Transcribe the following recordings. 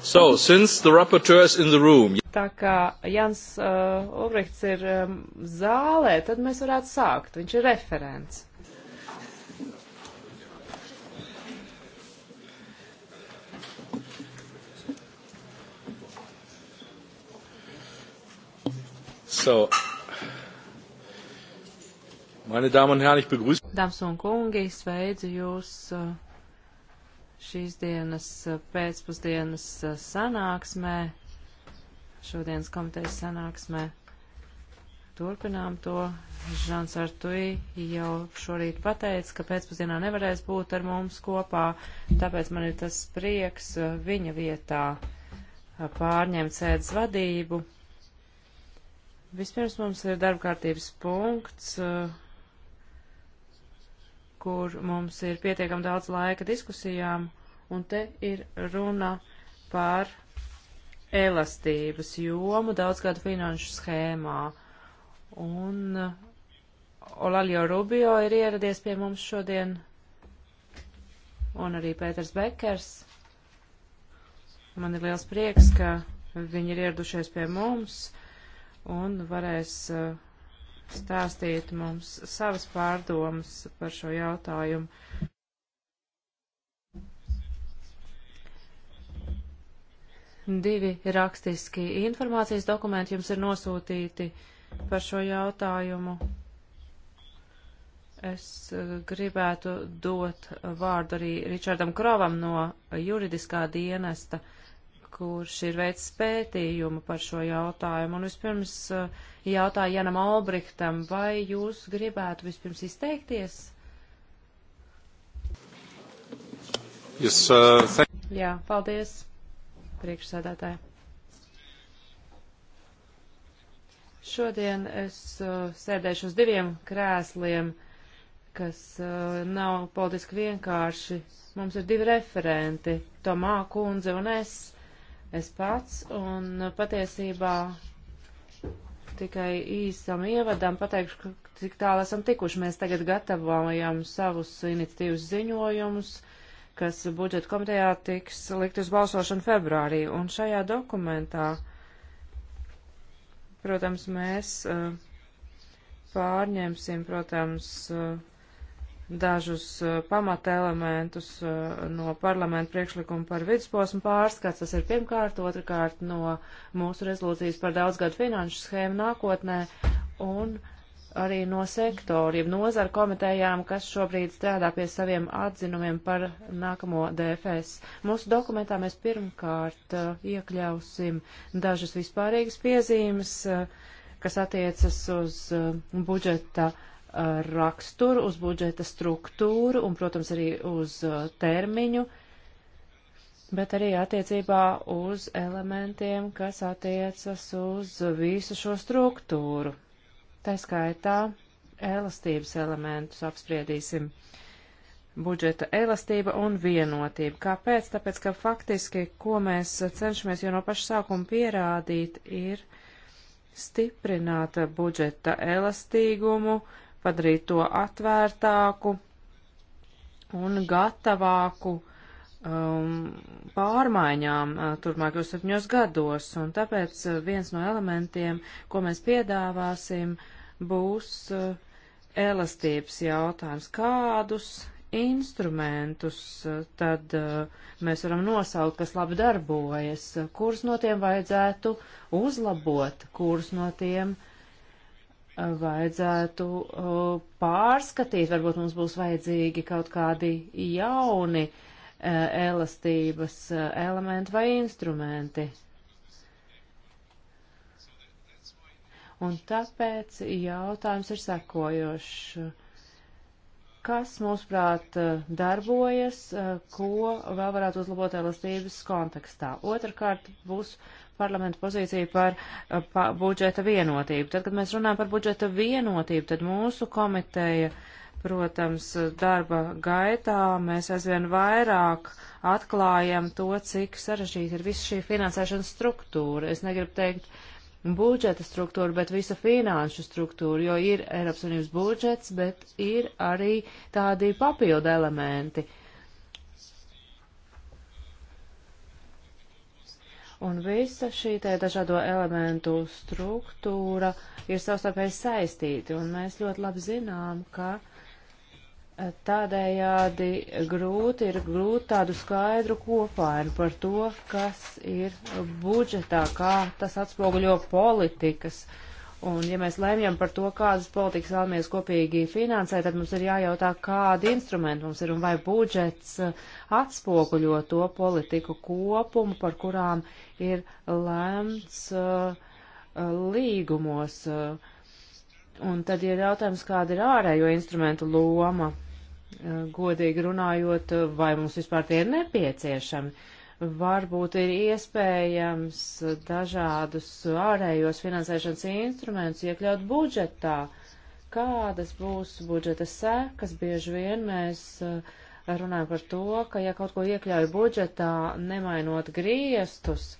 So, since the rapporteur is in the room. Tā kā Jans uh, Ulrichs ir um, zālē, tad mēs varētu sākt. Viņš ir referents. So, meine Damen und Herren, ich begrüße. Dāmas un kungi, sveicu jūs. Uh, šīs dienas eh, pēcpusdienas eh, sanāksmē, šodienas komitejas sanāksmē. Turpinām to. Žans Artui jau šorīt pateica, ka pēcpusdienā nevarēs būt ar mums kopā, tāpēc man ir tas prieks eh, viņa vietā pārņemt sēdes vadību. Vispirms mums ir darbkārtības punkts. Uh, kur mums ir pietiekam daudz laika diskusijām, un te ir runa par elastības jomu daudzgadu finanšu schēmā. Un uh, Olaļo Rubio ir ieradies pie mums šodien, un arī Pēters Bekers. Man ir liels prieks, ka viņi ir ieradušies pie mums un varēs uh, stāstīt mums savas pārdomas par šo jautājumu. Divi rakstiski informācijas dokumenti jums ir nosūtīti par šo jautājumu. Es eh, gribētu dot vārdu arī Ričardam Krovam no juridiskā dienesta kurš ir veicis pētījumu par šo jautājumu. Un vispirms eh, jautāju Janam Albrihtam, vai jūs gribētu vispirms izteikties? Yes, uh, Jā, paldies, priekšsēdētāji. Šodien es uh, sēdēšu uz diviem krēsliem, kas uh, nav politiski vienkārši. Mums ir divi referenti, Tomā kundze un es es pats, un patiesībā tikai īsam ievadam pateikšu, cik tālu esam tikuši. Mēs tagad gatavojam savus iniciatīvas ziņojumus, kas budžeta komitejā tiks likt uz balsošanu februārī, un šajā dokumentā, protams, mēs eh, pārņemsim, protams, eh, dažus uh, pamata elementus uh, no parlamenta priekšlikuma par vidusposmu pārskats. Tas ir pirmkārt, otrkārt no mūsu rezolūcijas par daudzgadu finanšu schēmu nākotnē un arī no sektoru, jeb nozaru komitējām, kas šobrīd strādā pie saviem atzinumiem par nākamo DFS. Mūsu dokumentā mēs pirmkārt uh, iekļausim dažas vispārīgas piezīmes, kas attiecas uz budžeta uh, raksturu, uz budžeta struktūru un, protams, arī uz uh, termiņu, bet arī attiecībā uz elementiem, kas attiecas uz visu šo struktūru. Tā skaitā elastības elementus apspriedīsim. Budžeta elastība un vienotība. Kāpēc? Tāpēc, ka faktiski, ko mēs cenšamies jau no paša sākuma pierādīt, ir stiprināt budžeta elastīgumu, uh, padarīt to atvērtāku un gatavāku um, pārmaiņām uh, turpmākajos septiņos gados. Un tāpēc uh, viens no elementiem, ko mēs piedāvāsim, būs uh, elastības jautājums. Kādus instrumentus uh, tad uh, mēs varam nosaukt, kas labi darbojas, kurus no tiem vajadzētu uzlabot, kurus no tiem uh, vajadzētu pārskatīt, varbūt mums būs vajadzīgi kaut kādi jauni e, elastības e, elementi vai instrumenti. Un tāpēc jautājums ir sekojošs kas, mūsuprāt, darbojas, e, ko vēl varētu uzlabot elastības kontekstā. Otrakārt būs parlamentu pozīciju par eh, pa, budžeta vienotību. Tad, kad mēs runājam par budžeta vienotību, tad mūsu komiteja, protams, darba gaitā mēs aizvien vairāk atklājam to, cik sarežģīta ir visa šī finansēšanas struktūra. Es negribu teikt budžeta struktūra, bet visa finanšu struktūra, jo ir Eiropas Unības budžets, bet ir arī tādi papildu elementi. Uh, Un visa šī te dažādo elementu struktūra ir savstarpēji saistīti, un mēs ļoti labi zinām, ka eh, tādējādi grūti ir grūti tādu skaidru kopainu par to, kas ir budžetā, kā tas atspoguļo politikas uh, Un, ja mēs lemjam par to, kādas politikas vēlamies kopīgi finansēt, tad mums ir jājautā, kādi instrumenti mums ir un vai budžets eh, atspoguļo to politiku kopumu, par kurām ir lēmts uh, līgumos. Eh, un tad ir jautājums, kāda ir ārējo instrumentu loma, godīgi runājot, vai mums vispār tie ir nepieciešami varbūt ir iespējams dažādus ārējos finansēšanas instrumentus iekļaut budžetā. Kādas būs budžeta sekas? Bieži vien mēs eh, runājam par to, ka ja kaut ko iekļauj budžetā, nemainot griestus,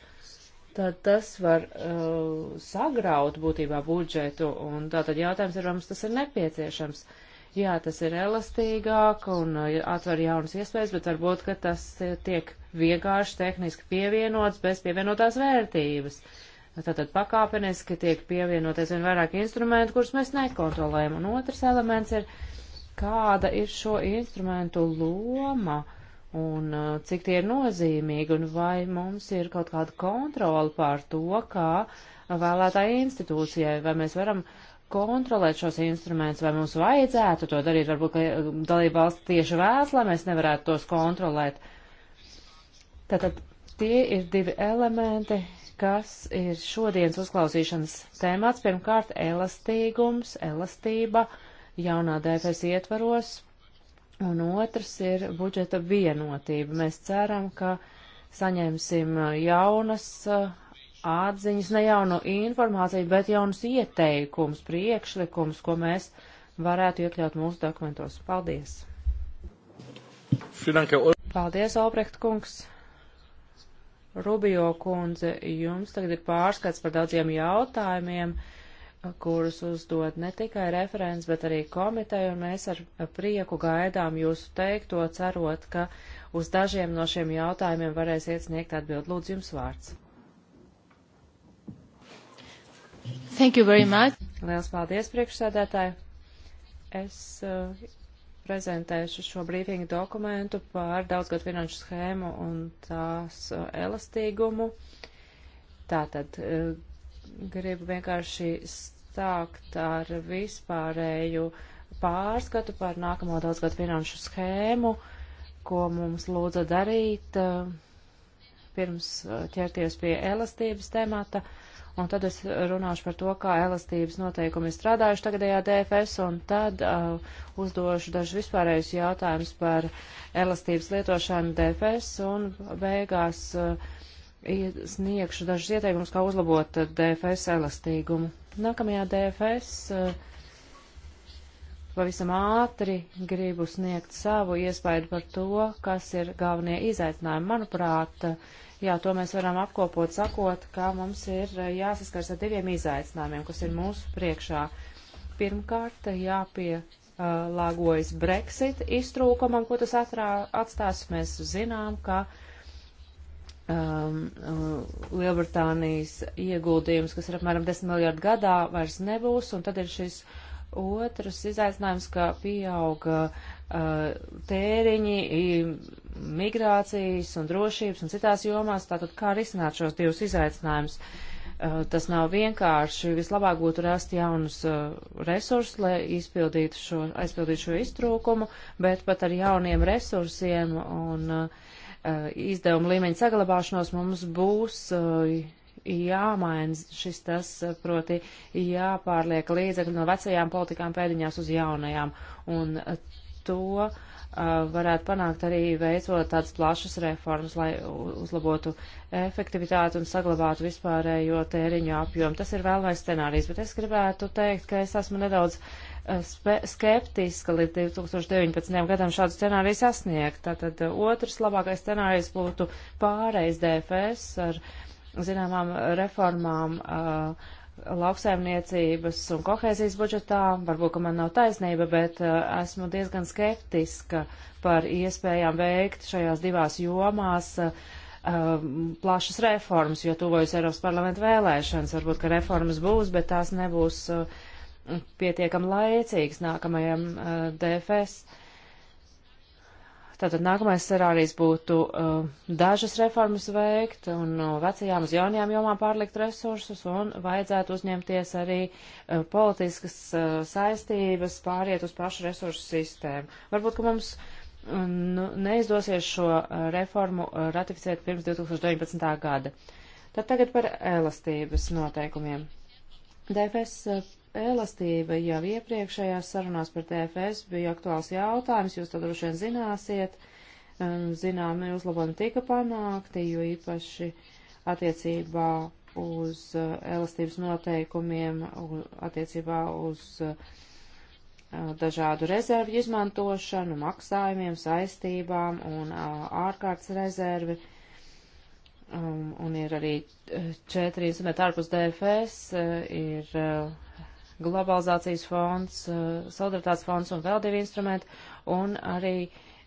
tad tas var uh, sagraut būtībā budžetu. Un tātad jautājums ir, vai mums tas ir nepieciešams. Uh, jā, tas ir elastīgāk un uh, atver jaunas iespējas, bet varbūt, ka tas uh, tiek vienkārši tehniski pievienots bez pievienotās vērtības. Tātad pakāpeniski tiek pievienoties vien vairāk instrumentu, kurus mēs nekontrolējam. Un otrs elements ir, kāda ir šo instrumentu loma un uh, cik tie ir nozīmīgi un vai mums ir kaut kāda kontrola pār to, kā vēlētāja institūcijai, vai mēs varam uh, kontrolēt šos instrumentus, vai mums vajadzētu to darīt, varbūt eh, dalība valsts tieši vēlas, lai mēs nevarētu tos kontrolēt. Tātad tie ir divi elementi, kas ir šodienas uzklausīšanas tēmats. Pirmkārt, elastīgums, elastība jaunā DFS ietvaros, un otrs ir budžeta vienotība. Mēs ceram, ka saņemsim eh, jaunas uh, atziņas, ne jaunu informāciju, bet jaunus ieteikumus, priekšlikumus, ko mēs varētu iekļaut mūsu dokumentos. Paldies! Paldies, Albrecht kungs! Rubio kundze, jums tagad ir pārskats par daudziem jautājumiem, kurus uzdod ne tikai referents, bet arī komiteja, un mēs ar prieku gaidām jūsu teikto, cerot, ka uz dažiem no šiem jautājumiem varēsiet sniegt atbild. Lūdzu, jums vārds. Thank you very much. Liels paldies, priekšsēdētāji. Es uh, prezentēšu šo brīfingu dokumentu par daudzgad finanšu schēmu un tās uh, elastīgumu. Tātad uh, gribu vienkārši sākt ar vispārēju pārskatu par nākamo daudzgad finanšu schēmu, ko mums lūdza darīt pirms ķerties pie elastības temata. Uh, un tad es runāšu par to, kā elastības noteikumi ir strādājuši tagadējā DFS, un tad uh, uzdošu dažus vispārējus jautājumus par elastības lietošanu DFS, un beigās uh, sniegšu dažus ieteikumus, kā uzlabot uh, DFS elastīgumu. Nākamajā DFS. Uh, Pavisam ātri gribu sniegt savu iespēju par to, kas ir galvenie izaicinājumi. Manuprāt, uh, Jā, to mēs varam apkopot sakot, ka mums ir eh, jāsaskars ar diviem izaicinājumiem, kas ir mūsu priekšā. Pirmkārt, jāpielāgojas uh, Brexit iztrūkumam, ko tas atrā, atstās. Mēs zinām, ka um, uh, Lielbritānijas ieguldījums, kas ir apmēram 10 miljardu gadā, vairs nebūs, un tad ir šis otrs izaicinājums, ka pieauga uh, tēriņi. I, migrācijas un drošības un citās jomās, tātad kā risināt šos divus izaicinājumus. Uh, tas nav vienkārši. Vislabāk būtu rast jaunus uh, resursus, lai izpildītu šo, aizpildītu šo iztrūkumu, bet pat ar jauniem resursiem un uh, izdevumu līmeņa saglabāšanos mums būs jāmaina šis tas, proti jāpārliek līdzekļi no vecajām politikām pēdiņās uz jaunajām. Un to uh, Uh, varētu panākt arī veicot tādas plašas reformas, lai uzlabotu efektivitāti un saglabātu vispārējo tēriņu apjomu. Tas ir vēlmais scenārijs, bet es gribētu teikt, ka es esmu nedaudz uh, skeptiska līdz 2019. gadam šādu scenāriju sasniegt. Tātad uh, otrs labākais scenārijs būtu pāreiz DFS ar zināmām reformām. Uh, lauksaimniecības un kohēzijas budžetā. Varbūt, ka man nav taisnība, bet uh, esmu diezgan skeptiska par iespējām veikt šajās divās jomās uh, um, plašas reformas, jo tuvojas Eiropas parlamenta vēlēšanas. Varbūt, ka reformas būs, bet tās nebūs uh, pietiekam laicīgas nākamajam uh, DFS. Tātad nākamais scenārijs būtu uh, dažas reformas veikt un no uh, vecajām uz jaunajām jomām pārlikt resursus un vajadzētu uzņemties arī uh, politiskas uh, saistības, pāriet uz pašu resursu sistēmu. Varbūt, ka mums uh, nu, neizdosies šo uh, reformu ratificēt pirms 2019. gada. Tad tagad par elastības noteikumiem. DFS elastība jau iepriekšējās sarunās par TFS bija aktuāls jautājums, jūs to droši vien zināsiet. Zināmi uzlabojumi tika panākti, jo īpaši attiecībā uz uh, elastības noteikumiem, attiecībā uz uh, dažādu rezervu izmantošanu, maksājumiem, saistībām un uh, ārkārtas rezervi. Um, un ir arī četri instrumenti ārpus DFS, ir uh, globalizācijas fonds, eh, solidaritātes fonds un vēl divi instrumenti, un arī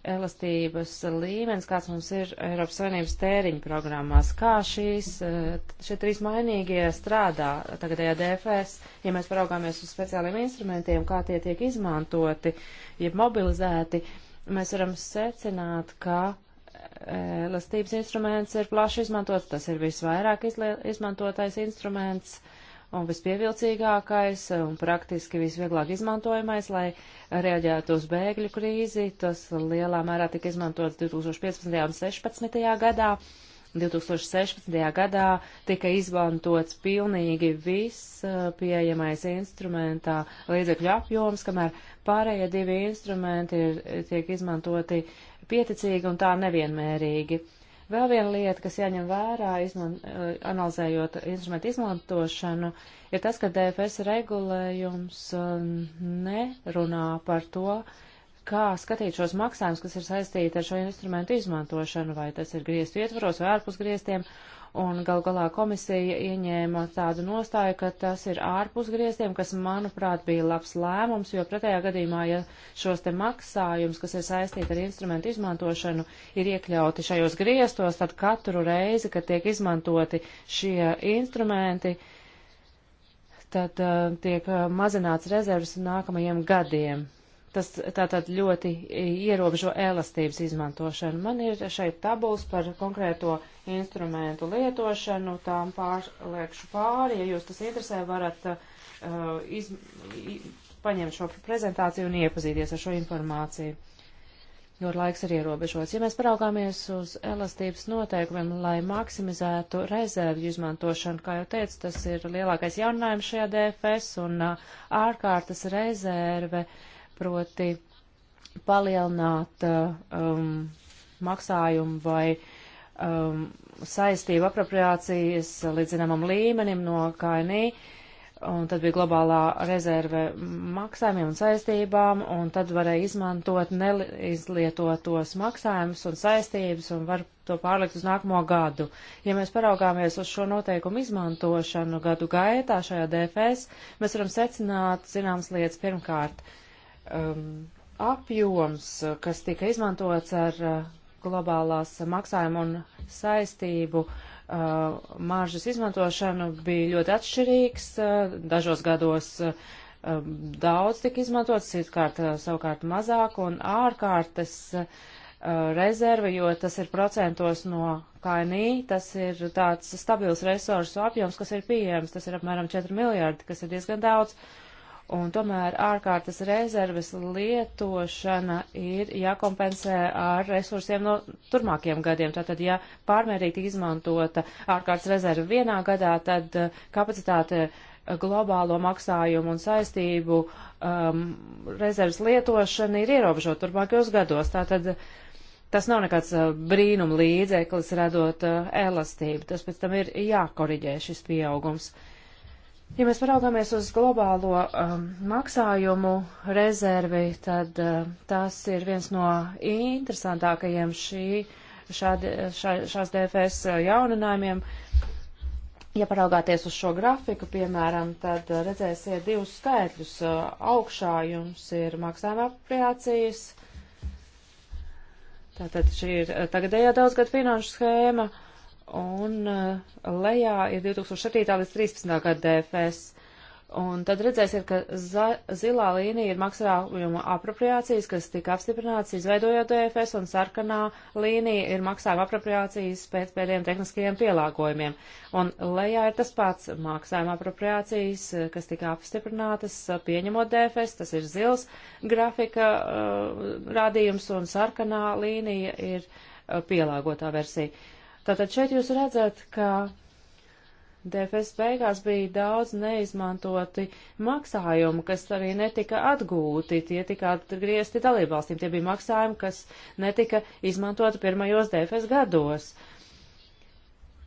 elastības līmenis, kāds mums ir Eiropas Savienības tēriņu programmās. Kā šīs, eh, šie trīs mainīgie strādā tagadējā DFS, ja mēs paraugāmies uz speciāliem instrumentiem, kā tie tiek izmantoti, jeb mobilizēti, mēs varam secināt, ka eh, elastības instruments ir plaši izmantots, tas ir visvairāk izmantotais instruments. Uh, un vispievilcīgākais un praktiski visvieglāk izmantojamais, lai reaģētu uz bēgļu krīzi. Tas lielā mērā tika izmantots 2015. un 2016. gadā. 2016. gadā tika izmantots pilnīgi viss uh, pieejamais instrumentā līdzekļu apjoms, kamēr pārējie divi instrumenti ir, tiek izmantoti pieticīgi un tā nevienmērīgi. Uh, Vēl viena lieta, kas jāņem vērā, izman, eh, analizējot instrumentu izmantošanu, ir tas, ka DFS regulējums eh, nerunā par to, kā skatīt šos maksājumus, kas ir saistīti ar šo instrumentu izmantošanu, vai tas ir griestu ietvaros vai ārpus griestiem, un gal galā komisija ieņēma tādu nostāju, ka tas ir ārpus grieztiem, kas, manuprāt, bija labs lēmums, jo pretējā gadījumā, ja šos te maksājums, kas ir saistīti ar instrumentu izmantošanu, ir iekļauti šajos grieztos, tad katru reizi, kad tiek izmantoti šie instrumenti, tad uh, tiek uh, mazināts rezervas nākamajiem gadiem. Tas tātad ļoti ierobežo elastības izmantošanu. Man ir šeit tabuls par konkrēto instrumentu lietošanu, tām pārliekšu pāri. Ja jūs tas interesē, varat uh, iz, i, paņemt šo prezentāciju un iepazīties ar šo informāciju. Jo laiks ir ierobežots. Ja mēs paraugāmies uz elastības noteikumiem, lai maksimizētu rezervju izmantošanu, kā jau teicu, tas ir lielākais jauninājums šajā DFS un uh, ārkārtas rezerve. Uh, proti palielināt um, maksājumu vai um, saistību apropriācijas līdz zināmam līmenim no KNI, un tad bija globālā rezerve maksājumiem un saistībām, un tad varēja izmantot neizlietotos maksājumus un saistības un var to pārlikt uz nākamo gadu. Ja mēs paraugāmies uz šo noteikumu izmantošanu gadu gaitā šajā DFS, mēs varam secināt zināmas lietas pirmkārt. Uh, um, apjoms, kas tika izmantots ar uh, globālās maksājuma un saistību uh, maržas izmantošanu, bija ļoti atšķirīgs. Uh, dažos gados uh, um, daudz tika izmantots, citkārt uh, savukārt mazāk un ārkārtas uh, rezerve, jo tas ir procentos no kainī, tas ir tāds stabils resursu apjoms, kas ir pieejams, tas ir apmēram 4 miljārdi, kas ir diezgan daudz. Uh, un tomēr ārkārtas rezerves lietošana ir jākompensē ar resursiem no turmākiem gadiem. Tātad, ja pārmērīgi izmantota ārkārtas rezerve vienā gadā, tad uh, kapacitāte uh, globālo maksājumu un saistību um, rezerves lietošana ir ierobežota turpmākajos gados. Tātad uh, tas nav nekāds uh, brīnum līdzeklis radot uh, elastību. Tas pēc tam ir jākoriģē šis pieaugums. Uh, Ja mēs paraugāmies uz globālo um, maksājumu rezervi, tad uh, tas ir viens no interesantākajiem šī, šādi, šā, šās DFS uh, jauninājumiem. Ja paraugāties uz šo grafiku, piemēram, tad uh, redzēsiet divus skaitļus. Uh, augšā jums ir maksājuma apriācijas. Tātad šī ir tagadējā daudzgad finanšu schēma. Uh, un uh, lejā ir 2007. līdz 2013. gada DFS. Un tad redzēsiet, ka za, zilā līnija ir maksājuma apropriācijas, kas tika apstiprināts izveidojot DFS, un sarkanā līnija ir maksājuma apropriācijas pēc pēdējiem tehniskajiem pielāgojumiem. Un lejā ir tas pats maksājuma apropriācijas, uh, kas tika apstiprinātas uh, pieņemot DFS, tas ir zils grafika uh, rādījums, un sarkanā līnija ir uh, pielāgotā versija. Uh, Tātad šeit jūs redzat, ka DFS beigās bija daudz neizmantoti maksājumi, kas arī netika atgūti, tie tika atgriezti dalībvalstīm. Tie bija maksājumi, kas netika izmantoti pirmajos DFS gados.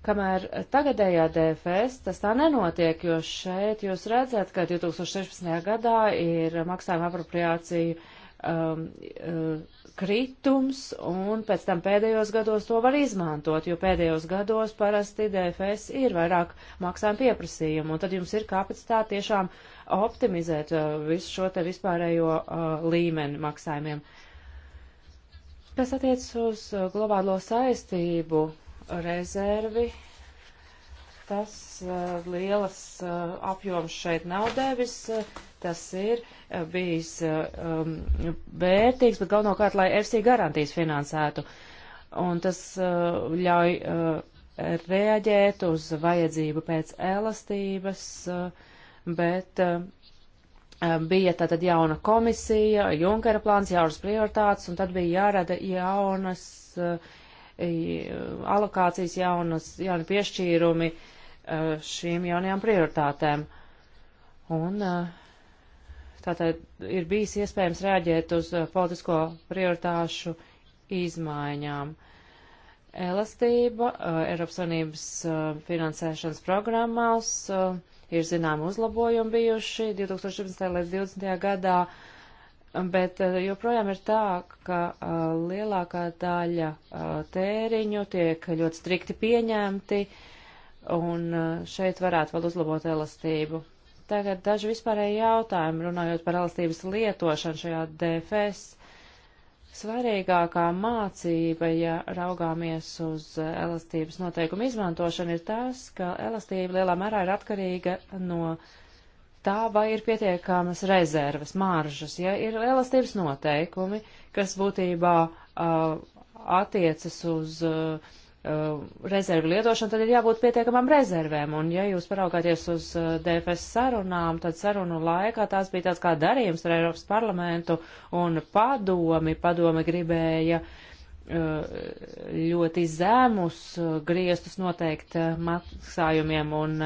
Kamēr tagadējā DFS tas tā nenotiek, jo šeit jūs redzat, ka 2016. gadā ir maksājuma apropriācija uh, um, uh, kritums, un pēc tam pēdējos gados to var izmantot, jo pēdējos gados parasti DFS ir vairāk maksājuma pieprasījumu, un tad jums ir kapacitāte tiešām optimizēt uh, visu šo te vispārējo uh, līmeni maksājumiem. Kas attiecas uz uh, globālo saistību rezervi, tas uh, lielas uh, apjoms šeit nav devis. Uh, Tas ir eh, bijis eh, um, vērtīgs, bet galvenokārt, lai FC garantijas finansētu. Un tas uh, ļauj uh, reaģēt uz vajadzību pēc elastības, uh, bet uh, bija tātad jauna komisija, Junkera plāns, jaunas prioritātes, un tad bija jārada jaunas uh, alokācijas, jaunas, jauni piešķīrumi uh, šīm jaunajām prioritātēm. Un uh, Tātad ir bijis iespējams rēģēt uz uh, politisko prioritāšu izmaiņām. Elastība uh, Eiropas Savienības uh, finansēšanas programmās ir zinām uzlabojumi bijuši 2017. līdz 2020. gadā, bet joprojām ir tā, ka lielākā daļa tēriņu tiek ļoti strikti pieņemti, un šeit varētu vēl uzlabot elastību. Tagad daži vispārēji jautājumi, runājot par elastības lietošanu šajā DFS. Svarīgākā mācība, ja raugāmies uz elastības noteikumu izmantošanu, ir tas, ka elastība lielā mērā ir atkarīga no tā, vai ir pietiekamas rezerves, maržas, ja ir elastības noteikumi, kas būtībā uh, attiecas uz uh, Uh, rezervu lietošanu, tad ir jābūt pietiekamām rezervēm. Un, ja jūs paraugāties uz uh, DFS sarunām, tad sarunu laikā tās bija tāds kā darījums ar Eiropas parlamentu un padomi. Padomi gribēja uh, ļoti zemus griestus noteikt maksājumiem un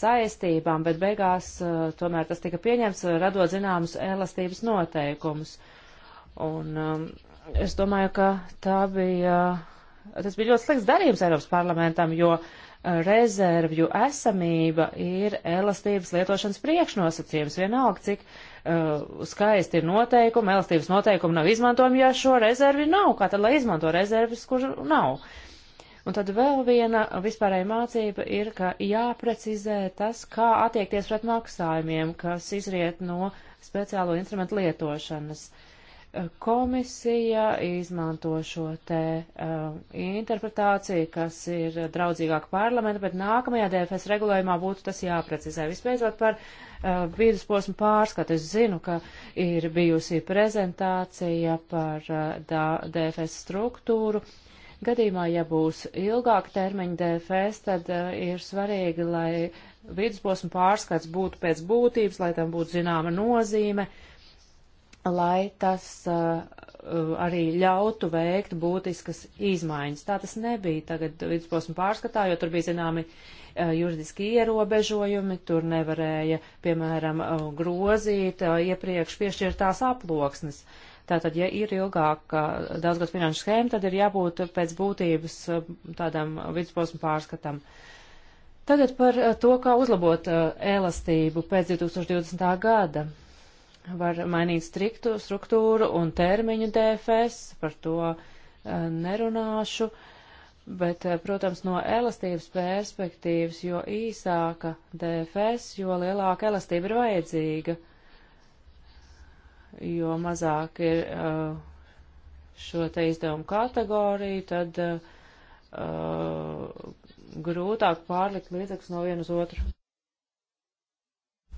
saistībām, bet beigās tomēr tas tika pieņemts, radot zināmus elastības noteikumus. Un um, es domāju, ka tā bija uh, tas bija ļoti slikts darījums Eiropas parlamentam, jo uh, rezervju esamība ir elastības lietošanas priekšnosacījums. Vienalga, cik uh, skaisti ir noteikumi, elastības noteikumi nav izmantojami, ja šo rezervi nav. Kā tad, lai izmanto rezervis, kur nav? Un tad vēl viena vispārēja mācība ir, ka jāprecizē tas, kā attiekties pret maksājumiem, kas izriet no speciālo instrumentu lietošanas. Uh, Komisija izmanto šo te uh, interpretāciju, kas ir draudzīgāk parlamenta, bet nākamajā DFS regulējumā būtu tas jāprecizē. Vispēcot par uh, vidusposmu pārskatu, es zinu, ka ir bijusi prezentācija par uh, DFS struktūru. Uh, gadījumā, ja būs ilgāka termiņa DFS, tad uh, ir svarīgi, lai vidusposma pārskats būtu pēc būtības, lai tam būtu zināma nozīme, lai tas uh, arī ļautu veikt būtiskas izmaiņas. Tā tas nebija tagad vidusposma pārskatā, jo tur bija zināmi uh, juridiski ierobežojumi, tur nevarēja, piemēram, uh, grozīt iepriekš piešķirtās aploksnes. Tātad, ja ir ilgāka daudzgad finanšu schēma, tad ir jābūt pēc būtības tādam vidusposmu pārskatam. Tagad par to, kā uzlabot elastību pēc 2020. gada var mainīt striktu struktūru un termiņu DFS, par to uh, nerunāšu, bet, uh, protams, no elastības perspektīvas, jo īsāka DFS, jo lielāka elastība ir vajadzīga, jo mazāk ir uh, šo te izdevumu kategoriju, tad grūtāk pārlikt līdzekļus no vienu uz otru.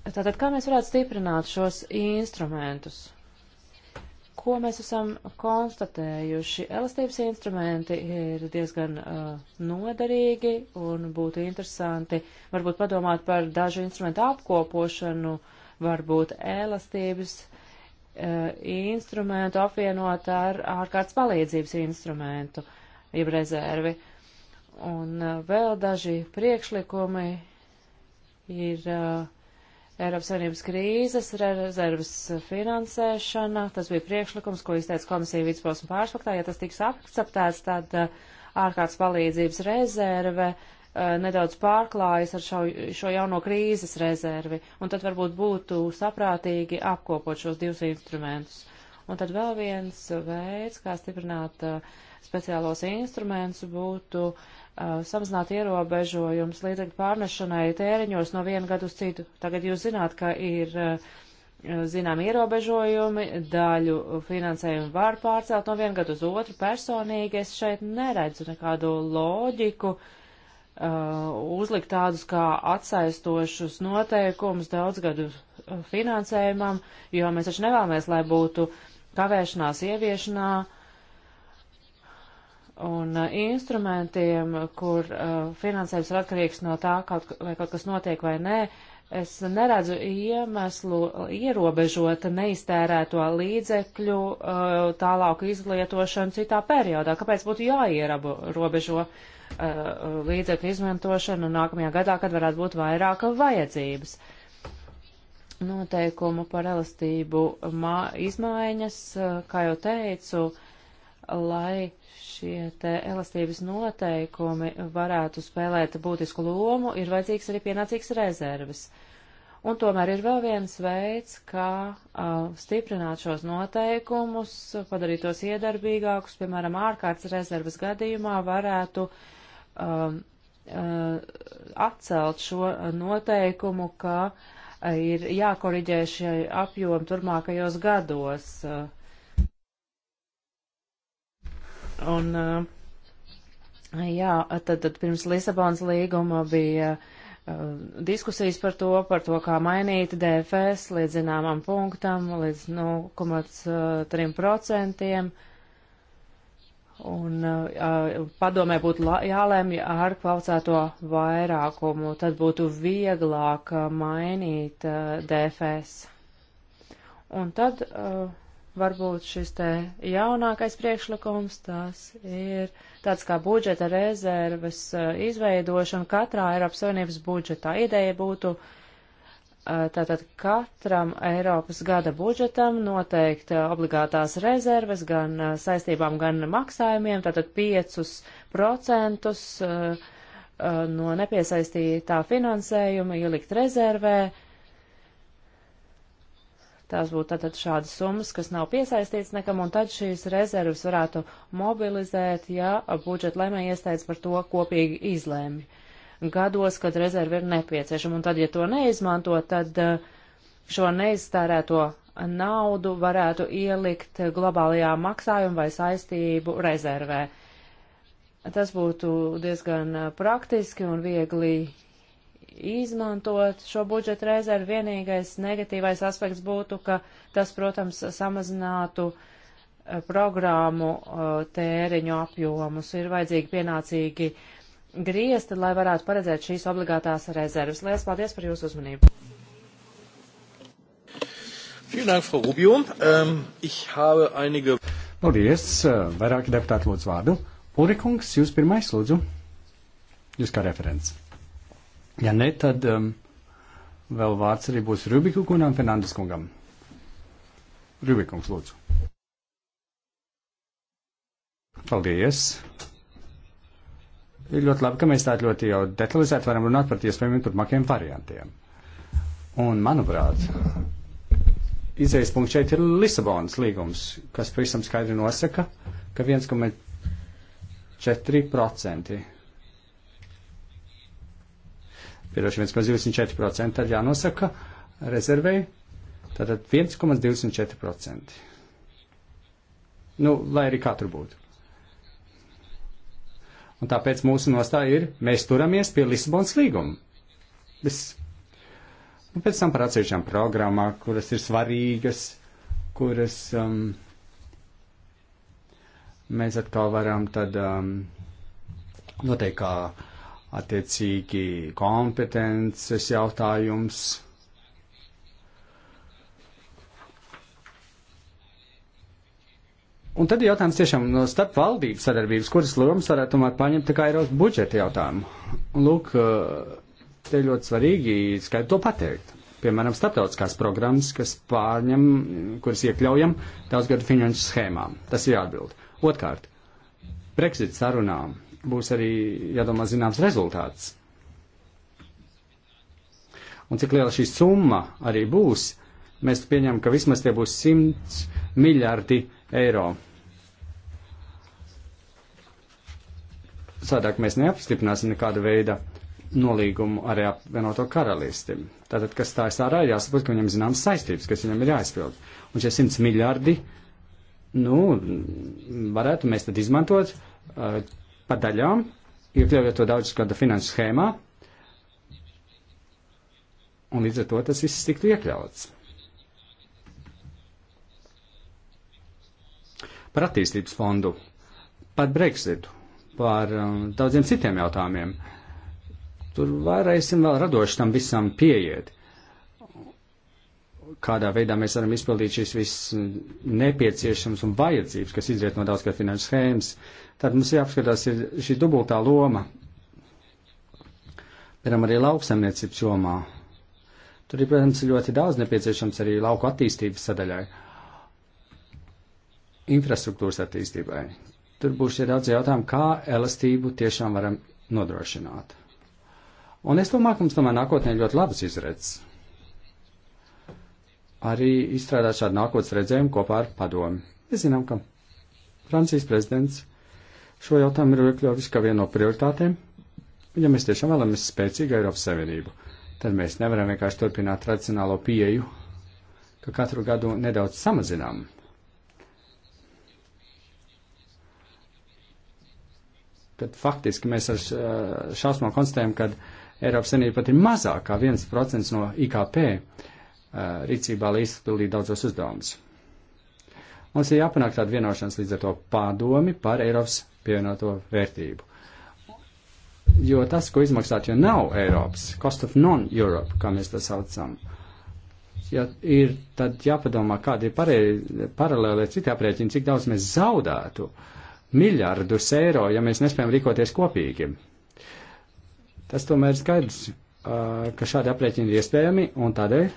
Tātad, kā mēs varētu stiprināt šos instrumentus? Ko mēs esam konstatējuši? Elastības instrumenti ir diezgan uh, noderīgi un būtu interesanti varbūt padomāt par dažu instrumentu apkopošanu, varbūt elastības uh, instrumentu apvienot ar ārkārtas palīdzības instrumentu, jeb rezervi. Un uh, vēl daži priekšlikumi ir. Uh, Eiropas Savienības krīzes rezervas finansēšana. Tas bija priekšlikums, ko izteica komisija vidusposma pārspaktā. Ja tas tiks akceptēts, tad uh, ārkārtas palīdzības rezerve uh, nedaudz pārklājas ar šo, šo jauno krīzes rezervi. Un tad varbūt būtu saprātīgi apkopot šos divus instrumentus. Un tad vēl viens veids, kā stiprināt uh, speciālos instrumentus būtu uh, samazināt ierobežojums līdzekļu pārnešanai tēriņos no viena gada uz citu. Tagad jūs zināt, ka ir uh, zinām ierobežojumi, daļu finansējumu var pārcelt no viena gada uz otru. Personīgi es šeit neredzu nekādu loģiku uh, uzlikt tādus kā atsaistošus noteikumus daudzgadu uh, finansējumam, jo mēs taču nevēlamies, lai būtu kavēšanās ieviešanā uh, un uh, instrumentiem, kur uh, finansējums ir atkarīgs no tā, kaut, vai kaut kas notiek vai nē, es neredzu iemeslu ierobežot neiztērēto līdzekļu uh, tālāku izlietošanu citā periodā. Kāpēc būtu jāierobežo uh, līdzekļu izmantošanu nākamajā gadā, kad varētu būt vairāk vajadzības? Noteikumu par elastību izmaiņas, uh, kā jau teicu, uh, lai šie te elastības noteikumi varētu spēlēt būtisku lomu, ir vajadzīgs arī pienācīgs rezerves. Un tomēr ir vēl viens veids, kā uh, stiprināt šos noteikumus, padarīt tos iedarbīgākus, piemēram, ārkārtas rezerves gadījumā varētu um, uh, atcelt šo noteikumu, ka uh, ir jākoriģē šie apjomi turmākajos gados. Uh, Un, uh, jā, tad, tad pirms Lisabonas līguma bija uh, diskusijas par to, par to, kā mainīt DFS līdz zināmam punktam, līdz 0,3%. Uh, Un uh, padomē būtu jālēmj ar kvalificēto vairākumu, tad būtu vieglāk mainīt uh, DFS. Un tad uh, varbūt šis te jaunākais priekšlikums, tas ir tāds kā budžeta rezerves uh, izveidošana katrā Eiropas Savienības budžetā. Ideja būtu uh, tātad katram Eiropas gada budžetam noteikt uh, obligātās rezerves gan saistībām, gan maksājumiem, tātad 5% no nepiesaistītā finansējuma ielikt rezervē Tās būtu tātad šādas summas, kas nav piesaistīts nekam, un tad šīs rezervas varētu mobilizēt, ja budžeta lēmē iestādes par to kopīgi izlēmi. Gados, kad rezerva ir nepieciešama, un tad, ja to neizmanto, tad uh, šo neiztērēto naudu varētu ielikt globālajā maksājuma vai saistību rezervē. Tas būtu diezgan uh, praktiski un viegli izmantot šo budžeta rezervu. Vienīgais negatīvais aspekts būtu, ka tas, protams, samazinātu e, programmu e, tēriņu apjomus. Ir vajadzīgi pienācīgi griezti, lai varētu paredzēt šīs obligātās rezervas. Lielas paldies par jūsu uzmanību. Ähm, paldies. Äh, vairāki deputāti lūdzu vārdu. Ulrikungs, jūs pirmais lūdzu. Jūs kā referents. Ja ne, tad um, vēl vārds arī būs Rubiku kungam, Fernandes kungam. Rubikungs, lūdzu. Paldies! Ir ļoti labi, ka mēs tā ļoti jau detalizēti varam runāt par iespējamiem turpmākajiem variantiem. Un, manuprāt, izējas punkts šeit ir Lisabonas līgums, kas pavisam skaidri nosaka, ka 1,4% Piedošu 1,24% tad jānosaka rezervei. Tātad 1,24%. Nu, lai arī kā tur būtu. Un tāpēc mūsu nostāja ir, mēs turamies pie Lisabonas līguma. Viss. Un pēc tam par atsevišķām programmām, kuras ir svarīgas, kuras um, mēs atkal varam tad um, noteikt kā attiecīgi kompetences jautājums. Un tad jautājums tiešām no starp valdības sadarbības, kuras lomas varētu tomēr paņemt tā kā Eiropas budžeta jautājumu. Un lūk, te ļoti svarīgi skaidri to pateikt. Piemēram, starptautiskās programmas, kas pārņem, kuras iekļaujam daudzgadu finanšu schēmām. Tas ir jāatbild. Otkārt, Brexit sarunām būs arī jādomā zināms rezultāts. Un cik liela šī summa arī būs, mēs pieņemam, ka vismaz tie būs 100 miljardi eiro. Sādāk mēs neapstiprināsim nekāda veida nolīgumu ar apvienoto karalisti. Tātad, kas tā ir sārā, jāsaprot, ka viņam zināmas saistības, kas viņam ir jāizpild. Un šie 100 miljardi, nu, varētu mēs tad izmantot uh, pa daļām, iekļaujot to daudz gada finanses schēmā, un līdz ar to tas viss tiktu iekļauts. Par attīstības fondu, par Brexitu, par um, daudziem citiem jautājumiem. Tur varēsim vēl radoši tam visam pieiet kādā veidā mēs varam izpildīt šīs visas nepieciešamas un vajadzības, kas izriet no daudzgad finanšu schēmas. Tad mums jāapskatās ir šī dubultā loma. Piemēram, arī lauksaimniecības jomā. Tur ir, protams, ļoti daudz nepieciešams arī lauku attīstības sadaļai, infrastruktūras attīstībai. Tur būs šie daudz jautājumi, kā elastību tiešām varam nodrošināt. Un es domāju, ka mums tomēr nākotnē ļoti labas izredzes. Arī izstrādāt šādu nākotnes redzējumu kopā ar padomu. Mēs zinām, ka Francijas prezidents šo jautājumu ir iekļāvis kā vienu no prioritātēm. Ja mēs tiešām vēlamies spēcīgu Eiropas Savienību, tad mēs nevaram vienkārši turpināt tradicionālo pieeju, ka katru gadu nedaudz samazinām. Kad faktiski mēs ar šausmām konstatējam, ka Eiropas Savienība pat ir mazāk kā 1% no IKP rīcībā, lai izpildītu daudzos uzdevumus. Mums ir jāpanāk tāda vienošanās līdz ar to pārdomi par Eiropas pievienoto vērtību. Jo tas, ko izmaksāt, ja nav Eiropas, cost of non-Europe, kā mēs to saucam, ja ir, tad jāpadomā, kāda ir pareiz, paralēlē citi aprēķini, cik daudz mēs zaudētu miljardus eiro, ja mēs nespējam rīkoties kopīgi. Tas tomēr ir skaidrs, ka šādi aprēķini ir iespējami, un tādēļ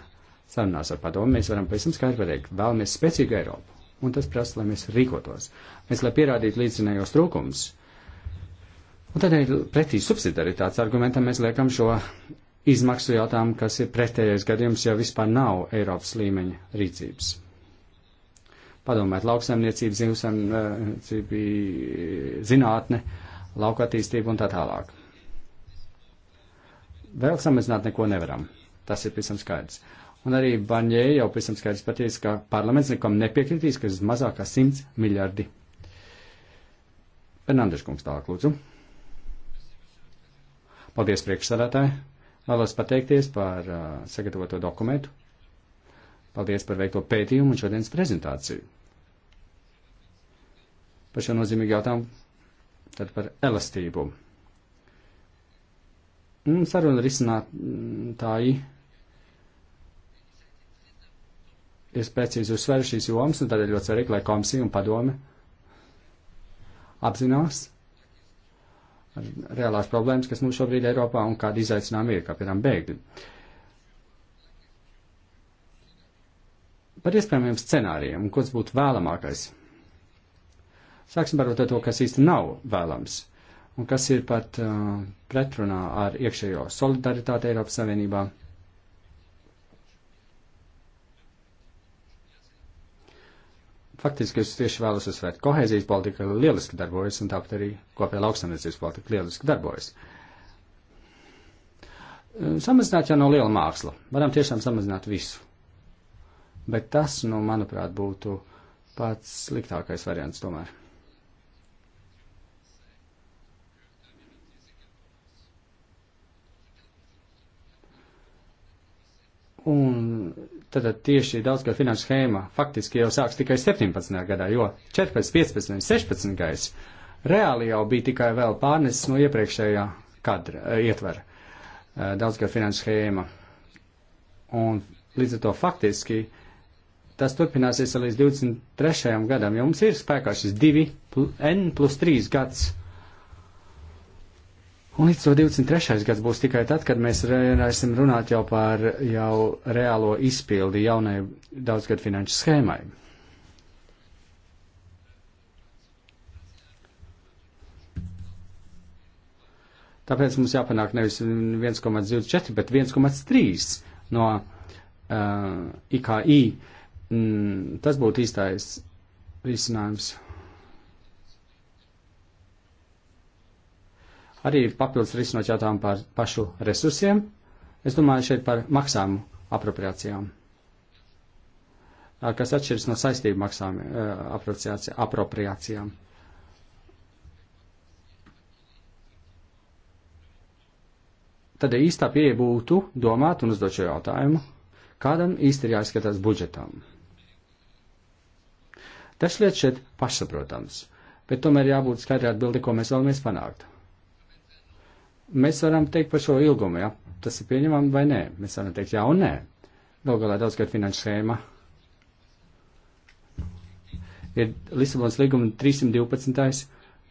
sarunās ar padomu mēs varam pēc tam skaidri pateikt, vēlamies spēcīgu Eiropu un tas prasa, lai mēs rīkotos. Mēs, lai pierādītu līdzinējos trūkums. Un tādēļ pretī subsidaritātes argumentam mēs liekam šo izmaksu jautājumu, kas ir pretējais gadījums, ja vispār nav Eiropas līmeņa rīcības. Padomājiet, lauksaimniecība, zivsaimniecība, zinātne, lauka attīstība un tā tālāk. Vēl samazināt neko nevaram. Tas ir pavisam skaidrs. Un arī Baņē jau pēc tam skaidrs pateica, ka parlaments nekam nepiekritīs, ka ir mazāk kā 100 miljardi. Fernandeša kungs tālāk lūdzu. Paldies priekšsādātāji. Vēlos pateikties par uh, sagatavoto dokumentu. Paldies par veikto pētījumu un šodienas prezentāciju. Par šo nozīmīgu jautājumu tad par elastību. Un saruna risinātāji ir precīzi uzsver šīs jomas, un tad ir ļoti svarīgi, lai komisija un padome apzinās reālās problēmas, kas mums šobrīd Eiropā un kāda izaicinājuma ir, kā piemēram bēgļi. Par iespējamiem scenārijiem, un kas būtu vēlamākais. Sāksim varbūt ar to, kas īsti nav vēlams, un kas ir pat uh, pretrunā ar iekšējo solidaritāti Eiropas Savienībā. Faktiski es tieši vēlos uzsvērt, kohēzijas politika lieliski darbojas, un tāpat arī kopējā lauksaimniecības politika lieliski darbojas. Samazināt jau nav no liela māksla. Varam tiešām samazināt visu. Bet tas, nu, manuprāt, būtu pats sliktākais variants tomēr. Un Tātad tieši daudzgad finanšu schēma faktiski jau sāks tikai 17. gadā, jo 14, 15 un 16. gads reāli jau bija tikai vēl pārnesis no iepriekšējā kadra, eh, ietvera eh, daudzgad finanšu schēma. Un līdz ar to faktiski tas turpināsies līdz 23. gadam, jo mums ir spēkā šis 2 n plus 3 gads Un līdz to 23. gads būs tikai tad, kad mēs varēsim runāt jau par jau reālo izpildi jaunai daudzgad finanšu schēmai. Tāpēc mums jāpanāk nevis 1,24, bet 1,3 no uh, IKI. Mm, tas būtu īstais risinājums. Arī papildus risinot jautājumu par pašu resursiem, es domāju šeit par maksājumu apropriācijām, kas atšķiras no saistību maksājumu eh, apropriācijām. Tad īstā pieeja būtu domāt un uzdot šo jautājumu, kādam īsti ir jāizskatās budžetam. Tas šķiet šeit pašsaprotams, bet tomēr jābūt skaidrai atbildi, ko mēs vēlamies panākt. Mēs varam teikt par šo ilgumu, ja tas ir pieņemami vai nē. Mēs varam teikt jā un nē. Galu galā daudzgad finanšu schēma ir Lisabonas līguma 312.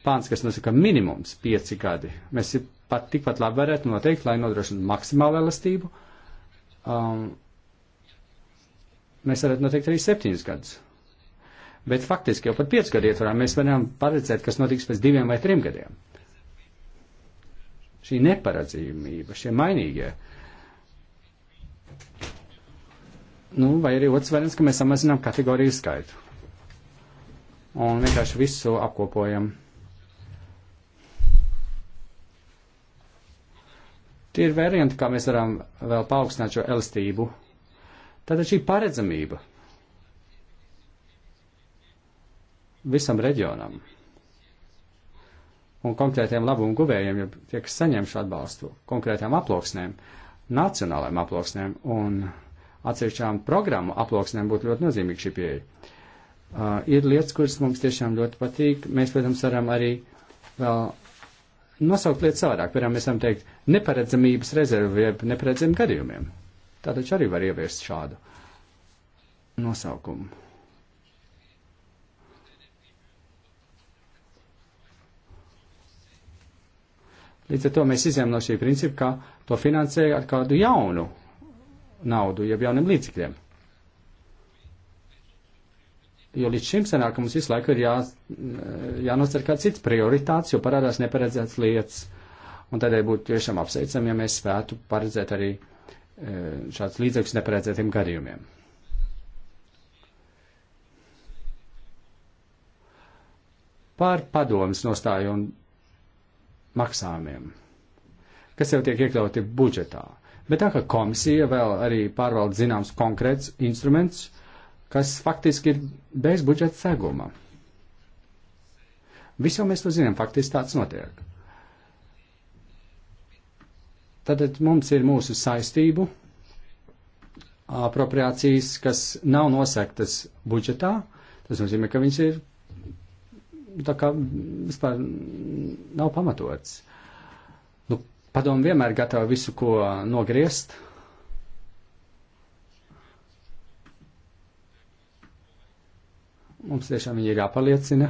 pāns, kas nosaka minimums 5 gadi. Mēs pat tikpat labi varētu noteikt, lai nodrošinātu maksimālu elastību. Um, mēs varētu noteikt arī 7 gadus. Bet faktiski jau pat 5 gadu ietvarā mēs varam paredzēt, kas notiks pēc diviem vai trim gadiem šī neparedzījumība, šie mainīgie. Nu, vai arī otrs variants, ka mēs samazinām kategoriju skaitu un vienkārši visu apkopojam. Tie ir varianti, kā mēs varam vēl paaugstināt šo elastību. Tātad šī paredzamība visam reģionam un konkrētiem labumu guvējiem, ja tie, kas saņem šo atbalstu, konkrētām aploksnēm, nacionālajām aploksnēm un atsevišķām programmu aploksnēm būtu ļoti nozīmīgi šī pieeja. Uh, ir lietas, kuras mums tiešām ļoti patīk. Mēs, protams, varam arī vēl nosaukt lietas savādāk. Piemēram, mēs varam teikt neparedzamības rezervi, jeb neparedzamiem gadījumiem. Tā taču arī var ieviest šādu nosaukumu. Līdz ar to mēs izņemam no šī principa, ka to finansēja ar kādu jaunu naudu, jeb jauniem līdzekļiem. Jo līdz šim sanāk, ka mums visu laiku ir jā, jānosaka kāds cits prioritāts, jo parādās neparedzētas lietas. Un tādēļ būtu tiešām apsveicami, ja mēs spētu paredzēt arī e, šāds līdzekļus neparedzētiem gadījumiem. Pār padomas nostāju un maksājumiem, kas jau tiek iekļauti budžetā. Bet tā kā komisija vēl arī pārvalda zināms konkrēts instruments, kas faktiski ir bez budžeta seguma. Visu jau mēs to zinām, faktiski tāds notiek. Tātad mums ir mūsu saistību apropriācijas, kas nav nosektas budžetā. Tas nozīmē, ka viņas ir tā kā vispār nav pamatots. Nu, padomu vienmēr gatava visu, ko nogriezt. Mums tiešām viņi ir jāpaliecina,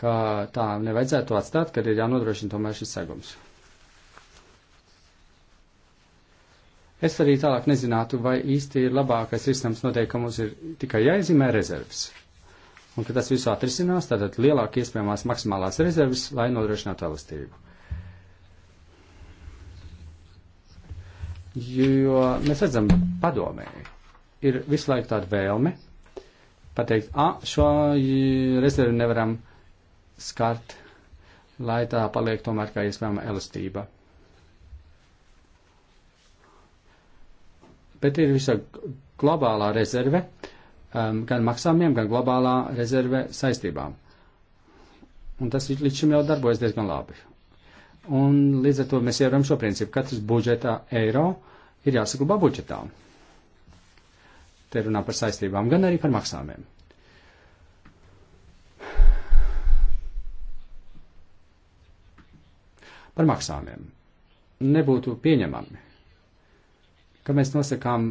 ka tā nevajadzētu atstāt, kad ir jānodrošina tomēr šis segums. Es arī tālāk nezinātu, vai īsti ir labākais risinājums noteikti, ka mums ir tikai jāizimē rezerves un ka tas visu atrisinās, tātad lielāk iespējamās maksimālās rezerves, lai nodrošinātu elastību. Jo mēs redzam, padomē, ir visu laiku tāda vēlme pateikt, ah, šo rezervi nevaram skart, lai tā paliek tomēr kā iespējama elastība. Bet ir visa globālā rezerve, uh, um, gan maksājumiem, gan globālā rezerve saistībām. Un tas līdz šim jau darbojas diezgan labi. Un līdz ar to mēs ievaram šo principu. Katrs budžetā eiro ir jāsaglabā budžetā. Te runā par saistībām, gan arī par maksājumiem. Par maksājumiem. Nebūtu pieņemami, ka mēs nosakām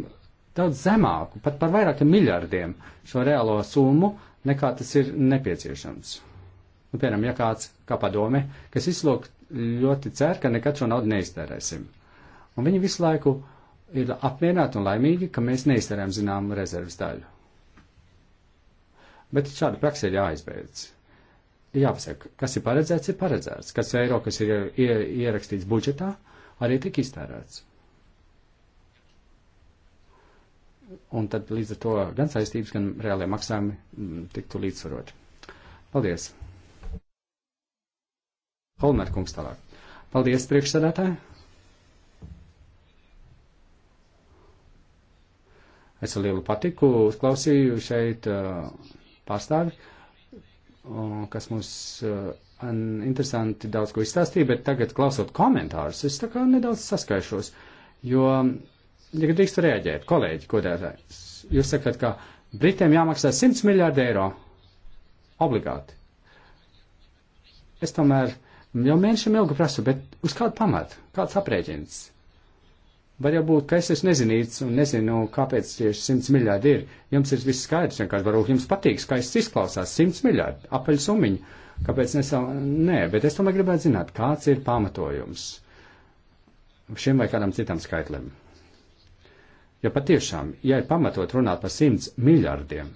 daudz zemāku, pat par vairākiem miljardiem šo reālo summu, nekā tas ir nepieciešams. Nu, piemēram, ja kāds, kā padome, kas izslūgt ļoti cer, ka nekad šo naudu neiztērēsim. Un viņi visu laiku ir apmierināti un laimīgi, ka mēs neiztērējam zināmu rezerves daļu. Bet šāda praksa ir jāizbeidz. Jāpasaka, kas ir paredzēts, ir paredzēts. Kas eiro, kas ir ierakstīts budžetā, arī tik iztērēts. un tad līdz ar to gan saistības, gan reālie maksājumi mm, tiktu līdzsvaroti. Paldies! Holmēr kungs tālāk. Paldies, priekšsēdētāji! Es ar lielu patiku uzklausīju šeit uh, pārstāvi, kas mums uh, interesanti daudz ko izstāstīja, bet tagad klausot komentārus, es tā kā nedaudz saskaišos, jo ja drīkstu reaģēt, kolēģi, godētājs, jūs sakat, ka Britiem jāmaksā 100 miljārdi eiro obligāti. Es tomēr jau mēnešiem ilgi prasu, bet uz kādu pamatu, kāds aprēķins? Var jau būt, ka es esmu nezinīts un nezinu, kāpēc tieši 100 miljārdi ir. Jums ir viss skaidrs, vienkārši varbūt jums patīk skaists izklausās 100 miljārdi, apaļ sumiņu. Kāpēc nesam? Nē, bet es tomēr gribētu zināt, kāds ir pamatojums šim vai kādam citam skaitlim. Jo patiešām, ja ir pamatot runāt par 100 miljardiem,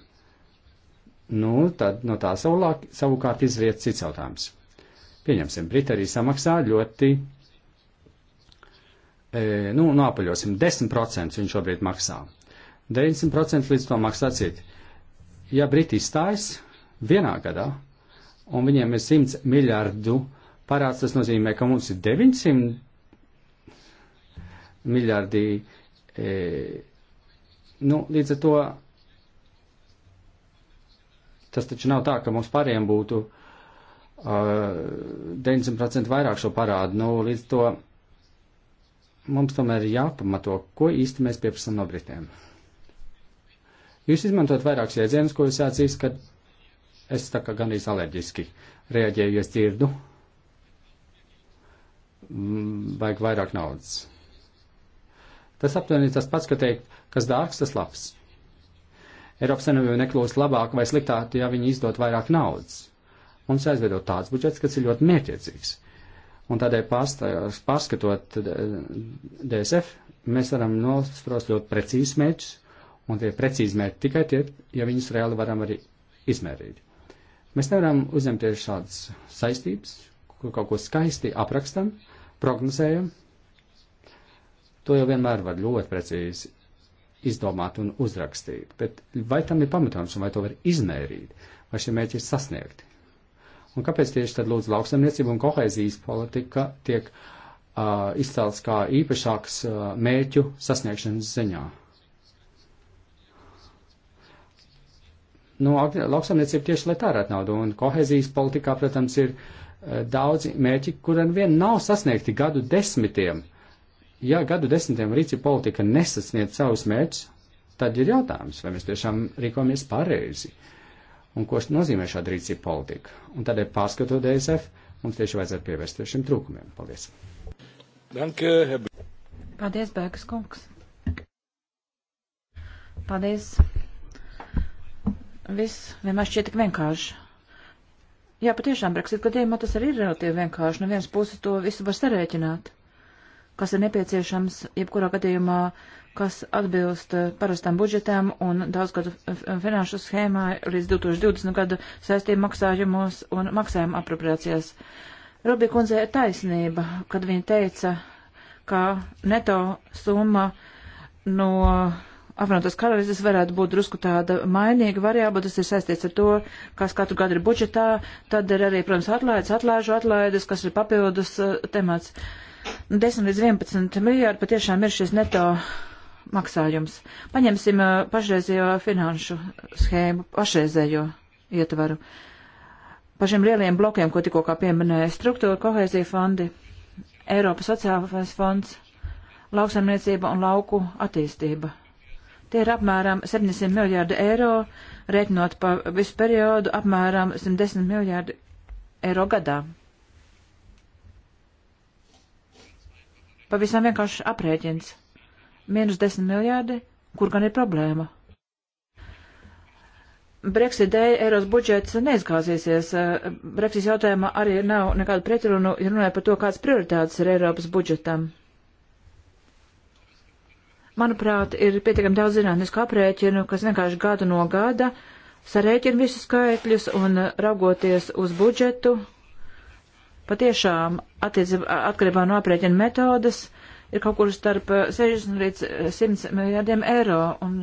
nu, tad no tā savulāk, savukārt izriet cits jautājums. Pieņemsim, Briti arī samaksā ļoti, e, nu, nāpaļosim, nu, 10% viņš šobrīd maksā. 900% līdz to maksā citi. Ja Briti izstājas vienā gadā, un viņiem ir 100 miljardu parāds, tas nozīmē, ka mums ir 900 miljardi E, nu, līdz ar to tas taču nav tā, ka mums pāriem būtu uh, eh, 90% vairāk šo parādu. Nu, līdz to mums tomēr ir jāpamato, ko īsti mēs pieprasām no Britiem. Jūs izmantot vairākus jēdzienus, ko jūs atsīs, kad es tā kā gandrīz alerģiski reaģēju, ja es dzirdu, mm, vajag vairāk naudas. Tas aptuveni tas pats, ka teikt, kas dārgs, tas labs. Eiropas Savienība nekļūst labāk vai sliktāk, ja viņi izdod vairāk naudas. Mums jāizveido tāds budžets, kas ir ļoti mērķiecīgs. Un tādēļ pārskatot eh, DSF, mēs varam nosprost ļoti precīzi mērķus, un tie precīzi mērķi tikai tie, ja viņus reāli varam arī izmērīt. Mēs nevaram uzņemties šādas saistības, kur kaut ko skaisti aprakstam, prognozējam, To jau vienmēr var ļoti precīzi izdomāt un uzrakstīt, bet vai tam ir pamatojums un vai to var izmērīt, vai šie mērķi ir sasniegti? Un kāpēc tieši tad lūdzu lauksaimniecība un kohēzijas politika tiek uh, izcelts kā īpašāks uh, mērķu sasniegšanas ziņā? Nu, lauksaimniecība tieši lai tērēt naudu, un kohēzijas politikā, protams, ir uh, daudzi mērķi, kuriem vien nav sasniegti gadu desmitiem. Ja gadu desmitiem rīcība politika nesasniedz savus mērķus, tad ir jautājums, vai mēs tiešām rīkojamies pareizi. Un ko nozīmē šāda rīcība politika? Un tādēļ pārskatot DSF, mums tieši vajadzētu pievērsties šiem trūkumiem. Paldies! Danke. Paldies, Bēgas kungs! Paldies! Viss vienmēr šķiet tik vienkārši. Jā, patiešām Brexit gadījumā tas arī ir relatīvi vienkārši. No vienas puses to visu var sarēķināt kas ir nepieciešams jebkurā gadījumā, kas atbilst eh, parastam budžetām un daudzgadu eh, finanšu schēmā līdz 2020 gadu saistību maksājumos un maksājumu apropriācijās. Rubī kundzei ir taisnība, kad viņa teica, ka neto summa no apvienotās karalīzes varētu būt drusku tāda mainīga variāba, tas ir saistīts ar to, kas katru gadu ir budžetā, tad ir arī, protams, atlaides, atlaižu atlaides, kas ir papildus uh, temats. Uh, 10 līdz 11 miljārdi patiešām ir šis neto maksājums. Paņemsim uh, pašreizējo finanšu schēmu, pašreizējo ietvaru. Pa šiem lieliem blokiem, ko tikko kā pieminēja, struktūra, kohēzija fondi, Eiropas sociālais fonds, lauksaimniecība un lauku attīstība. Tie ir apmēram 700 miljārdi eiro, reiķinot pa visu periodu apmēram 110 miljārdi eiro gadā. Pavisam vienkārši aprēķins. Mīnus 10 miljārdi, kur gan ir problēma? Brexit dēļ Eiros budžets neizgāzīsies. Brexit jautājumā arī nav nekādu pretrunu, ja runāja par to, kāds prioritātes ir Eiropas budžetam. Manuprāt, ir pietiekami daudz zinātnisku aprēķinu, kas vienkārši gadu no gada sarēķina visus skaitļus un raugoties uz budžetu, patiešām atkarībā no aprēķina metodas ir kaut kur starp 60 līdz 100 miljardiem eiro. Un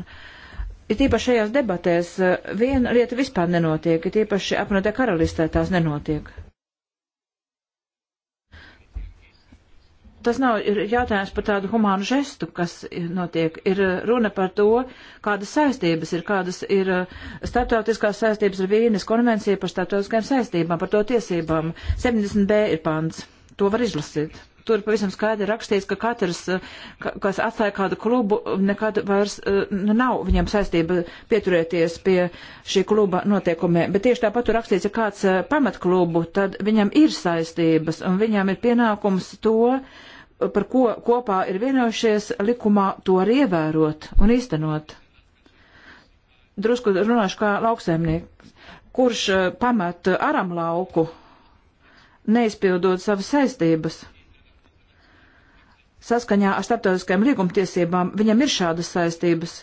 ir tīpaši šajās debatēs viena lieta vispār nenotiek, ir tīpaši apvienotā karalistē tās nenotiek. tas nav jautājums par tādu humānu žestu, kas notiek. Ir eh, runa par to, kādas saistības ir, kādas ir eh, starptautiskās saistības ar Vīnes konvenciju par starptautiskajām saistībām, par to tiesībām. 70b ir pants. To var izlasīt. Tur pavisam skaidri rakstīts, ka katrs, eh, kas atstāja kādu klubu, nekad vairs nav viņam saistība pieturēties pie šī kluba noteikumiem. Bet tieši tāpat tur rakstīts, ja kāds pamat klubu, tad viņam ir saistības un viņam ir pienākums to, uh, par ko kopā ir vienojušies likumā, to arī ievērot un īstenot. Drusku runāšu kā lauksēmnieks, kurš eh, pamet aram lauku, neizpildot savas saistības. Saskaņā ar starptautiskajām līgumtiesībām viņam ir šādas saistības.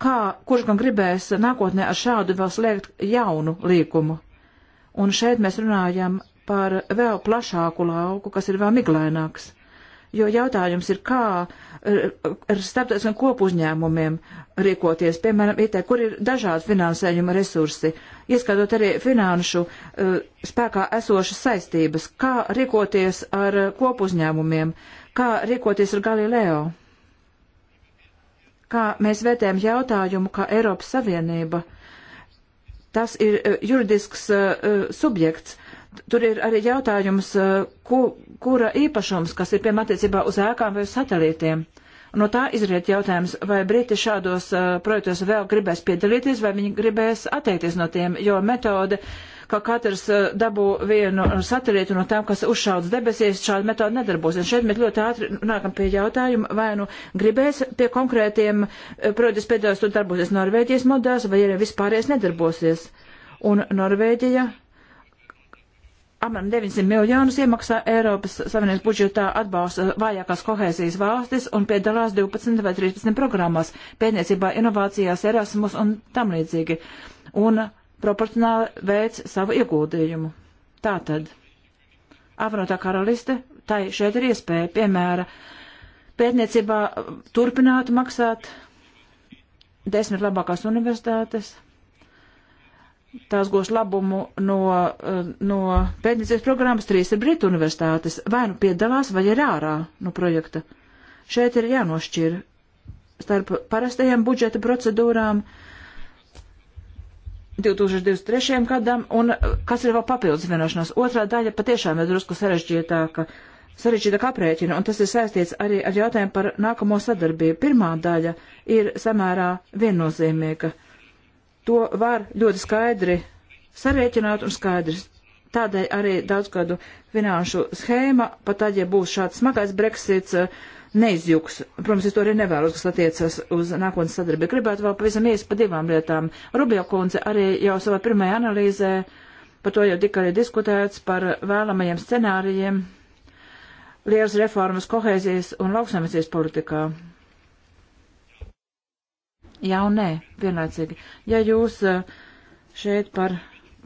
Kā, kurš gan gribēs nākotnē ar šādu vēl slēgt jaunu līkumu? Un šeit mēs runājam par vēl plašāku lauku, kas ir vēl miglaināks jo jautājums ir, kā er, er, ar starptautiskiem kopuzņēmumiem rīkoties, piemēram, IT, kur ir dažādi finansējuma resursi, ieskatot arī finanšu e, spēkā esošas saistības, kā rīkoties ar kopuzņēmumiem, kā rīkoties ar Galileo. Kā mēs vērtējam jautājumu, kā Eiropas Savienība, tas ir e, juridisks e, subjekts, Tur ir arī jautājums, eh, ku, kura īpašums, kas ir piemēram attiecībā uz ēkām vai uz satelītiem. No tā izriet jautājums, vai Briti šādos uh, projektos vēl gribēs piedalīties, vai viņi gribēs atteikties no tiem, jo metode, ka katrs uh, dabū vienu satelītu no tām, kas uzšauts debesīs, šāda metode nedarbosies. Šeit mēs ļoti ātri nākam pie jautājuma, vai nu gribēs pie konkrētiem uh, projektus piedalīties, tur darbosies Norvēģijas modās, vai arī vispārējais nedarbosies. Un Norvēģija apmēram 900 miljonus iemaksā Eiropas Savienības budžetā atbalsta vājākās kohēzijas valstis un piedalās 12 vai 13 programmās pētniecībā, inovācijās, Erasmus un tam līdzīgi. Un proporcionāli veids savu ieguldījumu. Tātad, apvienotā karaliste, tai šeit ir iespēja, piemēra, pētniecībā turpināt maksāt desmit labākās universitātes tās gūs labumu no, eh, no pētniecības programmas, trīs ir Britu universitātes, vai nu piedalās, vai ir ārā no projekta. Šeit ir jānošķir starp parastajām budžeta procedūrām 2023. gadam un eh, kas ir vēl papildus vienošanās. Otrā daļa patiešām ir drusku sarežģītāka, sarežģītāka aprēķina, un tas ir saistīts arī ar jautājumu par nākamo sadarbību. Pirmā daļa ir samērā viennozīmīga to var ļoti skaidri sarēķināt un skaidrs. Tādēļ arī daudzgadu finanšu schēma, pat tad, ja būs šāds smagais Brexits, eh, neizjuks. Protams, es to arī nevēlos, kas attiecas uz nākotnes sadarbību. Gribētu vēl pavisam iesi par divām lietām. Rubio kundze arī jau savā pirmajā analīzē, par to jau tika arī diskutēts, par vēlamajiem scenārijiem, lielas reformas kohēzijas un lauksamniecības politikā. Jā un nē, vienlaicīgi. Ja jūs eh, šeit par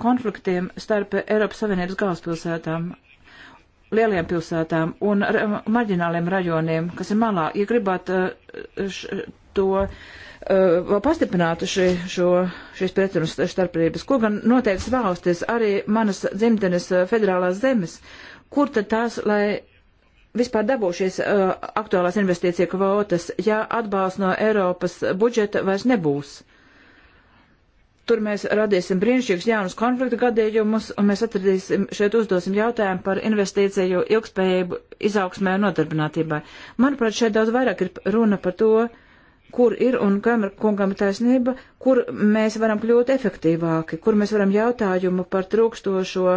konfliktiem starp Eiropas Savienības galvaspilsētām, lielajām pilsētām un marģināliem rajoniem, kas ir malā, ja gribat eh, š, to eh, vēl pastiprināt ši, šo, šīs pretrunas starpības, ko gan noteikts valstis, arī manas dzimtenes federālās zemes, kur tad tās, lai vispār dabūšies uh, aktuālās investīcija kvotas, ja atbalsts no Eiropas budžeta vairs nebūs? Tur mēs radīsim brīnišķīgus jaunus konfliktu gadījumus, un mēs atradīsim, šeit uzdosim jautājumu par investīciju ilgspējību izaugsmē un nodarbinātībai. Manuprāt, šeit daudz vairāk ir runa par to, uh, kur ir un kam kungam taisnība, kur mēs varam kļūt efektīvāki, kur mēs varam jautājumu par trūkstošo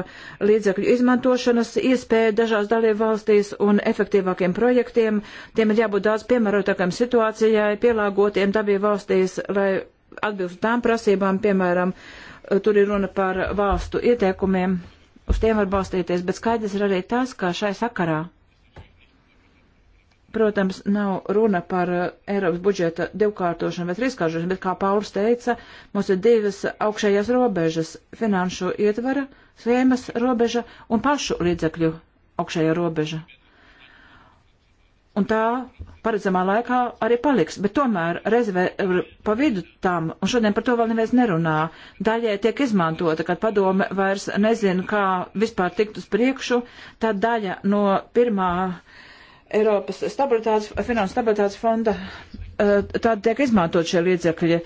līdzekļu izmantošanas iespēju dažās dalību valstīs un efektīvākiem projektiem. Tiem ir jābūt daudz piemērotākam situācijai, pielāgotiem dabību valstīs, lai atbilstu tām prasībām, piemēram, tur ir runa par valstu ieteikumiem, uz tiem var balstīties, bet skaidrs ir arī tas, ka šai sakarā protams, nav runa par eh, Eiropas budžeta divkārtošanu vai trīskārtošanu, bet, kā Pauls teica, mums ir divas augšējās robežas - finanšu ietvara, schēmas robeža un pašu līdzekļu augšējā robeža. Un tā paredzamā laikā arī paliks, bet tomēr rezerve eh, pa vidu tam, un šodien par to vēl neviens nerunā, daļai tiek izmantota, kad padome vairs nezina, kā vispār tikt uz priekšu, tā daļa no pirmā Eiropas stabilitātes, finanses stabilitātes fonda, eh, tad tiek izmantot šie līdzekļi.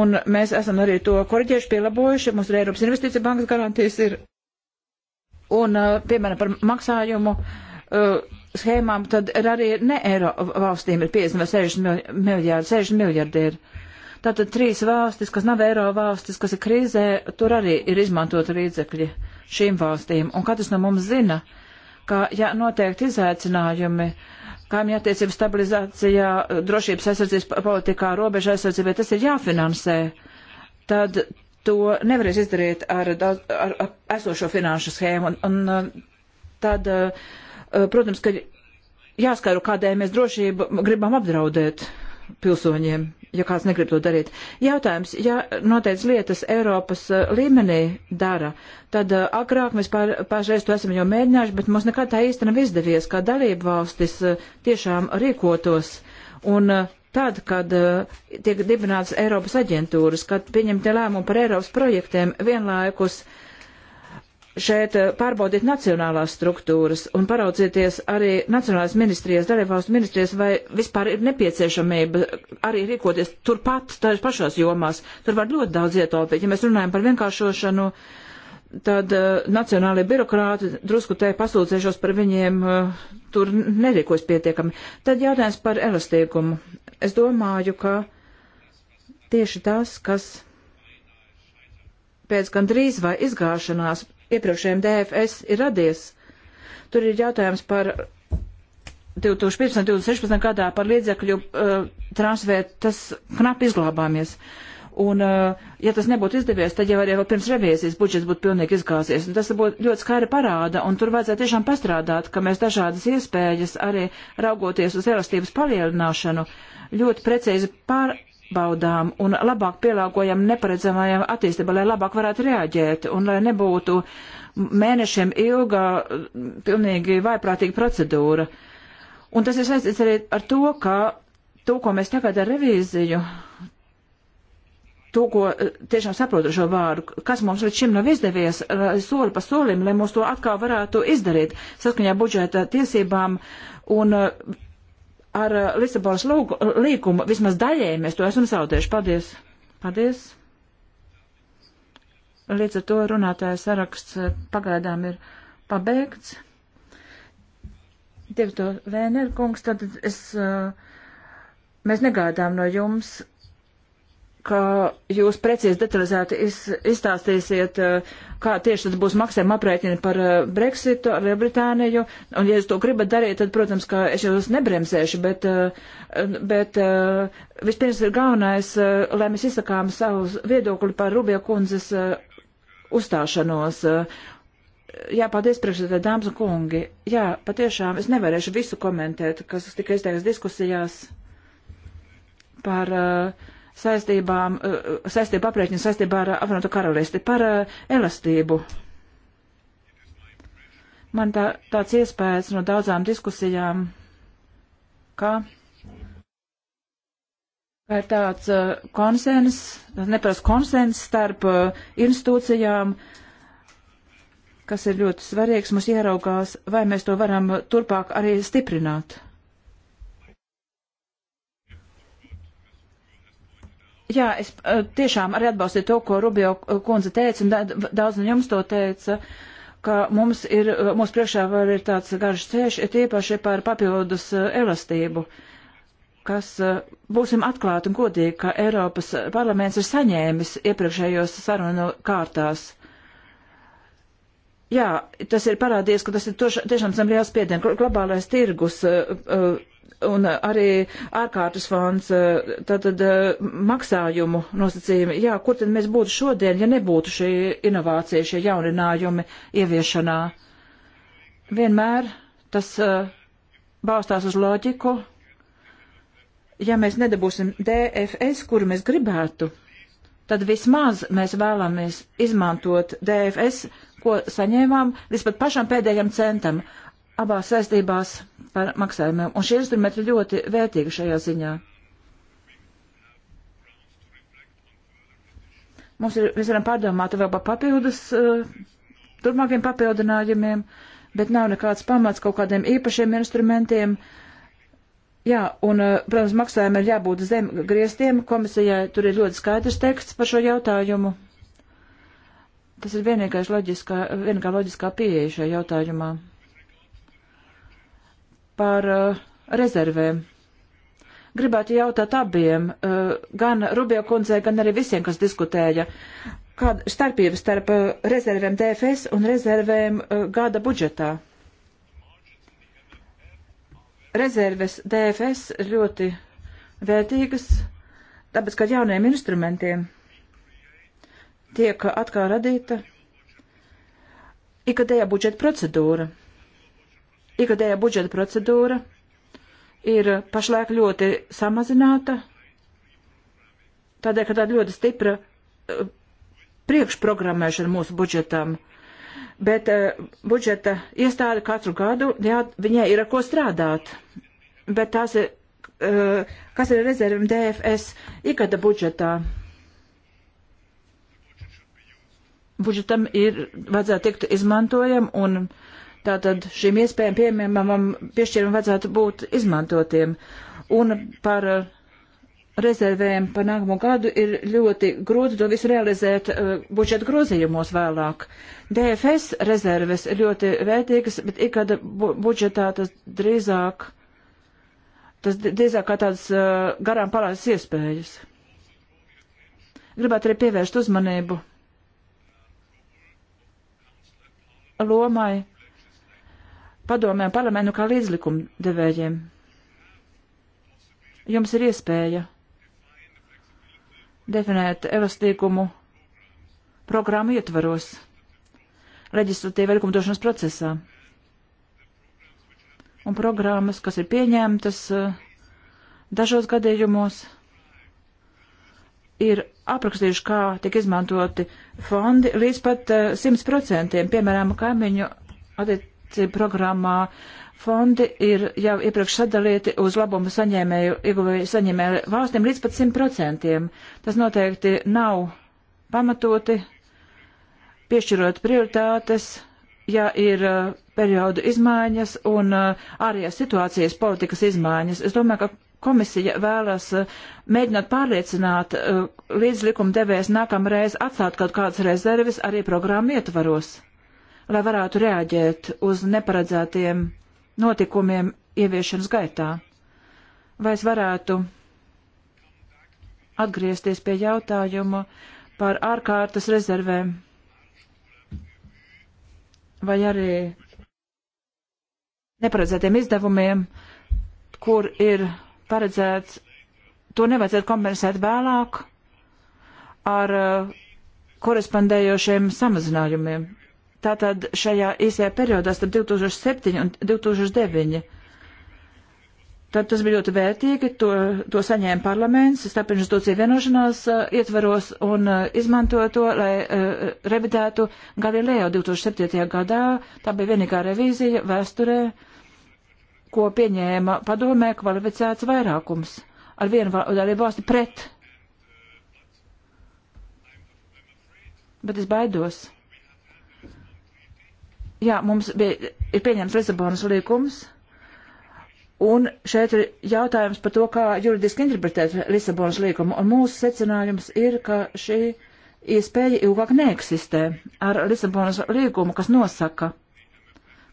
Un mēs esam arī to koriģējuši, pielabojuši. Mums ir Eiropas investīcija bankas garantijas ir. Un, eh, piemēram, par maksājumu uh, schēmām, tad ir arī ne eiro valstīm ir 50 vai 60 miljārdi, 60 miljardi ir. Tātad trīs valstis, kas nav eiro valstis, kas ir krīzē, tur arī ir izmantota līdzekļi šīm valstīm. Un katrs no mums zina, uh, ka, ja noteikti izaicinājumi, kaimiņu attiecību stabilizācijā, drošības aizsardzības politikā, robeža aizsardzībā, tas ir jāfinansē, tad to nevarēs izdarīt ar, ar, ar, ar esošo finanšu schēmu. Un, un uh, tad, uh, uh, protams, ka jāskaidro, kādēļ mēs drošību gribam apdraudēt pilsoņiem ja kāds negrib to darīt. Jautājums, ja noteikts lietas Eiropas eh, līmenī dara, tad eh, agrāk mēs pār, pārreiz to esam jau mēģinājuši, bet mums nekad tā īsti nav izdevies, kā dalība valstis eh, tiešām rīkotos. Un tad, kad tiek dibināts Eiropas aģentūras, kad pieņemtie lēmumi par Eiropas projektiem vienlaikus uh, šeit eh, pārbaudīt nacionālās struktūras un paraudzīties arī nacionālās ministrijas, dalībvalstu ministrijas, vai vispār ir nepieciešamība arī rīkoties turpat tās pašās jomās. Tur var ļoti daudz ietaupīt. Ja mēs runājam par vienkāršošanu, tad uh, nacionālie birokrāti drusku te pasūdzēšos par viņiem, uh, tur nerīkojas pietiekami. Tad jautājums par elastīgumu. Es domāju, ka tieši tas, kas pēc gandrīz vai izgāšanās iepriekšējiem DFS ir radies. Tur ir jautājums par 2015. 2016. gadā par līdzekļu uh, eh, transferu, tas knap izglābāmies. Un, uh, ja tas nebūtu izdevies, tad jau arī vēl pirms revīzijas budžets būtu pilnīgi izgāzies. Un tas būtu ļoti skaidri parāda, un tur vajadzētu tiešām pastrādāt, ka mēs dažādas iespējas, arī raugoties uz elastības palielināšanu, ļoti precīzi pār, pārbaudām un labāk pielāgojam neparedzamajām attīstībā, lai labāk varētu reaģēt un lai nebūtu mēnešiem ilga, pilnīgi vaiprātīga procedūra. Un tas ir saistīts arī ar to, ka to, ko mēs tagad ar revīziju, to, ko eh, tiešām saprotu šo vārdu, kas mums līdz šim nav izdevies, soli pa solim, lai mums to atkal varētu izdarīt saskaņā budžeta tiesībām un uh, ar eh, Lisabonas eh, līkumu vismaz daļēji mēs to esam zaudējuši. Paldies! Paldies! Līdz ar to runātāja saraksts eh, pagaidām ir pabeigts. Direktor Vēner kungs, tad es, mēs negaidām no jums ka jūs precīzi detalizēti iz, izstāstīsiet, eh, kā tieši tad būs maksājuma aprēķini par eh, Brexitu ar Lielbritāniju. Un, ja jūs to gribat darīt, tad, protams, ka es jūs nebremzēšu, bet, eh, bet vispirms ir galvenais, lai mēs izsakām savus viedokli par Rubija kundzes uzstāšanos. Jā, paldies priekšsēdē, dāmas un kungi. Jā, patiešām es nevarēšu visu komentēt, kas tika izteikts diskusijās par uh, saistībām, eh, saistību aprēķinu saistībā ar Afrānu karalisti par eh, elastību. Man tā, tāds iespējas no daudzām diskusijām, ka, ka ir tāds eh, konsens, neprasa konsens starp institūcijām, kas ir ļoti svarīgs, mums ieraugās, vai mēs to varam turpāk arī stiprināt. Jā, es eh, tiešām arī atbalstu to, ko Rubio kundze teica, un daudz no jums to teica, ka mums ir, eh, mums priekšā vēl ir tāds garš ceļš, ir tīpaši par papildus eh, elastību, kas būsim atklāti un godīgi, ka Eiropas parlaments ir saņēmis iepriekšējos sarunu kārtās. Jā, tas ir parādījies, ka tas ir toš, tiešām zem liels spiediens. Globālais tirgus uh, uh, un uh, arī ārkārtas fonds, tātad uh, uh, maksājumu nosacījumi. Jā, kur tad mēs būtu šodien, ja nebūtu šī inovācija, šie jauninājumi ieviešanā? Vienmēr tas balstās uz loģiku. Ja mēs nedabūsim DFS, kuru mēs gribētu, tad vismaz mēs vēlamies izmantot DFS, ko saņēmām, līdz pat pašam pēdējam centam abās saistībās par maksājumiem, un šie instrumenti ir ļoti vērtīgi šajā ziņā. Mums ir, mēs varam pārdomāt vēl par papildus, eh, turpmākiem papildinājumiem, bet nav nekāds pamats kaut kādiem īpašiem instrumentiem. Jā, un, eh, protams, maksājumi ir jābūt zem griestiem. Komisijai tur ir ļoti skaidrs teksts par šo jautājumu. Tas ir vienīgais loģiskā, vienīgā loģiskā pieeja šajā jautājumā par uh, rezervēm. Gribētu jautāt abiem, uh, gan Rubio kundzei, gan arī visiem, kas diskutēja, kāda starpība starp uh, rezervēm DFS un rezervēm uh, gada budžetā. Rezerves DFS ir ļoti vērtīgas, tāpēc, ka jauniem instrumentiem tiek atkal radīta ikadējā budžeta procedūra. Ikadējā budžeta procedūra ir pašlaik ļoti samazināta, tādēļ, ka tāda ļoti stipra eh, priekšprogrammēšana mūsu budžetam. Bet uh, budžeta iestāde katru gadu, jā, viņai ir ar ko strādāt. Bet tās ir, uh, kas ir rezervim DFS ikada budžetā? Budžetam ir vajadzētu tikt izmantojam un uh, Tātad šīm iespējām piemēram piešķiram vajadzētu būt izmantotiem. Un par uh, rezervēm par nākamo gadu ir ļoti grūti to visu realizēt uh, budžeta grozījumos vēlāk. DFS rezerves ir ļoti vērtīgas, bet ikada bu budžetā tas drīzāk, tas drīzāk kā tāds uh, garām palaists iespējas. Gribētu arī pievērst uzmanību lomai, padomēm parlamentu kā līdzlikumdevējiem. Jums ir iespēja definēt elastīgumu programmu ietvaros leģislatīva likumdošanas procesā. Un programmas, kas ir pieņemtas eh, dažos gadījumos, ir aprakstījuši, kā tiek izmantoti fondi līdz pat 100%, eh, piemēram, kaimiņu attiecībā programmā fondi ir jau iepriekš sadalīti uz labumu saņēmēju, ieguvēju saņēmēju valstīm līdz pat 100%. Tas noteikti nav pamatoti, piešķirot prioritātes, ja ir uh, periodu izmaiņas un uh, ārējās situācijas politikas izmaiņas. Es domāju, ka komisija vēlas uh, mēģināt pārliecināt uh, līdzlikuma devējs nākamreiz atstāt kaut kādas rezerves arī programmu ietvaros lai varētu reaģēt uz neparedzētiem notikumiem ieviešanas gaitā? Vai es varētu atgriezties pie jautājumu par ārkārtas rezervēm? Vai arī neparedzētiem izdevumiem, kur ir paredzēts, to nevajadzētu kompensēt vēlāk ar uh, korespondējošiem samazinājumiem. Tātad šajā īsajā periodā starp 2007 un 2009. Tad tas bija ļoti vērtīgi, to, to saņēma parlaments, starpinstitūcija vienošanās uh, ietvaros un uh, izmantoja to, lai uh, revidētu Galileo 2007. gadā. Tā bija vienīgā revīzija vēsturē, ko pieņēma padomē kvalificēts vairākums ar vienu dalību valsti pret. Bet es baidos jā, mums bija, ir pieņemts Lisabonas līkums, un šeit ir jautājums par to, kā juridiski interpretēt Lisabonas līkumu, un mūsu secinājums ir, ka šī iespēja ilgāk neeksistē ar Lisabonas līkumu, kas nosaka,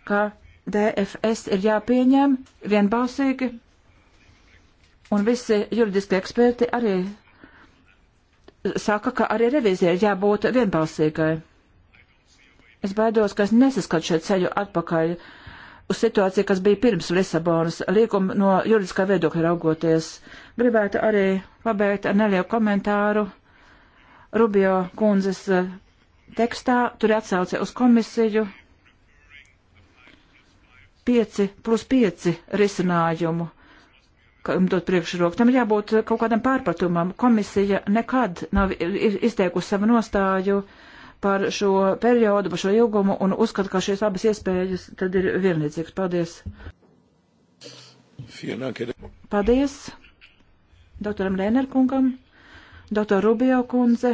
ka DFS ir jāpieņem vienbalsīgi, un visi juridiski eksperti arī saka, ka arī revīzija ir jābūt vienbalsīgai. Es baidos, ka es nesaskatu šo ceļu atpakaļ uz situāciju, kas bija pirms Lisabonas līguma no juridiskā viedokļa raugoties. Gribētu arī pabeigt ar nelielu komentāru Rubio kundzes eh, tekstā. Tur atsauce uz komisiju 5 plus 5 risinājumu kam dot priekšroku. Tam ir jābūt kaut kādam pārpratumam. Komisija nekad nav izteikusi savu nostāju uh, par šo periodu, par šo ilgumu un uzskatu, ka šīs abas iespējas tad ir vienlīdzīgas. Paldies! Paldies doktoram Lēnerkungam, doktor Rubio kundze.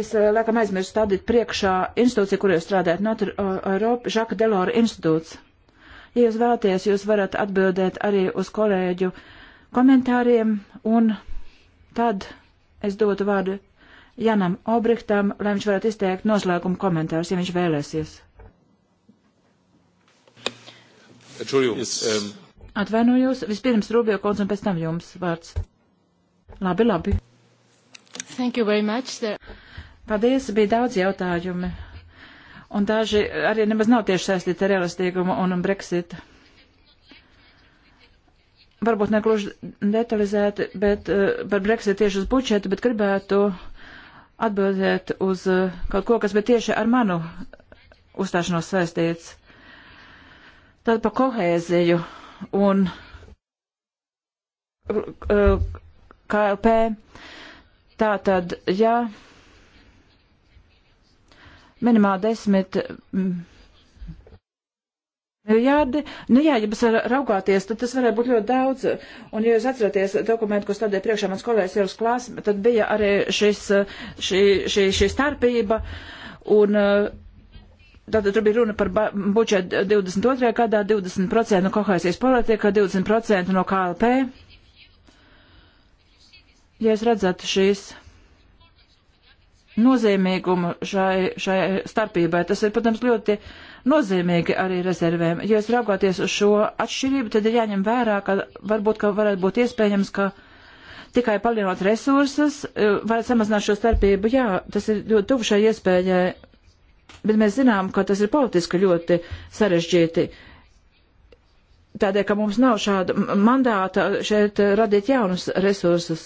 Es eh, laikam aizmirsu stādīt priekšā institūciju, kur jūs strādājat, Notre Europe, Žaka Delora institūts. Ja jūs vēlaties, jūs varat atbildēt arī uz kolēģu komentāriem un Tad es dodu vārdu Janam Obrihtam, lai viņš varētu izteikt noslēguma komentārus, ja viņš vēlēsies. Um. Atvainojos, vispirms Rubio konts un pēc tam jums vārds. Labi, labi. Thank you very much. There... Paldies, bija daudz jautājumi. Un daži arī nemaz nav tieši saistīti ar elastīgumu un Brexitu varbūt negluži detalizēti, bet uh, par Brexit tieši uz budžetu, bet gribētu atbildēt uz uh, kaut ko, kas bija tieši ar manu uzstāšanos saistīts. Tad par kohēziju un uh, eh, KLP. Tā tad, ja minimā desmit. Mm, miljārdi. Nu, nu jā, ja mēs raugāties, tad tas varētu būt ļoti daudz. Un, ja jūs atceraties dokumentu, ko stādīja priekšā mans kolēģis Jūras Klās, tad bija arī šis, eh, šī, šī, šī starpība. Un, eh, Tātad tur bija runa par budžetu 22. gadā, 20% no kohēsijas politika, 20% no KLP. Ja es redzētu šīs nozīmīgumu šai, šai starpībai, tas ir, protams, ļoti uh, nozīmīgi arī rezervēm. Ja jūs raugāties uz šo atšķirību, tad ir jāņem vērā, ka varbūt, ka varētu būt iespējams, ka tikai palielinot resursus, e, varētu samazināt šo starpību. Jā, tas ir ļoti tuvu šai iespējai, bet mēs zinām, ka tas ir politiski ļoti sarežģīti. Uh, tādēļ, ka mums nav šāda mandāta šeit radīt jaunus resursus.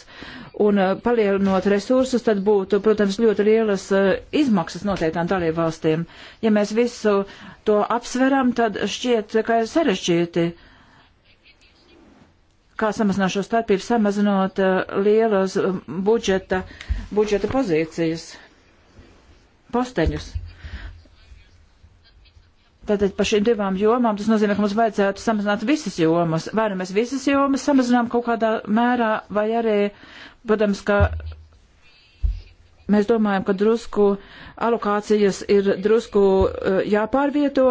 Un eh, palielinot resursus, tad būtu, protams, ļoti lielas eh, izmaksas noteiktām dalībvalstīm. Ja mēs visu to apsveram, tad šķiet, ka ir sarežģīti. Kā samazināt šo starpību, samazinot eh, lielas budžeta, budžeta pozīcijas, posteņus. Tātad par šīm divām jomām tas nozīmē, ka mums vajadzētu samazināt visas jomas. Vai nu mēs visas jomas samazinām kaut kādā mērā, vai arī, protams, ka mēs domājam, ka drusku alokācijas ir drusku eh, jāpārvieto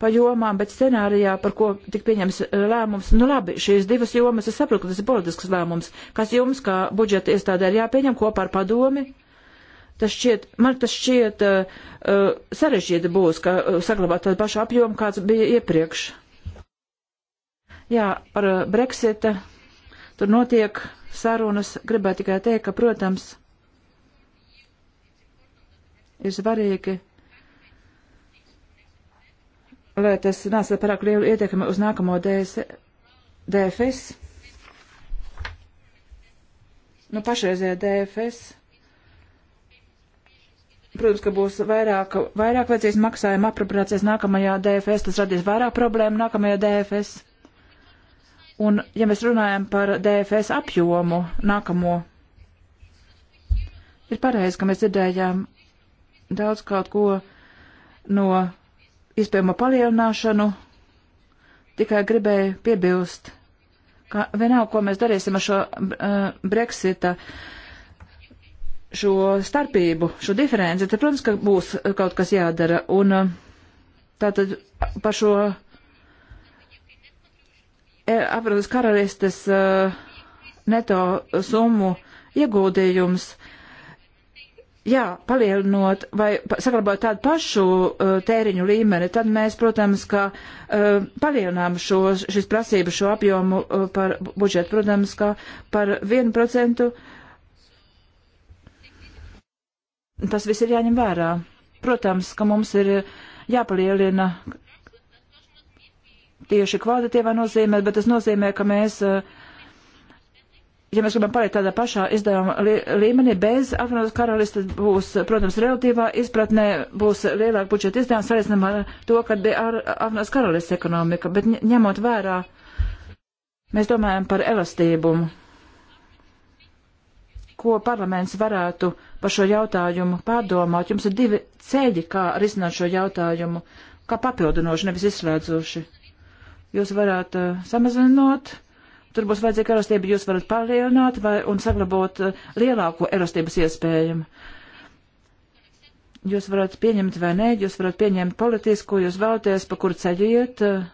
pa jomām, bet scenārijā, par ko tik pieņems eh, lēmums, nu labi, šīs divas jomas, es saprotu, ka tas ir politisks lēmums, kas jums kā budžeta iestādē ir jāpieņem kopā ar padomi Tas šķiet, man tas šķiet uh, uh, sarežģīti būs, ka uh, saglabāt tādu pašu apjomu, kāds bija iepriekš. Jā, par uh, Brexita tur notiek sarunas. Gribētu tikai teikt, ka, protams, ir svarīgi, lai tas nāca parāk lielu ietekmi uz nākamo DS, DFS. Nu, pašreizējā DFS Protams, ka būs vairāk, vairāk vajadzīs maksājumu apropriācijas nākamajā DFS, tas radīs vairāk problēmu nākamajā DFS. Un, ja mēs runājam par DFS apjomu nākamo, ir pareizi, ka mēs dzirdējām daudz kaut ko no iespējamo palielināšanu, tikai gribēju piebilst, ka vienalga, ko mēs darīsim ar šo uh, Brexita uh, šo starpību, šo diferenci, tad, protams, ka būs kaut kas jādara. Un eh, tātad par šo eh, apvienotās karalistes eh, neto summu ieguldījums, jā, palielinot vai saglabājot tādu pašu tēriņu līmeni, tad mēs, protams, ka palielinām šo, šis prasību, šo apjomu par budžetu, protams, ka par 1% Tas viss ir jāņem vērā. Protams, ka mums ir jāpalielina tieši kvalitatīvā nozīmē, bet tas nozīmē, ka mēs, eh, ja mēs gribam palikt tādā pašā izdevuma līmenī, bez apvienotās karalistas būs, protams, relatīvā izpratnē būs lielāka budžeta izdevuma salīdzinām ar to, kad bija apvienotās karalistas ekonomika, bet ņemot vērā, mēs domājam par elastībumu, ko parlaments varētu par šo jautājumu pārdomāt. Jums ir divi ceļi, kā risināt šo jautājumu, kā papildinoši, nevis izslēdzoši. Jūs varat uh, samazinot, tur būs vajadzīga elastība, jūs varat palielināt vai, un saglabot uh, lielāko elastības iespējumu. Jūs varat pieņemt vai nē, jūs varat pieņemt politisku, jūs vēlaties, pa kuru ceļu iet. Uh,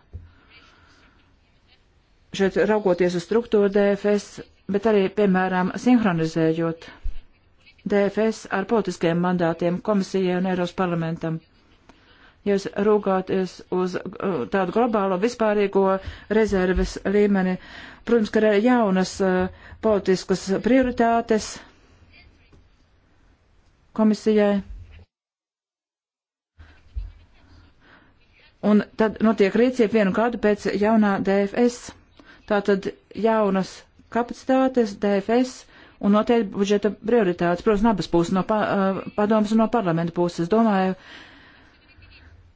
šeit raugoties uz struktūru DFS, bet arī, piemēram, sinhronizējot DFS ar politiskiem mandātiem komisijai un Eiros parlamentam. Jūs rūgāties uz uh, tādu globālo vispārīgo rezerves līmeni. Protams, ka ir jaunas uh, politiskas prioritātes komisijai. Un tad notiek rīcība vienu gadu pēc jaunā DFS. Tātad jaunas kapacitātes DFS un noteikti budžeta prioritātes, protams, no abas puses, no pa, uh, padomas un no parlamenta puses. Domāju,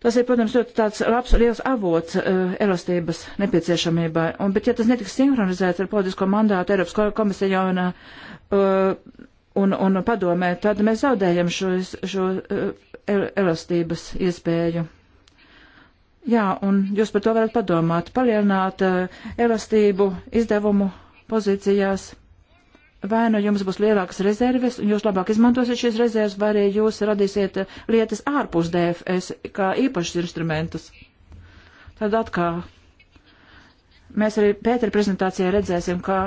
tas ir, protams, ļoti tāds labs, liels avots uh, elastības nepieciešamībai. Un, bet ja tas netiks sinhronizēts ar politisko mandātu Eiropas komisijā un, uh, un, un padomē, tad mēs zaudējam šo, šo uh, elastības iespēju. Jā, un jūs par to varat padomāt, palielināt uh, elastību izdevumu pozīcijās vai nu jums būs lielākas rezerves, un jūs labāk izmantosiet šīs rezerves, vai arī jūs radīsiet eh, lietas ārpus DFS kā īpašus instrumentus. Tad atkal mēs arī Pētera prezentācijā redzēsim, ka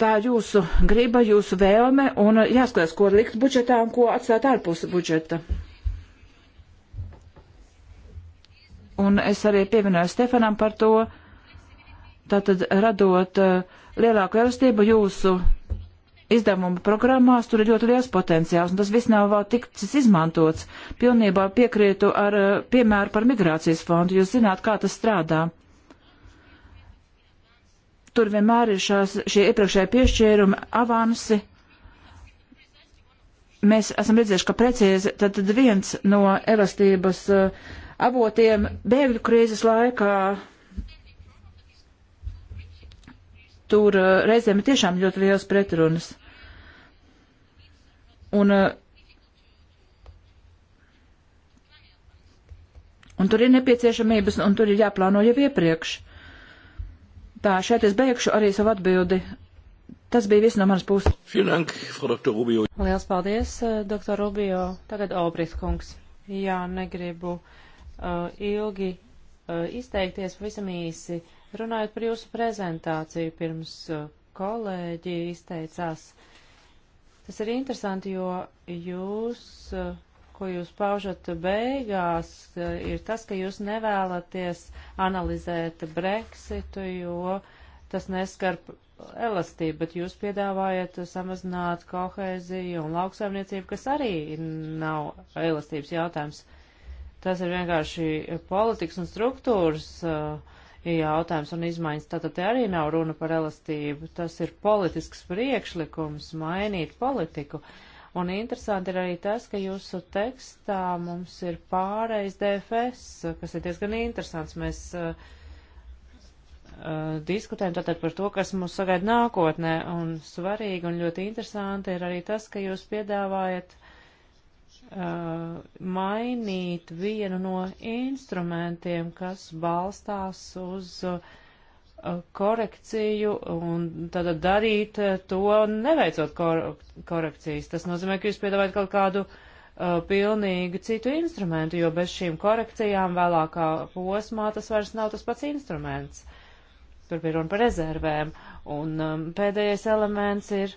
tā jūsu griba, jūsu vēlme, un jāskatās, ko likt budžetā un ko atstāt ārpus budžeta. Un es arī pievienoju Stefanam par to, uh, tātad radot eh, lielāku elastību jūsu izdevumu programmās, tur ir ļoti liels potenciāls, un tas viss nav vēl tikts izmantots. Pilnībā piekrītu ar eh, piemēru par migrācijas fondu, jūs zināt, kā tas strādā. Tur vienmēr ir šās, šie iepriekšēji piešķērumi, avansi. Mēs esam redzējuši, ka precīzi tad viens no elastības eh, avotiem bēgļu krīzes laikā tur eh, reizēm ir tiešām ļoti liels pretrunas. Un, eh, un tur ir nepieciešamības, un tur ir jāplāno jau iepriekš. Tā, šeit es beigšu arī savu atbildi. Tas bija viss no manas puses. Dank, Liels paldies, eh, doktor Rubio. Tagad Obrīs kungs. Jā, negribu uh, ilgi uh, izteikties, pavisam īsi. Uh, Runājot par jūsu prezentāciju, pirms uh, kolēģi izteicās, tas ir interesanti, jo jūs, uh, ko jūs paužat beigās, uh, ir tas, ka jūs nevēlaties analizēt Brexitu, jo tas neskar elastību, bet jūs piedāvājat samazināt kohēziju un lauksaimniecību, kas arī nav elastības jautājums. Tas ir vienkārši politikas un struktūras uh, jautājums un izmaiņas. Tātad te arī nav runa par elastību. Tas ir politisks priekšlikums mainīt politiku. Un interesanti ir arī tas, ka jūsu tekstā mums ir pāreiz DFS, kas ir diezgan interesants. Mēs uh, uh, diskutējam tātad par to, kas mūs sagaida nākotnē. Un svarīgi un ļoti interesanti ir arī tas, ka jūs piedāvājat Uh, mainīt vienu no instrumentiem, kas balstās uz uh, korekciju un tad darīt uh, to neveicot kor korekcijas. Tas nozīmē, ka jūs piedāvājat kaut kādu uh, pilnīgi citu instrumentu, jo bez šīm korekcijām vēlākā posmā tas vairs nav tas pats instruments. Tur bija runa par rezervēm. Un um, pēdējais elements ir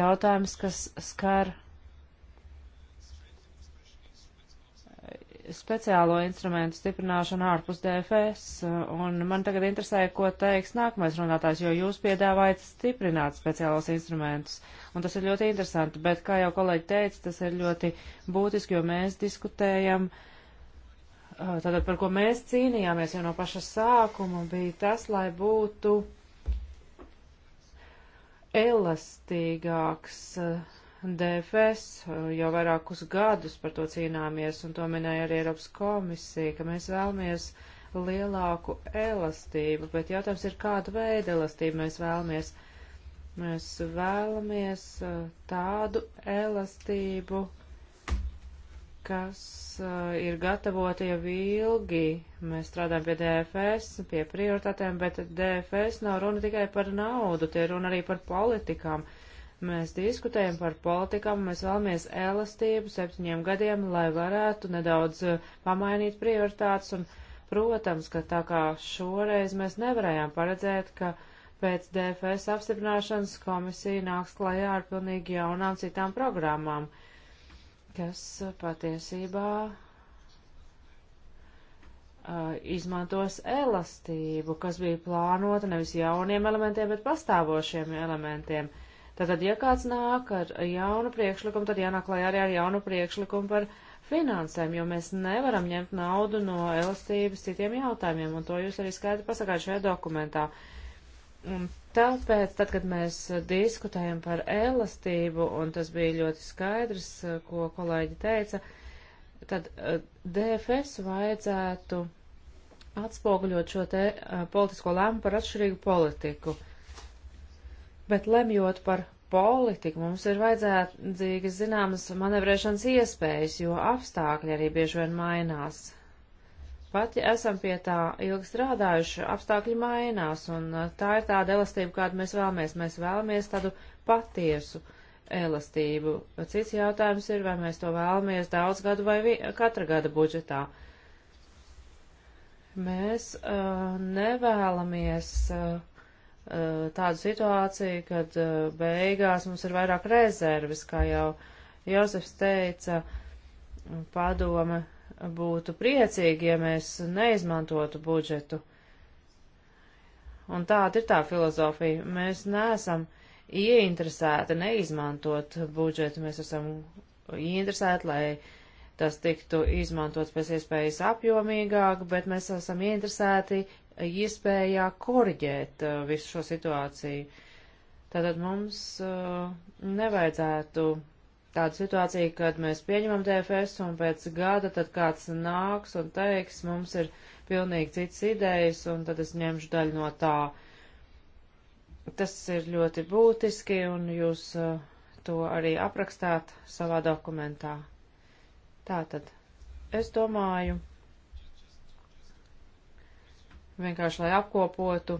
jautājums, kas skar speciālo instrumentu stiprināšanu ārpus DFS, un man tagad interesē, ko teiks nākamais runātājs, jo jūs piedāvājat stiprināt speciālos instrumentus, un tas ir ļoti interesanti, bet, kā jau kolēģi teica, tas ir ļoti būtiski, jo mēs diskutējam, tātad par ko mēs cīnījāmies jau no paša sākuma, bija tas, lai būtu elastīgāks uh, DFS eh, jau vairākus gadus par to cīnāmies, un to minēja arī Eiropas komisija, ka mēs vēlamies lielāku elastību, bet jautājums ir, kādu veidu elastību mēs vēlamies. Mēs vēlamies eh, tādu elastību, kas uh, ir gatavoti jau ilgi. Mēs strādājam pie DFS, pie prioritātēm, bet DFS nav runa tikai par naudu, tie runa arī par politikām. Mēs diskutējam par politikām, mēs vēlamies elastību septiņiem gadiem, lai varētu nedaudz eh, pamainīt prioritātes. Un, protams, ka tā kā šoreiz mēs nevarējām paredzēt, ka pēc DFS apstiprināšanas komisija nāks klajā ar pilnīgi jaunām citām programmām, kas eh, patiesībā eh, izmantos elastību, kas bija plānota nevis jauniem elementiem, bet pastāvošiem elementiem. Uh, Tātad, ja kāds nāk ar jaunu priekšlikumu, tad jānāk lai arī ar jaunu priekšlikumu par finansēm, jo mēs nevaram ņemt naudu no elastības citiem jautājumiem, un to jūs arī skaidri pasakāt šajā dokumentā. Un tāpēc, tad, kad mēs diskutējam par elastību, un tas bija ļoti skaidrs, ko kolēģi teica, tad eh, DFS vajadzētu atspoguļot šo te eh, politisko lēmu par atšķirīgu politiku. Uh, Bet lemjot par politiku, mums ir vajadzīgas zināmas manevrēšanas iespējas, jo apstākļi arī bieži vien mainās. Pat ja esam pie tā ilgi strādājuši, apstākļi mainās, un uh, tā ir tāda elastība, kādu mēs vēlamies. Mēs vēlamies tādu patiesu elastību. Cits jautājums ir, vai mēs to vēlamies daudz gadu vai katra gada budžetā. Mēs uh, nevēlamies. Uh, Eh, tādu situāciju, kad eh, beigās mums ir vairāk rezerves, kā jau Jozefs teica, padome būtu priecīgi, ja mēs neizmantotu budžetu. Un tāda ir tā filozofija. Mēs neesam ieinteresēti neizmantot budžetu, mēs esam ieinteresēti, lai tas tiktu izmantots pēc iespējas apjomīgāk, bet mēs esam ieinteresēti iespējā koriģēt uh, visu šo situāciju. Tātad mums uh, nevajadzētu tādu situāciju, kad mēs pieņemam DFS un pēc gada tad kāds nāks un teiks, mums ir pilnīgi cits idejas un tad es ņemšu daļu no tā. Tas ir ļoti būtiski un jūs uh, to arī aprakstāt savā dokumentā. Tātad, es domāju vienkārši lai apkopotu.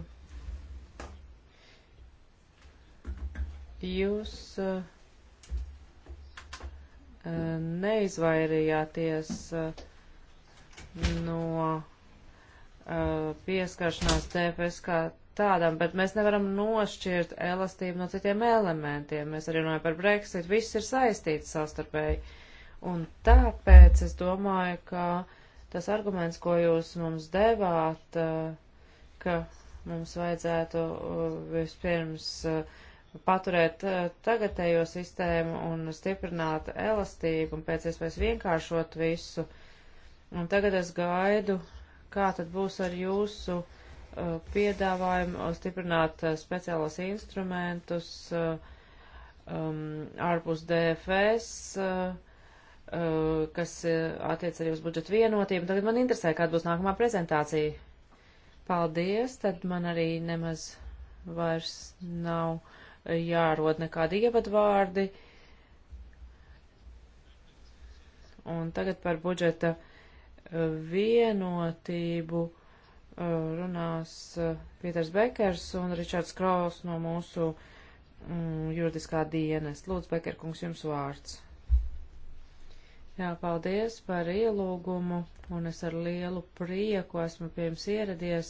Jūs uh, neizvairījāties uh, no uh, pieskaršanās DFS kā tādam, bet mēs nevaram nošķirt elastību no citiem elementiem. Mēs arī runājam par Brexit, viss ir saistīts savstarpēji. Un tāpēc es domāju, ka uh, Tas arguments, ko jūs mums devāt, eh, ka mums vajadzētu eh, vispirms eh, paturēt tagadējo sistēmu un stiprināt elastību un pēc iespējas vienkāršot visu. Un tagad es gaidu, kā tad būs ar jūsu uh, piedāvājumu stiprināt uh, speciālos instrumentus uh, um, ārpus DFS. Uh, Uh, kas uh, attiec arī uz budžetu vienotību. Tagad man interesē, kāda būs nākamā prezentācija. Paldies, tad man arī nemaz vairs nav jārod nekādi ievadvārdi. Un tagad par budžeta uh, vienotību runās Pieters Bekers un Ričards Kraus no mūsu mm, juridiskā dienas. Lūdzu, Bekerkungs, jums vārds. Jā, paldies par ielūgumu, un es ar lielu prieku esmu pie jums ieradies.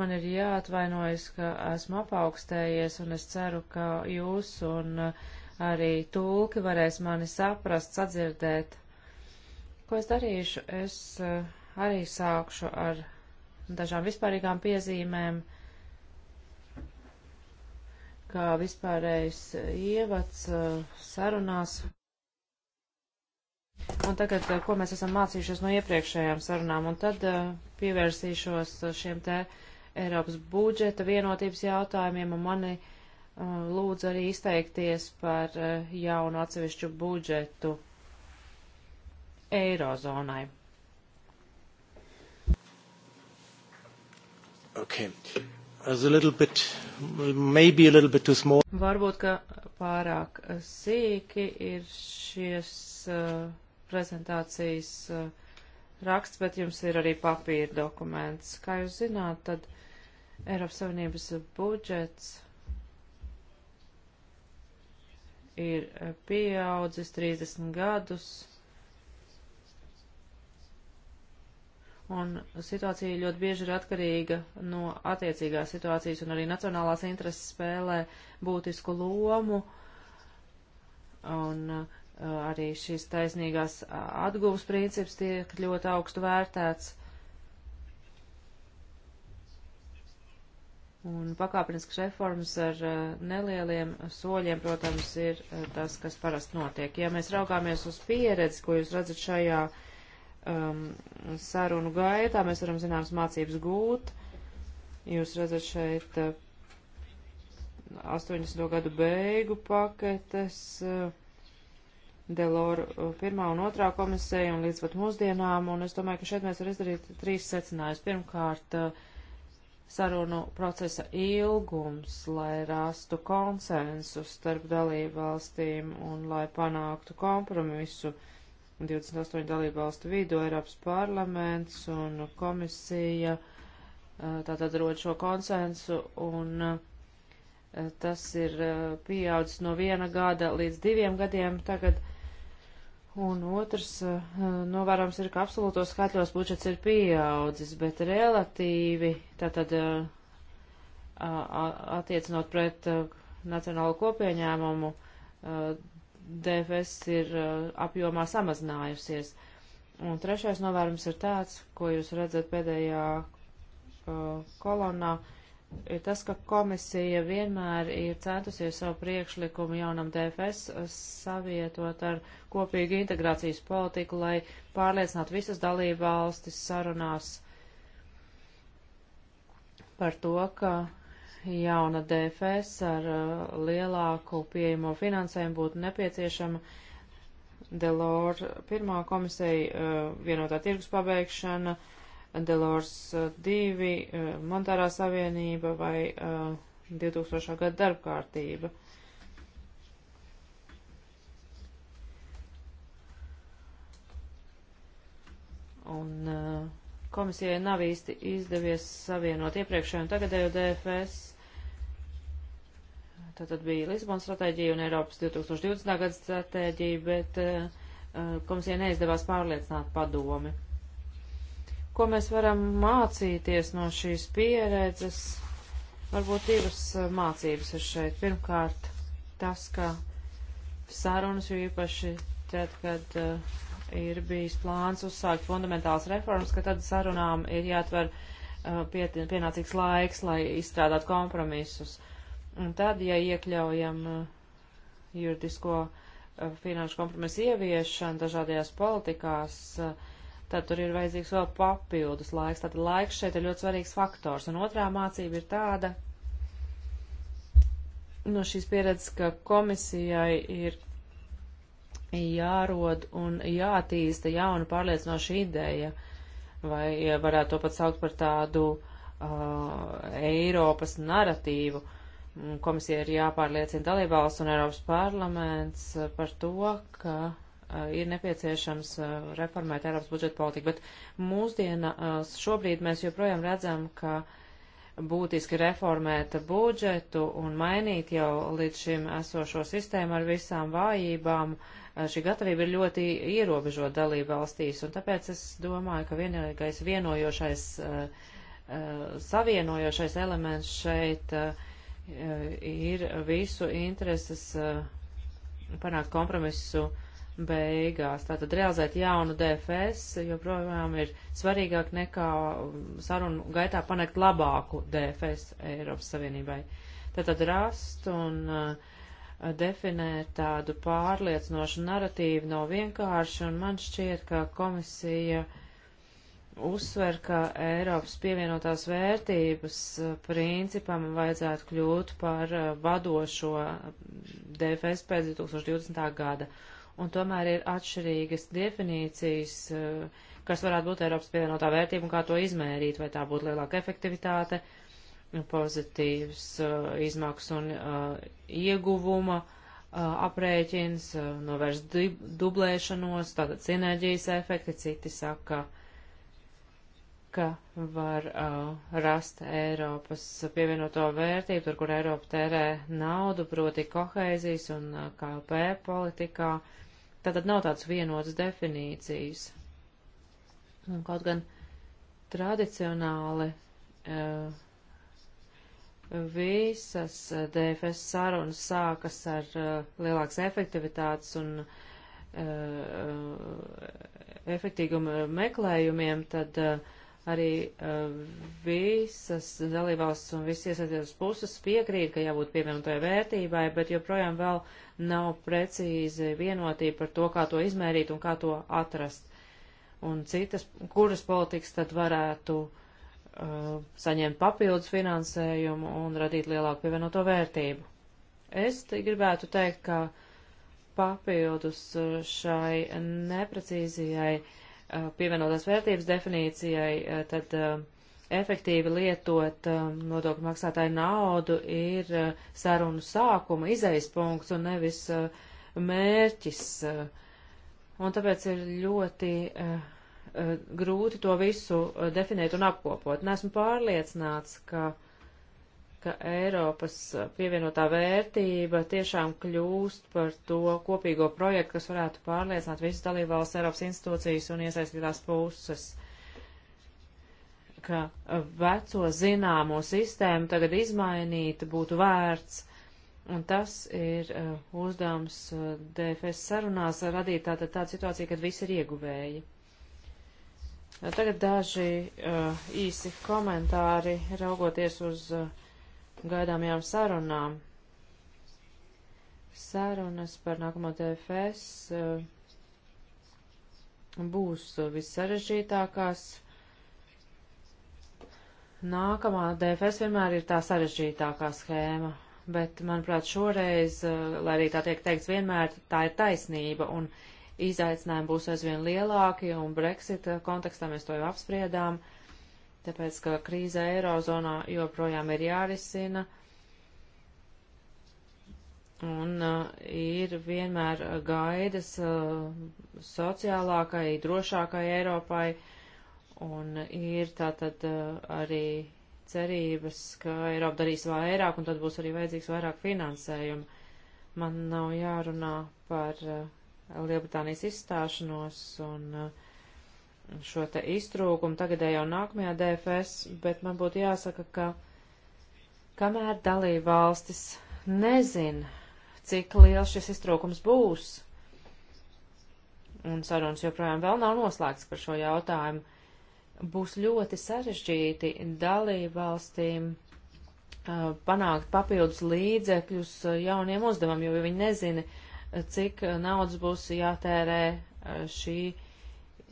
Man ir jāatvainojas, ka esmu apaugstējies, un es ceru, ka jūs un uh, arī tulki varēs mani saprast, sadzirdēt. Ko es darīšu? Es uh, arī sākšu ar dažām vispārīgām piezīmēm, kā vispārējais ievads uh, sarunās un tagad, eh, ko mēs esam mācījušies no iepriekšējām sarunām, un tad eh, pievērsīšos eh, šiem te Eiropas budžeta vienotības jautājumiem, un mani lūdzu arī izteikties par jaunu atsevišķu budžetu Eirozonai. Okay. Bit, Varbūt, ka pārāk sīki ir šies uh, prezentācijas uh, raksts, bet jums ir arī papīra dokuments. Kā jūs zināt, tad Eiropas Savienības budžets ir uh, pieaudzis 30 gadus. un situācija ļoti bieži ir atkarīga no attiecīgās situācijas, un arī nacionālās intereses spēlē būtisku lomu. Un uh, arī šis taisnīgās atguvas princips tiek ļoti augstu vērtēts. Un pakāpeniskas reformas ar nelieliem soļiem, protams, ir tas, kas parasti notiek. Ja mēs raugāmies uz pieredzi, ko jūs redzat šajā um, sarunu gaitā, mēs varam zināmas mācības gūt. Jūs redzat šeit uh, 80. gadu beigu paketes. Uh, Deloru uh, pirmā un otrā komisēja un līdz pat mūsdienām, un es domāju, ka šeit mēs varam izdarīt trīs secinājumus. Pirmkārt, uh, sarunu procesa ilgums, lai rastu konsensu starp dalību valstīm un lai panāktu kompromisu 28 dalību valstu vidū Eiropas parlaments un komisija uh, tātad rod šo konsensu un uh, tas ir pieaudzis no viena gada līdz diviem gadiem tagad, Un otrs eh, novērojums ir, ka absolūtos skaitļos budžets ir pieaudzis, bet relatīvi, tātad eh, attiecinot pret eh, nacionālo kopieņēmumu, DFS ir apjomā samazinājusies. Un trešais novērums ir tāds, ko jūs redzat pēdējā kolonā. Uh, ir tas, ka komisija vienmēr ir centusies savu priekšlikumu jaunam DFS savietot ar kopīgu integrācijas politiku, lai pārliecinātu visas dalību valstis sarunās par to, ka jauna DFS ar uh, lielāku pieejamo finansējumu būtu nepieciešama. Delors pirmā komisija, uh, vienotā tirgus pabeigšana, uh, Delors 2, eh, eh, Monetārā savienība vai 2000. Eh, gada darba kārtība. Un komisijai nav īsti izdevies savienot iepriekšējo un tagadējo DFS. Tātad bija Lisbonas stratēģija un Eiropas 2020. gada stratēģija, bet komisijai neizdevās pārliecināt padomi. Ko mēs varam mācīties no šīs pieredzes? Varbūt divas eh, mācības ir šeit. Pirmkārt, tas, ka sarunas jo īpaši tad, kad uh, ir bijis plāns uzsākt fundamentāls reformas, ka tad sarunām ir jāatver uh, eh, piet, pienācīgs laiks, lai izstrādātu kompromisus. Un tad, ja iekļaujam uh, juridisko uh, finanšu kompromisu ieviešanu dažādajās politikās, uh, tad tur ir vajadzīgs vēl papildus laiks. Tātad laiks šeit ir ļoti svarīgs faktors. Un otrā mācība ir tāda no šīs pieredzes, ka komisijai ir jārod un jātīsta jauna pārliecinoša ideja, vai ja varētu to pat saukt par tādu uh, Eiropas naratīvu. Komisija ir jāpārliecina dalībvalsts un Eiropas parlaments par to, ka ir nepieciešams reformēt Eiropas budžeta politiku, bet mūsdienās šobrīd mēs joprojām redzam, ka būtiski reformēt budžetu un mainīt jau līdz šim esošo sistēmu ar visām vājībām. Šī gatavība ir ļoti ierobežota dalība valstīs, un tāpēc es domāju, ka vienīgais vienojošais, savienojošais elements šeit ir visu intereses panākt kompromisu uh, beigās. Tātad realizēt jaunu DFS joprojām ir svarīgāk nekā um, sarunu gaitā panākt labāku DFS Eiropas Savienībai. Tātad rast un uh, definēt tādu pārliecinošu naratīvu nav vienkārši, un man šķiet, ka komisija uzsver, ka Eiropas pievienotās vērtības uh, principam vajadzētu kļūt par uh, vadošo um, DFS pēc 2020. gada. Uh, un tomēr ir atšķirīgas definīcijas, eh, kas varētu būt Eiropas pievienotā vērtība un kā to izmērīt, vai tā būtu lielāka efektivitāte, pozitīvs eh, izmaksu un eh, ieguvuma aprēķins, novērst dublēšanos, tātad sinerģijas efekti, citi saka, ka var uh, rast Eiropas pievienoto vērtību, tur, kur Eiropa tērē naudu, proti kohēzijas un KLP politikā, uh, Tātad nav tāds vienotas definīcijas. Un kaut gan tradicionāli uh, visas eh, DFS sarunas sākas ar uh, lielākas efektivitātes un uh, efektīguma meklējumiem, tad uh, arī uh, visas dalībvalstis un visi iesaistītas puses piekrīt, ka jābūt pievienotajai vērtībai, bet joprojām vēl nav precīzi vienotība par to, kā to izmērīt un kā to atrast. Un citas, kuras politikas tad varētu uh, saņemt papildus finansējumu un radīt lielāku pievienoto vērtību. Es te gribētu teikt, ka papildus eh, šai neprecīzijai uh, Uh, pievienotās vērtības definīcijai, uh, tad uh, efektīvi lietot nodokļu maksātāju naudu ir sarunu sākuma izejas punkts un nevis mērķis. Un tāpēc ir ļoti grūti to visu definēt un apkopot. Nesmu pārliecināts, ka uh, ka Eiropas pievienotā vērtība tiešām kļūst par to kopīgo projektu, kas varētu pārliecināt visas dalībvalsts Eiropas institūcijas un iesaistītās puses ka veco zināmo sistēmu tagad izmainīt būtu vērts, un tas ir uh, uzdevums uh, DFS sarunās radīt tātad tādu situāciju, kad visi ir ieguvēji. Tagad daži uh, īsi komentāri raugoties uz uh, gaidāmajām sarunām. Sarunas par nākamo TFS uh, būs vissarežģītākās. Nākamā DFS vienmēr ir tā sarežģītākā schēma, bet, manuprāt, šoreiz, uh, lai arī tā tiek teikts vienmēr, tā ir taisnība, un izaicinājumi būs aizvien lielāki, un Brexit kontekstā mēs to jau apspriedām. Uh, tāpēc, ka krīze Eirozonā joprojām ir jārisina un uh, ir vienmēr uh, gaidas uh, sociālākai, drošākai Eiropai, un ir tātad uh, arī cerības, ka Eiropa darīs vairāk, un tad būs arī vajadzīgs vairāk finansējumu. Man nav jārunā par uh, Lielbritānijas izstāšanos un uh, šo te iztrūkumu tagadējā un nākamajā DFS, bet man būtu jāsaka, ka kamēr dalība valstis nezin, cik liels šis iztrūkums būs, un sarunas joprojām vēl nav noslēgts par šo jautājumu, būs ļoti sarežģīti dalību valstīm uh, panākt papildus līdzekļus jauniem uzdevumiem, jo viņi nezina, cik naudas būs jātērē šī uh,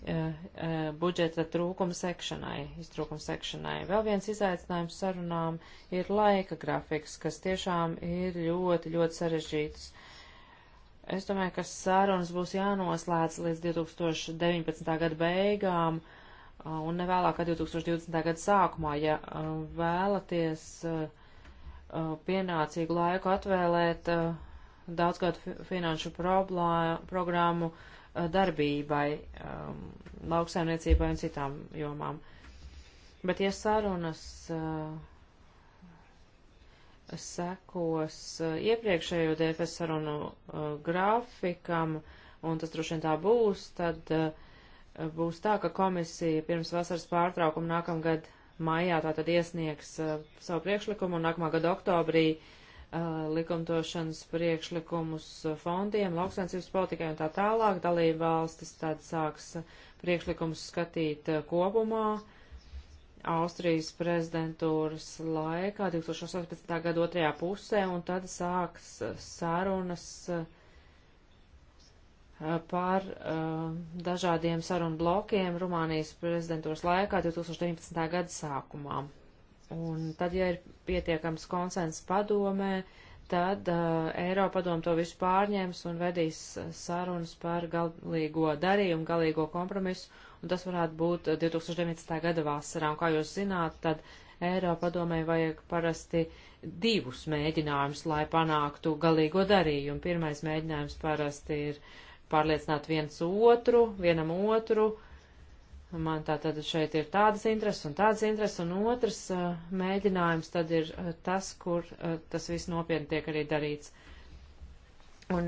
Eh, eh, budžeta trūkuma sekšanai, iztrūkuma sekšanai. Vēl viens izaicinājums sarunām ir laika grafiks, kas tiešām ir ļoti, ļoti sarežģīts. Es domāju, ka sarunas būs jānoslēdz līdz 2019. gada beigām eh, un nevēlāk 2020. gada sākumā, ja vēlaties pienācīgu laiku atvēlēt daudzgadu finanšu problēmu, programmu darbībai, um, lauksaimniecībai un citām jomām. Bet, ja sarunas uh, sekos uh, iepriekšējo DFS sarunu uh, grafikam, un tas droši vien tā būs, tad uh, būs tā, ka komisija pirms vasaras pārtraukuma nākamgad maijā tātad iesniegs uh, savu priekšlikumu un nākamā gada oktobrī uh, likumdošanas priekšlikumus fondiem, lauksainsības politikai un tā tālāk. Dalība valstis tad sāks priekšlikumus skatīt kopumā. Austrijas prezidentūras laikā 2018. gada otrajā pusē, un tad sāks sarunas par uh, dažādiem sarunu blokiem Rumānijas prezidentūras laikā 2019. gada sākumā. Un tad, ja ir pietiekams konsens padomē, tad uh, Eiropadoma to visu pārņems un vedīs sarunas par galīgo darījumu, galīgo kompromisu, un tas varētu būt 2019. Uh, gada vasarā. Un kā jūs zināt, tad Eiropadomai vajag parasti divus mēģinājumus, lai panāktu galīgo darījumu. Pirmais mēģinājums parasti ir pārliecināt viens otru, vienam otru, Man tā tad šeit ir tādas intereses un tādas intereses, un otrs uh, mēģinājums tad ir uh, tas, kur uh, tas viss nopietni tiek arī darīts. Un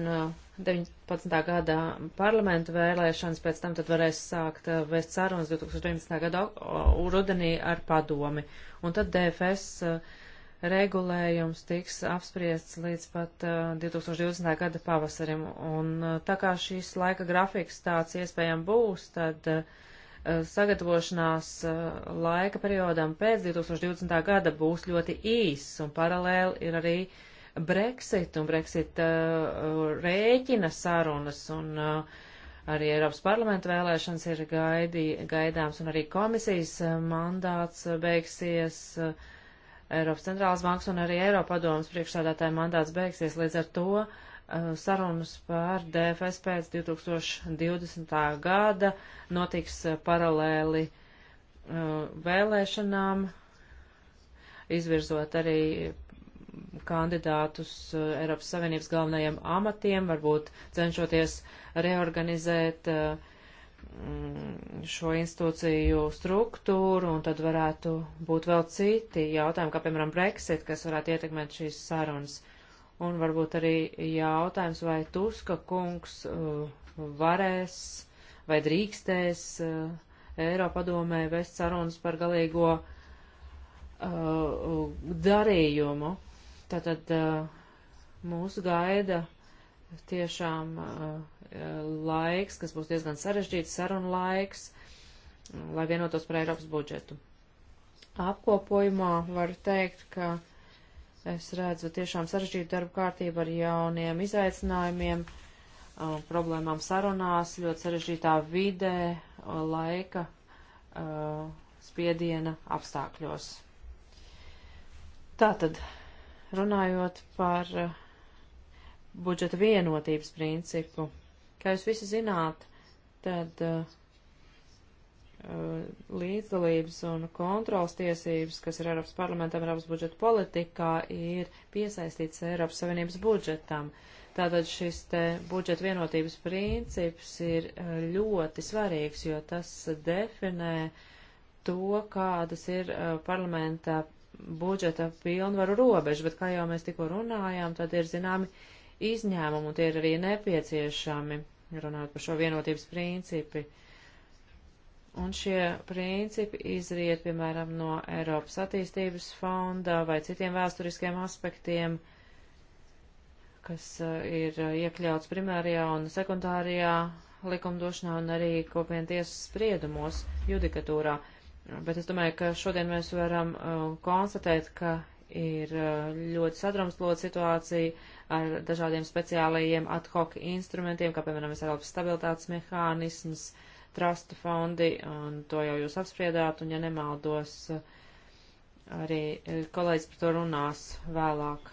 19. Uh, gadā parlamentu vēlēšanas pēc tam tad varēs sākt uh, vēst sarunas 2019. gada uh, rudenī ar padomi. Un tad DFS regulējums tiks apspriests līdz pat 2020. gada pavasarim. Un tā kā šīs laika grafiks tāds iespējams būs, tad uh, Eh, sagatavošanās eh, laika periodam pēc 2020. gada būs ļoti īss, un paralēli ir arī Brexit un Brexit eh, rēķina sarunas, un arī Eiropas parlamenta vēlēšanas ir gaidī, gaidāms, un arī komisijas mandāts beigsies. Eiropas centrālās bankas un arī Eiropadomas priekšsādātāja mandāts beigsies līdz ar to uh, Eh, sarunas par DFS pēc 2020. gada notiks eh, paralēli eh, vēlēšanām, izvirzot arī kandidātus Eiropas Savienības galvenajiem amatiem, varbūt cenšoties reorganizēt šo institūciju struktūru, un tad varētu būt vēl citi jautājumi, kā piemēram Brexit, kas varētu ietekmēt šīs sarunas. Uh, Un varbūt arī jautājums, vai Tuska kungs uh, varēs vai drīkstēs uh, Eiropadomē vest sarunas par galīgo uh, darījumu. Tātad mūsu gaida tiešām laiks, kas būs diezgan sarežģīts sarunu laiks, lai vienotos par Eiropas budžetu. Apkopojumā var teikt, ka Es redzu tiešām sarežģītu darbu kārtību ar jauniem izaicinājumiem, um, problēmām sarunās, ļoti sarežģītā vidē, uh, laika uh, spiediena apstākļos. Tātad, runājot par uh, budžeta vienotības principu, kā jūs visi zināt, tad uh, Uh, līdzdalības un kontrols tiesības, kas ir Eiropas parlamentam, Eiropas budžeta politikā, ir piesaistīts Eiropas Savienības budžetam. Tātad šis te budžeta vienotības princips ir uh, ļoti svarīgs, jo tas definē to, kādas ir uh, parlamenta budžeta pilnvaru robeža, bet kā jau mēs tikko runājām, tad ir zināmi izņēmumi un tie ir arī nepieciešami, runājot par šo vienotības principu Un šie principi izriet, piemēram, no Eiropas attīstības fonda vai citiem vēsturiskiem aspektiem, kas eh, ir eh, iekļauts primārajā un sekundārajā likumdošanā un arī kopienas tiesas spriedumos, judikatūrā. Bet es domāju, ka šodien mēs varam uh, konstatēt, ka ir uh, ļoti sadrumstlota situācija ar dažādiem speciālajiem ad hoc instrumentiem, kā piemēram Eiropas stabilitātes mehānisms, uh, trasta fondi, un to jau jūs apspriedāt, un ja nemaldos, arī eh, kolēģis par to runās vēlāk.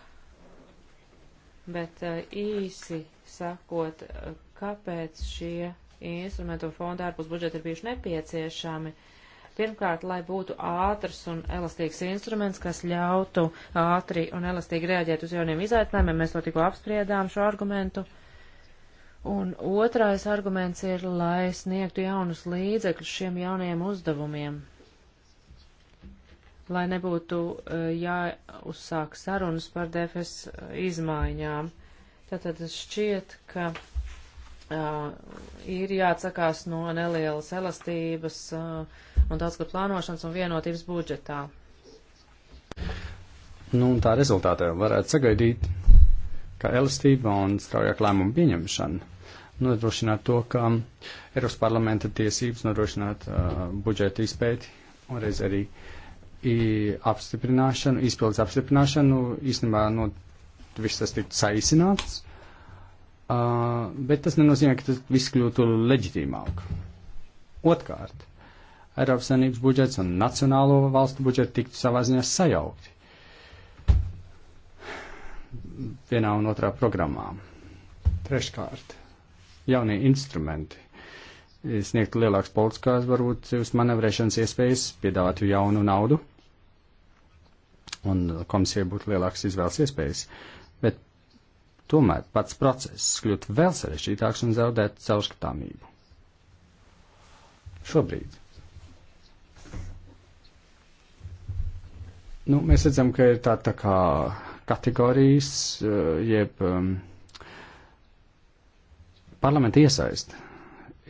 Bet eh, īsi sakot, eh, kāpēc šie instrumentu fonda ārpus budžeta ir bijuši nepieciešami. Pirmkārt, lai būtu ātrs un elastīgs instruments, kas ļautu ātri un elastīgi reaģēt uz jauniem izaicinājumiem, mēs to tikko apspriedām šo argumentu. Uh, Un otrais arguments ir, lai sniegtu jaunus līdzekļus šiem jaunajiem uzdevumiem, lai nebūtu e, jāuzsāk sarunas par DFS e, izmaiņām. Tātad šķiet, ka uh, ir jāatsakās no nelielas elastības uh, un daudzgad plānošanas un vienotības budžetā. Nu, un tā rezultātā varētu sagaidīt, ka elastība un straujāk lēmumu pieņemšana nodrošināt to, ka Eiropas parlamenta tiesības nodrošināt uh, budžetu izpēti un reiz arī apstiprināšanu, izpildes apstiprināšanu, īstenībā no nu, viss tas tiktu saīsināts, uh, bet tas nenozīmē, ka tas viss kļūtu leģitīmāk. Otkārt, Eiropas Savienības budžets un nacionālo valstu budžeti tiktu savā ziņā sajaukti vienā un otrā programmā. Treškārt, jaunie instrumenti, sniegtu lielāks politiskās, varbūt, manevrēšanas iespējas, piedāvātu jaunu naudu, un komisija būtu lielāks izvēles iespējas. Bet tomēr pats process kļūtu vēl sarežģītāks un zaudēt caurskatāmību. Šobrīd. Nu, mēs redzam, ka ir tā, tā kā kategorijas, eh, jeb um, Parlamenta iesaist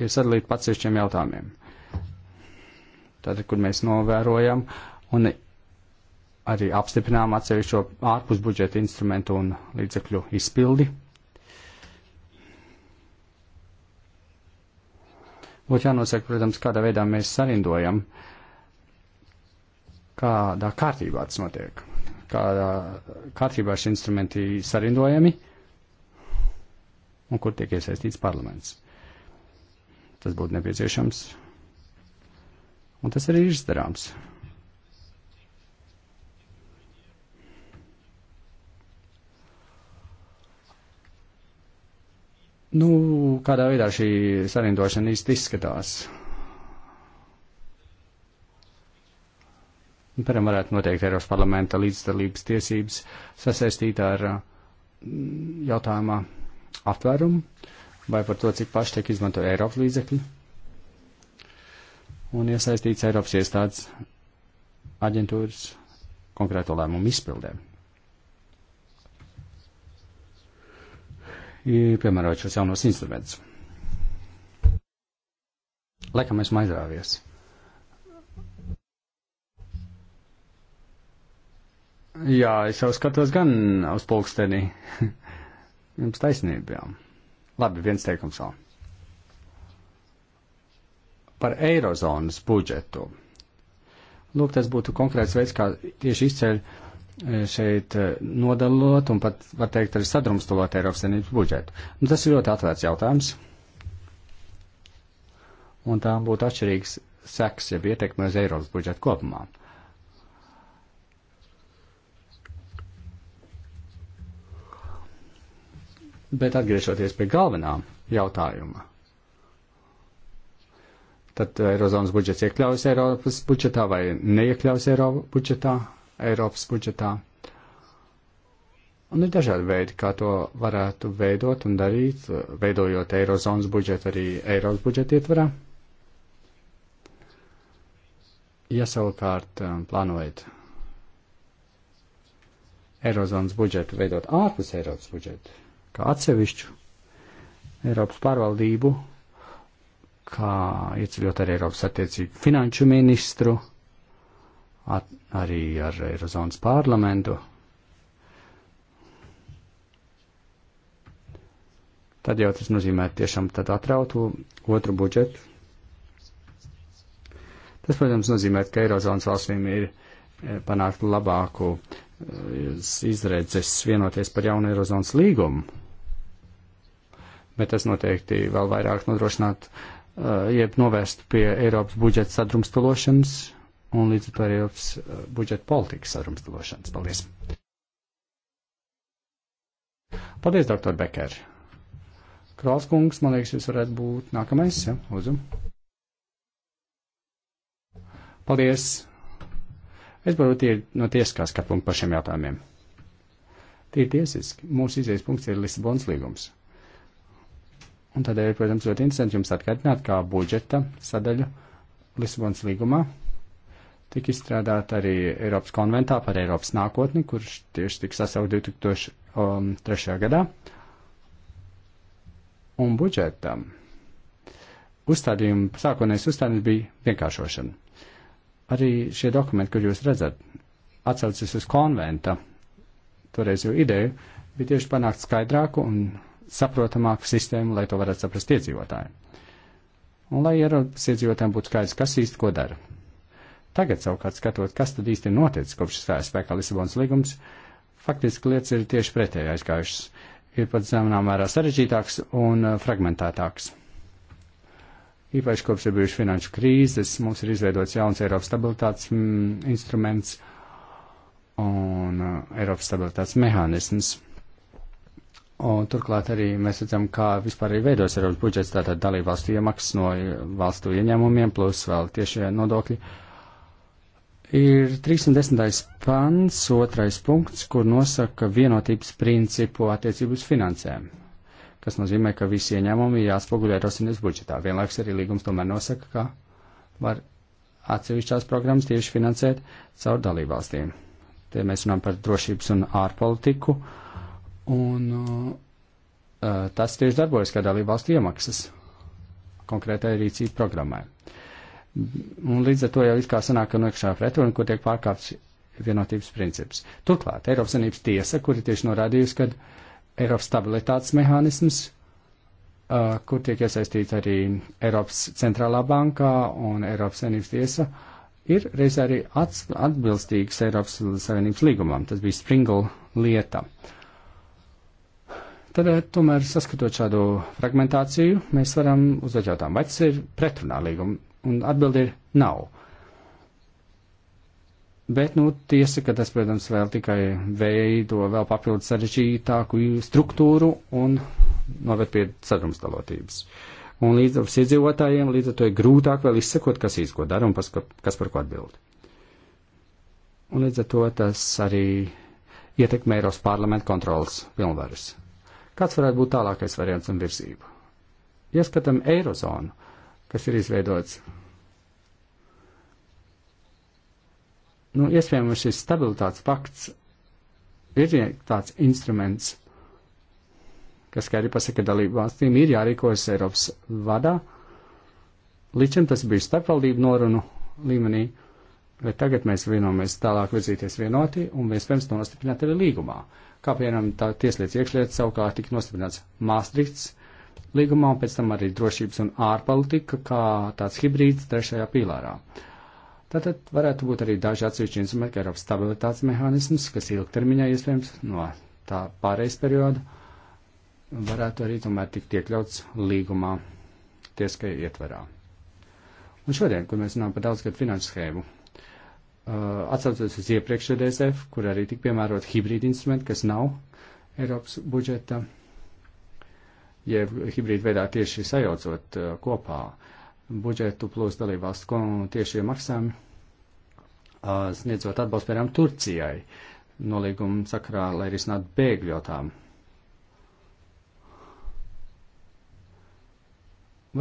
ir sadalīta pats sešķiem jautājumiem. Tātad, kur mēs novērojam un arī apstiprinām atsevišķo ārpus budžeta instrumentu un līdzekļu izpildi. Būtu jānosaka, protams, kādā veidā mēs sarindojam, kādā kārtībā tas notiek, kādā kārtībā šie instrumenti sarindojami. Uh, un kur tiek iesaistīts parlaments. Tas būtu nepieciešams, un tas arī ir izdarāms. Nu, kādā veidā šī sarindošana īsti izskatās? Piemēram, varētu noteikt Eiropas parlamenta līdzdalības tiesības sasaistīt ar mm, jautājumā aptvērumu vai par to, cik paši tiek izmanto Eiropas līdzekļi un iesaistīts Eiropas iestādes aģentūras konkrēto lēmumu izpildēm. Piemērot šos jaunos instrumentus. Laikam esmu aizrāvies. Jā, es jau skatos gan uz pulksteni. Jums taisnība, jā. Labi, viens teikums vēl. Par eirozonas budžetu. Lūk, tas būtu konkrēts veids, kā tieši izceļ e, šeit e, nodalot un pat, var teikt, arī sadrumstalot Eiropas Savienības budžetu. Nu, tas ir ļoti atvērts jautājums. Un tām būtu atšķirīgs seks, ja ietekme uz Eiropas budžetu kopumā. Bet atgriežoties pie galvenā jautājuma, tad Eirozonas budžets iekļaujas Eiropas budžetā vai neiekļaujas Eiropas budžetā, Eiropas budžetā. Un ir dažādi veidi, kā to varētu veidot un darīt, veidojot Eirozonas budžetu arī Eiropas budžeta ietvarā. Ja savukārt um, plānojat Eirozonas budžetu veidot ārpus Eiropas budžeta, kā atsevišķu Eiropas pārvaldību, kā ieceļot ar Eiropas attiecīgu finanšu ministru, at, arī ar Eirozonas parlamentu. Tad jau tas nozīmē tiešām tad atrautu otru budžetu. Tas, protams, nozīmē, ka Eirozonas valstīm ir eh, panākt labāku eh, izredzes vienoties par jaunu Eirozonas līgumu bet tas noteikti vēl vairāk nodrošināt, uh, jeb novērst pie Eiropas budžeta sadrumstalošanas un līdz ar to Eiropas uh, budžeta politikas sadrumstalošanas. Paldies! Paldies, doktor Beker! Kralskungs, man liekas, jūs varētu būt nākamais, ja? Lūdzu. Paldies! Es varu tie no tiesiskā skatu punktu par šiem jautājumiem. Tie ir tiesiski. Mūsu izējas punkts ir Lisabonas līgums. Un tādēļ ir, protams, ļoti interesanti jums atkārtināt, kā budžeta sadaļa Lisabonas līgumā tika izstrādāta arī Eiropas konventā par Eiropas nākotni, kurš tieši tika sasaukt 2003. Um, gadā. Un budžetam uzstādījuma, sākotnējais uzstādījums bija vienkāršošana. Arī šie dokumenti, kur jūs redzat, atsaucas uz konventa, toreiz jau ideju, bija tieši panākt skaidrāku un saprotamāku sistēmu, lai to varētu saprast iedzīvotāji. Un lai Eiropas iedzīvotājiem būtu skaidrs, kas īsti ko dara. Tagad savukārt skatot, kas tad īsti ir noticis kopš stājās spēkā Lisabonas līgums, faktiski lietas ir tieši pretēji aizgājušas. Ir pat zināmā mērā sarežģītāks un uh, fragmentētāks. Īpaši kopš ir bijuši finanšu krīzes, mums ir izveidots jauns Eiropas stabilitātes mm, instruments un uh, Eiropas stabilitātes mehānisms. Un turklāt arī mēs redzam, kā vispār arī veidos Eiropas budžets, tātad dalībvalstu iemaksas no valstu ieņēmumiem plus vēl tiešie nodokļi. Ir 310. pants, otrais punkts, kur nosaka vienotības principu attiecību uz finansēm, kas nozīmē, ka visi ieņēmumi jāspoguļo Eiropas Savienības budžetā. Vienlaiks arī līgums tomēr nosaka, ka var atsevišķās programmas tieši finansēt caur dalībvalstīm. Te mēs runājam par drošības un ārpolitiku. Uh, Un uh, uh, tas tieši darbojas, kā dalība valsts iemaksas konkrētai rīcību programmai. Un līdz ar to jau it kā sanāk, ka nokšā pretruna, kur tiek pārkāpts vienotības princips. Turklāt Eiropas Sanības tiesa, kur ir tieši norādījusi, ka Eiropas stabilitātes mehānisms, uh, kur tiek iesaistīta arī Eiropas centrālā bankā un Eiropas Sanības tiesa, ir reiz arī atbilstīgs Eiropas Savienības līgumam. Tas bija Springle lieta. Uh, Tad, eh, tomēr, saskatot šādu fragmentāciju, mēs varam uzdot jautājumu, vai tas ir pretrunā līguma, un atbildi ir nav. Bet, nu, tiesa, ka tas, protams, vēl tikai veido vēl papildus sarežģītāku struktūru un noved pie sadrumstalotības. Un līdz ar iedzīvotājiem līdz ar to ir grūtāk vēl izsekot, kas īsti ko dara un pas, kas par ko atbild. Un līdz ar to tas arī ietekmē Eiropas parlamenta kontrolas pilnvaras. Kāds varētu būt tālākais variants un virzība? Ieskatām eirozonu, kas ir izveidots. Nu, iespējams, šis stabilitātes pakts ir tāds instruments, kas skaidri pasaka, ka dalību valstīm ir jārīkojas Eiropas vadā. Līdz šim tas bija starpvaldību norunu līmenī, bet tagad mēs vienojamies tālāk virzīties vienoti un iespējams nostiprināt arī līgumā kā piemēram tā tieslietas iekšlietas savukārt tika nostiprināts Maastrichts līgumā un pēc tam arī drošības un ārpolitika kā tāds hibrīds trešajā pīlārā. Tātad varētu būt arī daži atsevišķi instrumenti, kā Eiropas stabilitātes mehānisms, kas ilgtermiņā iespējams no tā pārējais perioda varētu arī tomēr tikt iekļauts līgumā tieskai ietverā. Un šodien, kad mēs runājam par daudzgad finanšu schēmu, Uh, atsaucoties uz iepriekšējo DSF, kur arī tika piemērot hibrīda instrumenti, kas nav Eiropas budžeta, jeb hibrīda veidā tieši sajaucot uh, kopā budžetu plus dalībvalstu tiešie maksājumi, uh, sniedzot atbalstu, piemēram, Turcijai nolīguma sakrā, lai risinātu bēgļu jautājumu.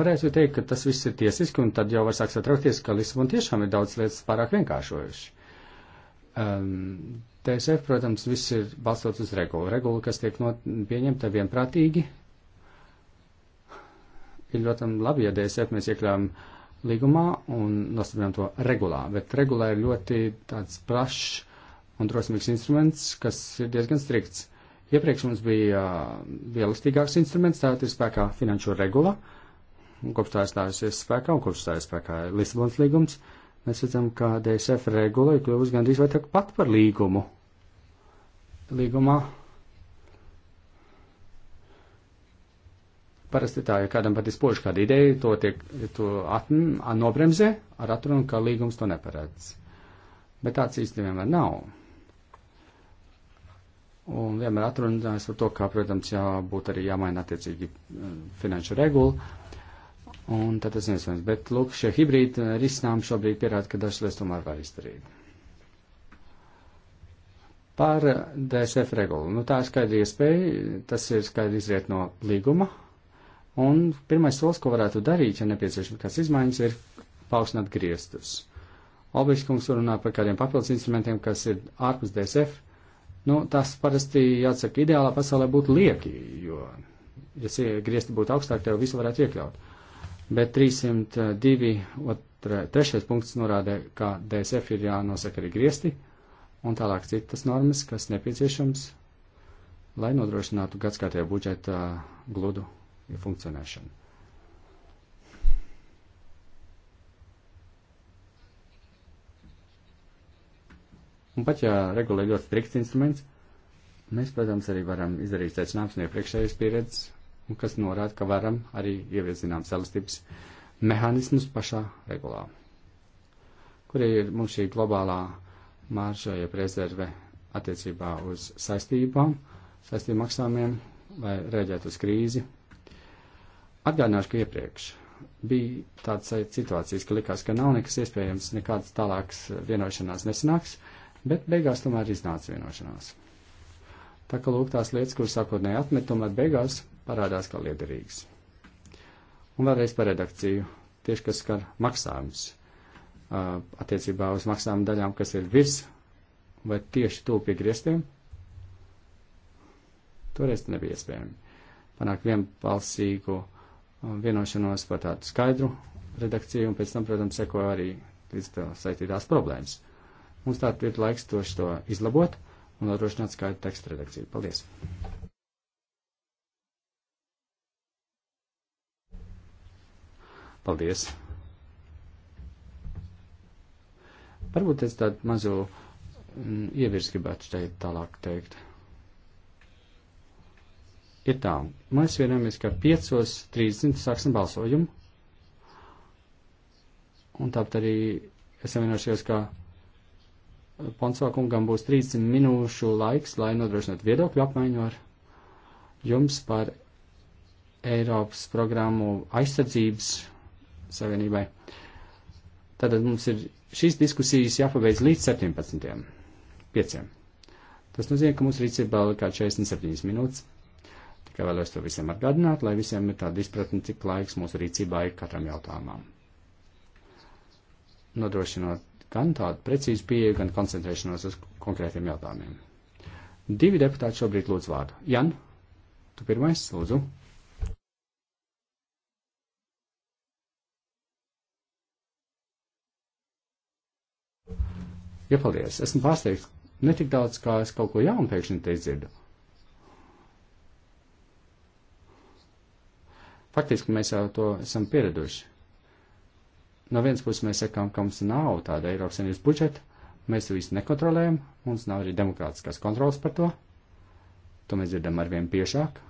Varētu teikt, ka tas viss ir tiesiski, un tad jau var sākt satraukties, ka Lisabona tiešām ir daudz lietas pārāk vienkāršojuši. Um, ehm, TSF, protams, viss ir balstots uz regulu. Regula, kas tiek not, pieņemta vienprātīgi, ir ļoti labi, ja DSF mēs iekļām līgumā un nostiprinām to regulā, bet regulā ir ļoti tāds plašs un drosmīgs instruments, kas ir diezgan strikts. Iepriekš mums bija uh, vielastīgāks instruments, tā ir spēkā finanšu regula. Uh, kopš tā stājusies spēkā un kopš tā spēkā ir Lisabonas līgums, mēs redzam, ka DSF regula ir kļuvusi gandrīz vai tā pat par līgumu. Līgumā parasti tā, ja kādam pat izpož kāda ideja, to, tiek, to at, nobremzē ar atrunu, ka līgums to neparedz. Bet tāds īsti vienmēr nav. Un vienmēr atrunājās par to, ka, protams, jābūt arī jāmaina attiecīgi eh, finanšu regula, Un tad tas neiespējams. Bet, lūk, šie hibrīdi eh, risinājumi šobrīd pierāda, ka dažas lietas tomēr var izdarīt. Par eh, DSF regulu. Nu, tā ir skaidra iespēja, tas ir skaidri izriet no līguma. Un pirmais solis, ko varētu darīt, ja nepieciešams kāds izmaiņas, ir paaugstināt griestus. Obliškums runā par kādiem papildus instrumentiem, kas ir ārpus DSF. Nu, tas parasti, jāsaka, ideālā pasaulē būtu lieki, jo, ja griezti būtu augstāk, tev visu varētu iekļaut bet 302. Otrē, trešais punkts norādē, ka DSF ir jānosaka arī griesti un tālāk citas normas, kas nepieciešams, lai nodrošinātu gadskārtējā budžeta uh, gludu funkcionēšanu. Un pat ja regulē ļoti strikts instruments, mēs, protams, arī varam izdarīt secinājumus no iepriekšējas pieredzes un kas norāda, ka varam arī ieviestināt salastības mehānismus pašā regulā, kur ir mums šī globālā marža, jeb rezerve attiecībā uz saistībām, saistību maksājumiem, lai rēģētu uz krīzi. Atgādināšu, ka iepriekš bija tādas situācijas, ka likās, ka nav nekas iespējams, nekādas tālākas vienošanās nesanāks, bet beigās tomēr iznāca vienošanās. Tā kā lūk tās lietas, kuras sākotnēji atmet, tomēr beigās parādās kā liederīgs. Un vēlreiz par redakciju, tieši kas skar maksājums, uh, attiecībā uz maksājuma daļām, kas ir virs vai tieši tuvu pie griestiem, toreiz nebija iespējami panākt vienbalsīgu vienošanos par tādu skaidru redakciju, un pēc tam, protams, sekoja arī līdz tā saistītās problēmas. Mums tātad ir laiks to, to izlabot un nodrošināt skaidru tekstu redakciju. Paldies! Paldies! Varbūt es tādu mazu mm, ievirs gribētu šeit tālāk teikt. Ir tā, mēs vienojamies, ka 5.30 sāksim balsojumu, un tāpat arī esam vienojušies, ka Ponsvā kungam būs 30 minūšu laiks, lai nodrošinātu viedokļu apmaiņu ar jums par Eiropas programmu aizsardzības Savienībai. Tātad mums ir šīs diskusijas jāpabeidz līdz 17.5. Tas nozīmē, ka mums rīcībā ir kā 47 minūtes. Tikai vēlos to visiem atgādināt, lai visiem ir tāda izpratne, cik laiks mūsu rīcībā ir katram jautājumam. Nodrošinot gan tādu precīzu pieeju, gan koncentrēšanos uz konkrētiem jautājumiem. Divi deputāti šobrīd lūdz vārdu. Jan, tu pirmais, lūdzu. iepaldies. Esmu pārsteigts netik daudz, kā es kaut ko jaunu pēkšņi te dzirdu. Faktiski mēs jau to esam pieraduši. No vienas puses mēs sakām, ka mums nav tāda Eiropas Savienības budžeta, mēs to visu nekontrolējam, mums nav arī demokrātiskās kontrolas par to. To mēs dzirdam arvien biežāk,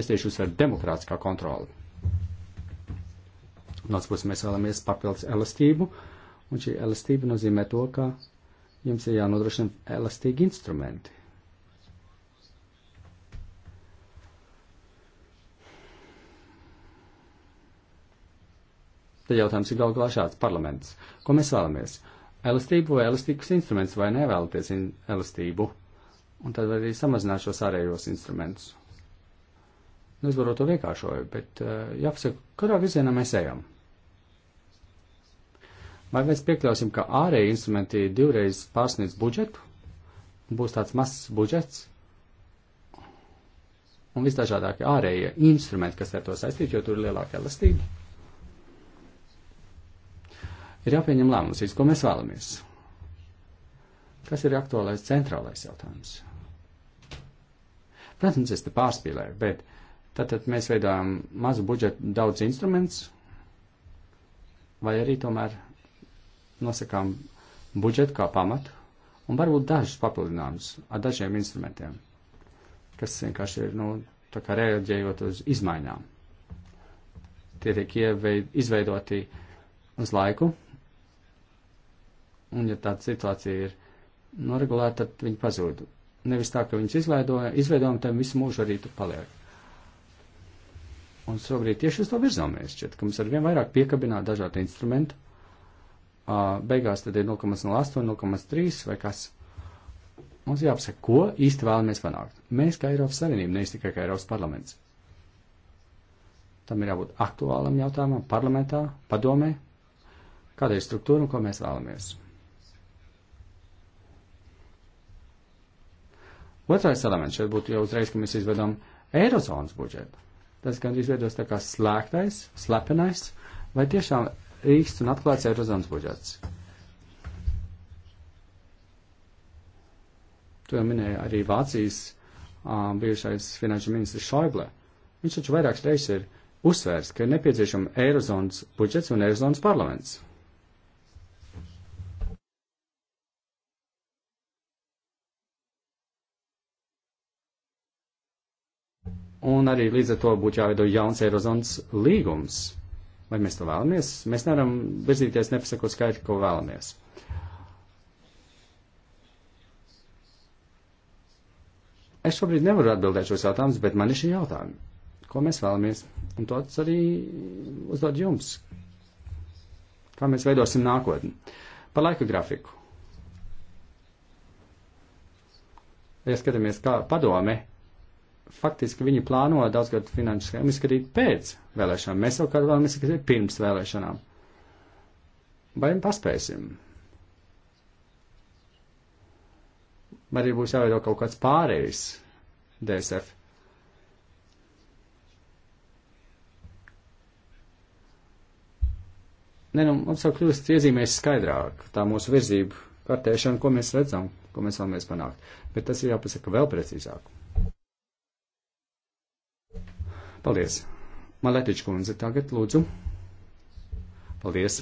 es tieši uzsveru demokrātiskā kontroli. Un otrs puses mēs vēlamies papildus elastību, un šī elastība nozīmē to, ka jums ir jānodrošina elastīgi instrumenti. Tad jautājums ir galu galā šāds parlaments. Ko mēs vēlamies? Elastību vai elastīgus instrumentus vai nevēlaties in elastību? Un tad arī samazināt šos ārējos instrumentus. Nu, es varu to vienkāršoju, bet uh, jāpasaka, kurā virzienā mēs ejam. Vai mēs piekļausim, ka ārēji instrumenti divreiz pārsniedz budžetu? Būs tāds mazs budžets? Un visdažādākie ārējie instrumenti, kas ar to saistīti, jo tur ir lielāka elastība. Ir jāpieņem lēmums, visu, ko mēs vēlamies. Kas ir aktuālais centrālais jautājums? Protams, es te pārspīlēju, bet uh, Tātad mēs veidojam mazu budžetu, daudz instruments, vai arī tomēr nosakām budžetu kā pamatu un varbūt dažus papildinājumus ar dažiem instrumentiem, kas vienkārši ir, nu, tā kā reaģējot uz izmaiņām. Tie tiek ieveid, izveidoti uz laiku, un ja tāda situācija ir noregulēta, tad viņi pazūd. Nevis tā, ka viņus izveidojam, tad visu mūžu arī tur paliek. Un šobrīd tieši uz to virzāmies. Šķiet, ka mums ar vien vairāk piekabinā dažādi instrumenti. Beigās tad ir 0,08, 0,3 vai kas. Mums jāapsaka, ko īsti vēlamies panākt. Mēs kā Eiropas Savienība, nevis tikai kā Eiropas parlaments. Tam ir jābūt aktuālam jautājumam parlamentā, padomē, kāda ir struktūra un ko mēs vēlamies. Otrais elements šeit būtu jau uzreiz, ka mēs izvedam Eirozonas budžetu tas gandrīz veidos tā kā slēgtais, slepenais, vai tiešām īsts un atklāts Eirozonas budžets. To jau minēja arī Vācijas um, bijušais finanšu ministrs Šoible. Viņš taču vairākas reizes ir uzsvērs, ka ir nepieciešama Eirozonas budžets un Eirozonas parlaments. Un arī līdz ar to būtu jāveido jauns Eirozonas līgums. Vai mēs to vēlamies? Mēs nevaram virzīties nepasakot skaidri, ko vēlamies. Es šobrīd nevaru atbildēt šos jautājumus, bet man ir šie jautājumi. Ko mēs vēlamies? Un to arī uzdod jums. Kā mēs veidosim nākotni? Par laika grafiku. Ja skatāmies, kā padome faktiski viņi plāno daudzgadu finanšu schēmu izskatīt pēc vēlēšanām. Mēs savukārt vēlamies izskatīt pirms vēlēšanām. Vai paspēsim? Arī būs jāveido kaut kāds pārējais DSF. Nē, nu, mums jau kļūst iezīmēs skaidrāk tā mūsu virzību kartēšana, ko mēs redzam, ko mēs vēlamies panākt. Bet tas ir jāpasaka vēl precīzāk. Paldies! Maletiņš kundze, tagad lūdzu. Paldies!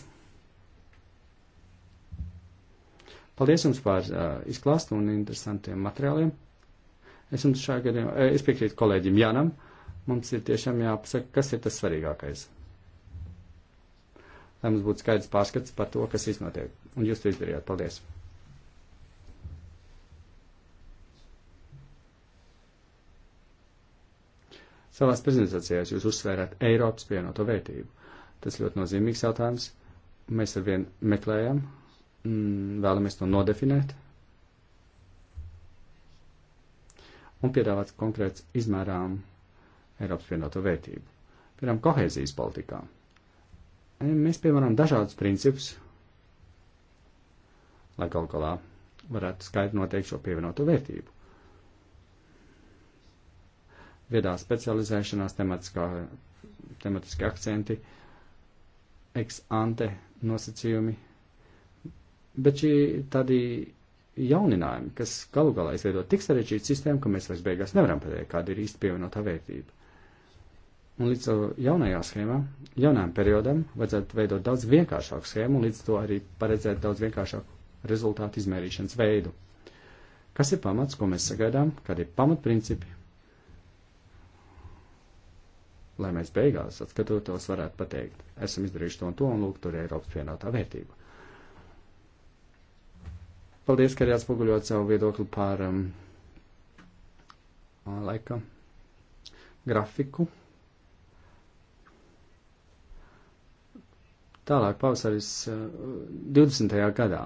Paldies jums par uh, izklāstu un interesantiem materiāliem. Es jums šajā gadījumā, eh, es piekrītu kolēģim Janam, mums ir tiešām jāpasaka, kas ir tas svarīgākais. Lai mums būtu skaidrs pārskats par to, kas iznotiek. Un jūs to izdarījāt. Paldies! Savās prezentācijās jūs uzsvērāt Eiropas pievienoto vērtību. Tas ļoti nozīmīgs jautājums. Mēs ar vienu meklējam, mm, vēlamies to nodefinēt un piedāvāt konkrēts izmērām Eiropas pievienoto vērtību. Piemēram, kohēzijas politikā. E, mēs piemēram dažādus principus, lai galu galā varētu skaidri noteikt šo pievienoto vērtību viedā specializēšanās, tematiski akcenti, ex ante nosacījumi, bet šī tādi jauninājumi, kas galu galā izveido tik sarežģītu sistēmu, ka mēs vairs beigās nevaram pateikt, kāda ir īsti pievienotā vērtība. Un līdz jaunajā schēmā, jaunajam periodam, vajadzētu veidot daudz vienkāršāku schēmu un līdz to arī paredzēt daudz vienkāršāku rezultātu izmērīšanas veidu. Kas ir pamats, ko mēs sagaidām, kādi ir pamatprincipi lai mēs beigās atskatotos varētu pateikt, esam izdarījuši to un to, un lūk, tur ir Eiropas pienātā vērtība. Paldies, ka arī atspoguļot savu viedokli par um, laika grafiku. Tālāk pavasaris uh, 20. gadā.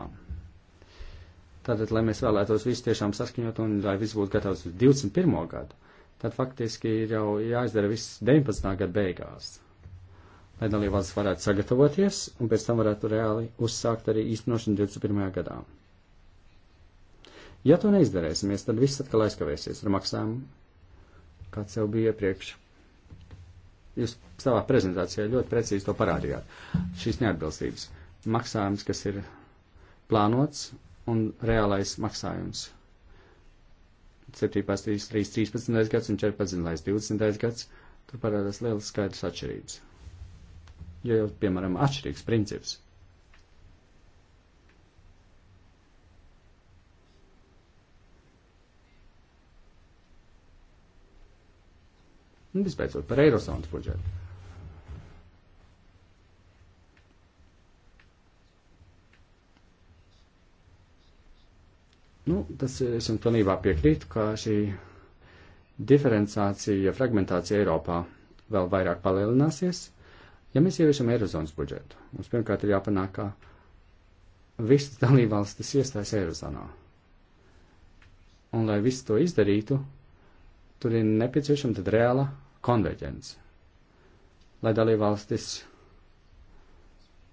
Tātad, lai mēs vēlētos visu tiešām saskaņot un lai viss būtu gatavs uz 21. gadu tad faktiski ir jau jāizdara viss 19. gada beigās, lai dalībvalsts varētu sagatavoties un pēc tam varētu reāli uzsākt arī īstenošanu 21. gadā. Ja to neizdarēsimies, tad viss atkal aizkavēsies ar maksājumu, kāds jau bija iepriekš. Jūs savā prezentācijā ļoti precīzi to parādījāt. Šīs neatbilstības. Maksājums, kas ir plānots un reālais maksājums. 7, 3, 3, 13. gads un 14, 20. gads, tur parādās liels skaidrs atšķirības. Jo jau, piemēram, atšķirīgs princips. Un visbeidzot par Eirozonas budžetu. Nu, tas ir, esam pilnībā piekrītu, ka šī diferenciācija, fragmentācija Eiropā vēl vairāk palielināsies, ja mēs ieviešam Eirozonas budžetu. Mums pirmkārt ir jāpanāk, ka visas dalībvalstis iestājas Eirozonā. Un, lai visu to izdarītu, tur ir nepieciešama tad reāla konverģence, lai dalībvalstis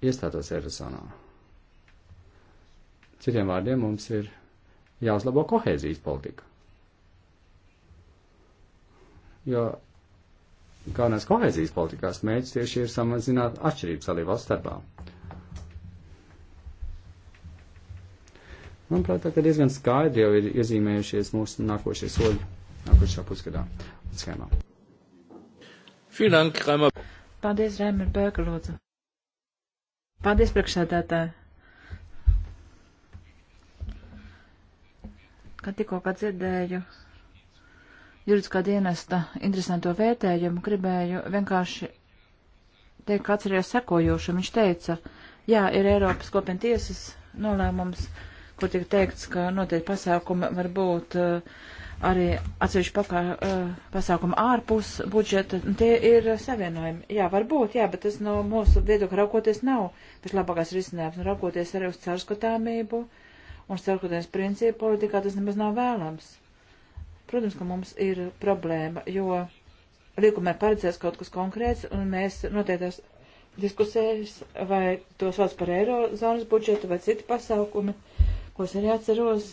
iestātos Eirozonā. Citiem vārdiem mums ir jāuzlabo kohēzijas politika. Jo galvenais kohēzijas politikās mērķis tieši ir samazināt atšķirības dalībās starpā. Manuprāt, tagad diezgan skaidri jau ir iezīmējušies mūsu nākošie soļi nākošajā pusgadā un schēmā. Paldies, Rēmer Bēka, lūdzu. Paldies, priekšsēdētāji. kā tikko kā dzirdēju juridiskā dienesta interesanto vērtējumu, gribēju vienkārši teikt, ka atceries sekojošu. Viņš teica, jā, ir Eiropas kopienu tiesas nolēmums, kur tika teikts, ka noteikti pasākumi var būt uh, arī atsevišķi pakā, uh, pasākumi ārpus budžeta. Tie ir savienojumi. Jā, varbūt, jā, bet tas no mūsu viedokļa raukoties nav pašlabākais risinājums. Nu, raukoties arī uz caurskatāmību. Uh, un sarkoties principu politikā tas nemaz nav vēlams. Protams, ka mums ir problēma, jo likumē paredzēts kaut kas konkrēts, un mēs noteiktās diskusējas, vai to sauc par eirozonas budžetu vai citi pasaukumi, ko es arī atceros,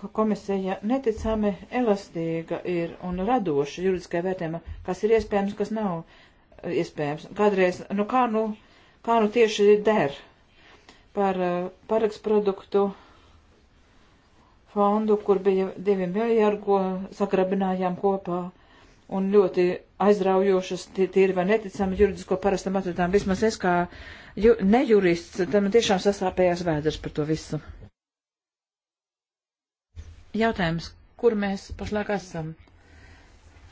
ka komisija neticami elastīga ir un radoša juridiskajā vērtējumā, kas ir iespējams, kas nav iespējams. Kādreiz, nu kā nu, kā nu tieši der par eh, paraks produktu fondu, kur bija divi miljardi, ko sagrabinājām kopā. Un ļoti aizraujošas, tīri vai neticami juridisko parastam atradām. Vismaz es kā ju, nejurists, tam tiešām sasāpējās vēders par to visu. Jautājums, kur mēs pašlaik esam?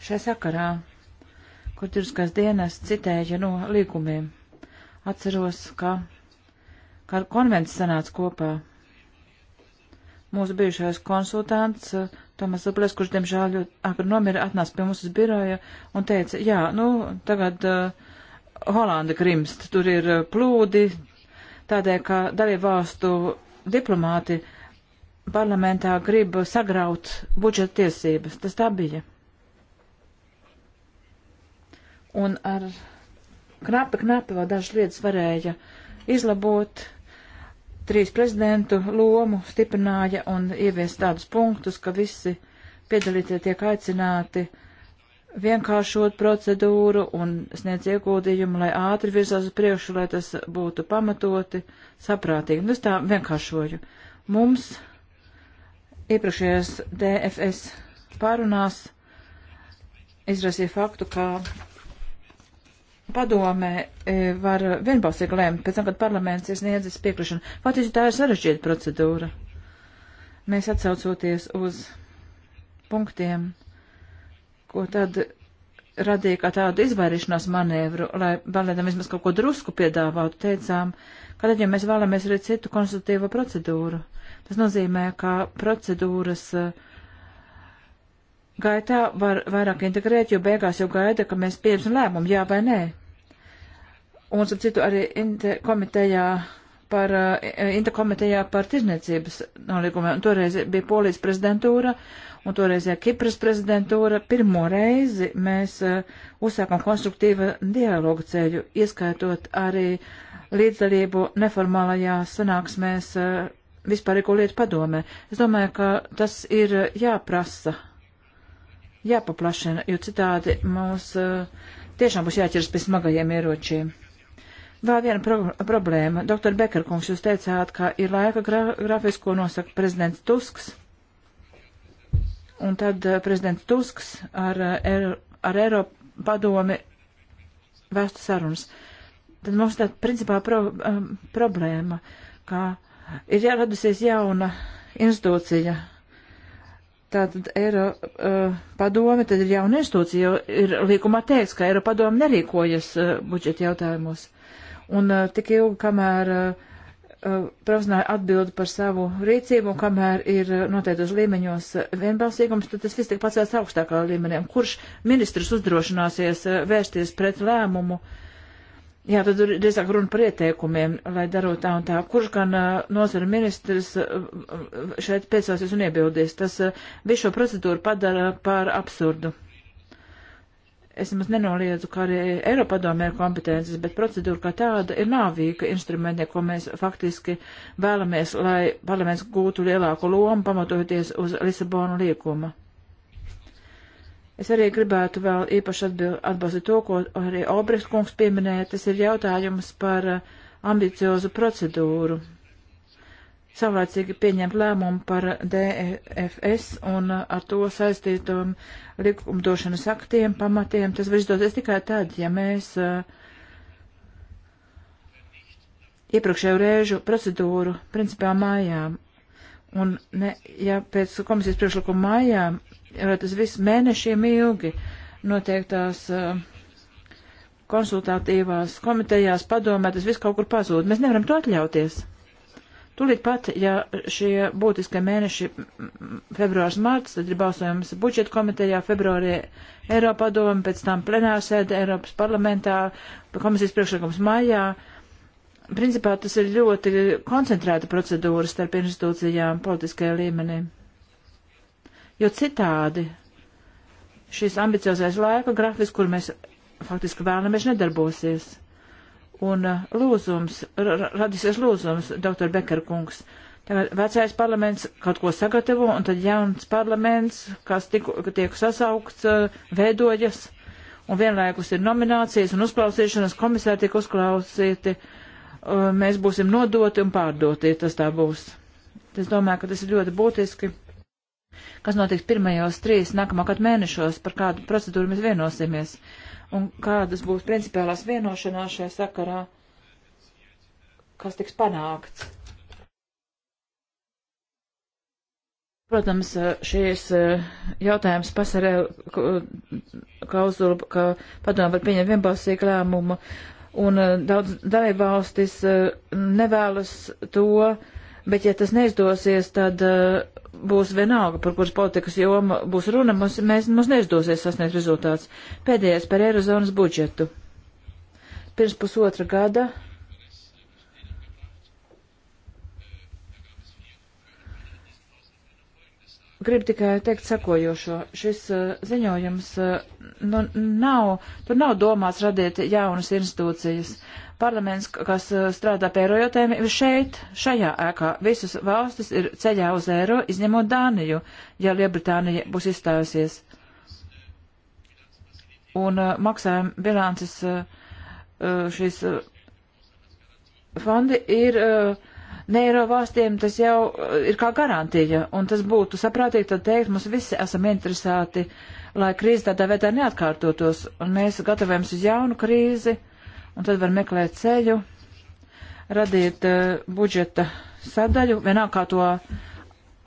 Šai sakarā, kur tirskās dienas citēja no līgumiem, atceros, ka kā konvents sanāca kopā. Mūsu bijušais konsultants eh, Tomas Zablēs, kurš diemžēl ļoti agri nomira, atnāca pie mūsu biroja un teica, jā, nu, tagad uh, Holanda krimst, tur ir uh, plūdi, tādēļ, ka dalībvalstu diplomāti parlamentā grib sagraut budžeta tiesības. Tas tā bija. Un ar knapi, knapi vēl dažas lietas varēja izlabot, trīs prezidentu lomu stiprināja un ievies tādus punktus, ka visi piedalītie tiek aicināti vienkāršot procedūru un sniedz ieguldījumu, lai ātri virzās uz priekšu, lai tas būtu pamatoti, saprātīgi. Nu, es tā vienkāršoju. Mums iepriekšējās DFS pārunās izrasīja faktu, ka padomē e, var vienbalsīgi lēmt pēc tam, kad parlaments ir sniedzis piekrišanu. Faktiski tā ir sarežģīta procedūra. Mēs atsaucoties uz punktiem, ko tad radīja kā tādu izvairīšanās manevru, lai balētam vismaz kaut ko drusku piedāvātu, teicām, ka tad, ja mēs vēlamies arī citu konsultīvo procedūru, tas nozīmē, ka procedūras e, gaitā var vairāk integrēt, jo beigās jau gaida, ka mēs pieņemsim lēmumu, jā vai nē un, ap citu, arī interkomitejā par, eh, interkomitejā par tirzniecības nolīgumiem. Un toreiz bija Polijas prezidentūra un toreizajā ja Kipras prezidentūra. Pirmo reizi mēs eh, uzsākam konstruktīvu dialogu ceļu, ieskaitot arī līdzdalību neformālajā sanāksmēs eh, vispārīgo lietu padomē. Es domāju, ka tas ir jāprasa, jāpaplašina, jo citādi mums tiešām būs jāķers pie smagajiem ieročiem. Vēl viena pro problēma. Doktor Bekarkungs, jūs teicāt, ka ir laika gra grafiks, ko nosaka prezidents Tusks. Un tad uh, prezidents Tusks ar, uh, ar Eiropu padomi vēstu sarunas. Tad mums tā principā pro, um, problēma, ka ir jāradusies jauna institūcija. Tātad Eiro uh, padome, tad ir jauna institūcija, jo ir līkumā teikts, ka Eiro padome nerīkojas uh, budžeta jautājumos un uh, tik ilgi, kamēr uh, profesionāli atbildi par savu rīcību, un kamēr ir noteiktos līmeņos vienbalsīgums, tad tas viss tiek pacelts augstākā līmenī. Kurš ministrs uzdrošināsies vērsties pret lēmumu? Jā, tad ir drīzāk runa par ieteikumiem, lai darot tā un tā. Kurš gan nozara ministrs šeit piecāsies un iebildies? Tas visu šo procedūru padara par absurdu es maz nenoliedzu, ka arī Eiropadomē ir kompetences, bet procedūra kā tāda ir nāvīga instrumenti, ko mēs faktiski vēlamies, lai parlaments gūtu lielāku lomu, pamatojoties uz Lisabonu liekuma. Es arī gribētu vēl īpaši atbalstīt to, ko arī Obrist kungs pieminēja, tas ir jautājums par uh, ambiciozu procedūru saulēcīgi pieņemt lēmumu par DFS e un uh, ar to saistītām likumdošanas aktiem, pamatiem. Tas var izdoties tikai tad, ja mēs uh, iepriekšēju rēžu procedūru principā mājām. Un ne, ja pēc komisijas priekšlikuma mājām, ja tas viss mēnešiem ilgi noteiktās uh, konsultatīvās komitejās padomē, tas viss kaut kur pazūd. Mēs nevaram to atļauties. Tūlīt pat, ja šie būtiskie mēneši februārs marts, tad ir balsojums budžeta komitejā februārī Eiropā doma, pēc tam plenārsēde Eiropas parlamentā, komisijas priekšlikums maijā. Principā tas ir ļoti koncentrēta procedūra starp institūcijām politiskajā līmenī. Jo citādi šis ambiciozais laika grafis, kur mēs faktiski vēlamies, nedarbosies un uh, lūzums, radīsies lūzums, doktor Bekar kungs. Tagad vecais parlaments kaut ko sagatavo, un tad jauns parlaments, kas tiku, tiek sasaukts, uh, veidojas, un vienlaikus ir nominācijas un uzklausīšanas komisāri tiek uzklausīti, uh, mēs būsim nodoti un pārdoti, tas tā būs. Es domāju, ka tas ir ļoti būtiski. Kas notiks pirmajos trīs nākamā gada mēnešos, par kādu procedūru mēs vienosimies? Uh, un kādas būs principālās vienošanās šajā sakarā, kas tiks panākts. Protams, eh, šīs eh, jautājums pasarē klauzulu, ka padomu var pieņemt vienbalsīgu lēmumu, un eh, daudz dalībvalstis nevēlas to, bet ja tas neizdosies, tad būs vienalga, par kuras politikas joma būs runa, mums, mēs, mums neizdosies sasniegt rezultāts. Pēdējais par Eirozonas budžetu. Pirms pusotra gada gribu tikai teikt sakojošo. Šis uh, ziņojums uh, nu, nav, tur nav domās radīt jaunas institūcijas. Uh, parlaments, kas uh, strādā pie eiro jautājumiem, ir šeit, šajā ēkā. Visas valstis ir ceļā uz eiro, izņemot Dāniju, ja Lielbritānija būs izstājusies. Un uh, maksājuma bilances uh, uh šīs uh, fondi ir uh, ne eiro valstiem, tas jau uh, ir kā garantija. Un tas būtu saprātīgi tad teikt, mums visi esam interesēti, lai krīze tādā veidā neatkārtotos. Un mēs gatavojamies uz jaunu krīzi un tad var meklēt ceļu, radīt uh, budžeta sadaļu, vienalga kā to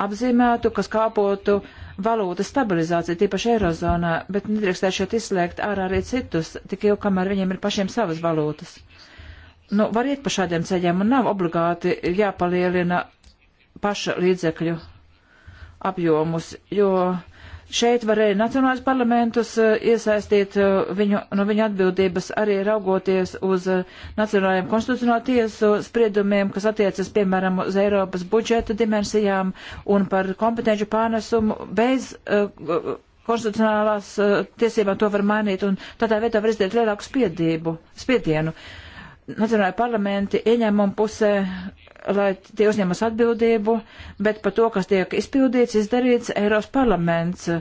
apzīmētu, kas kāpotu valūtas stabilizāciju, tīpaši Eirozonā, bet nedrīkstētu šeit izslēgt ārā arī citus, tik jau kamēr viņiem ir pašiem savas valūtas. Nu, var iet pa šādiem ceļiem un nav obligāti jāpalielina paša līdzekļu apjomus, jo Šeit varēja nacionālais parlamentus eh, iesaistīt eh, viņu, no viņa atbildības arī raugoties uz eh, Nacionālajiem konstitucionālā tiesu spriedumiem, kas attiecas, piemēram, uz Eiropas budžeta dimensijām un par kompetenci pārnesumu bez uh, konstitucionālās uh, tiesībām to var mainīt un tādā veidā var izdarīt lielāku spiedību, spiedienu. Nacionālajā parlamenti ieņēmumu pusē lai tie uzņemas atbildību, bet par to, kas tiek izpildīts, izdarīts Eiropas parlaments uh,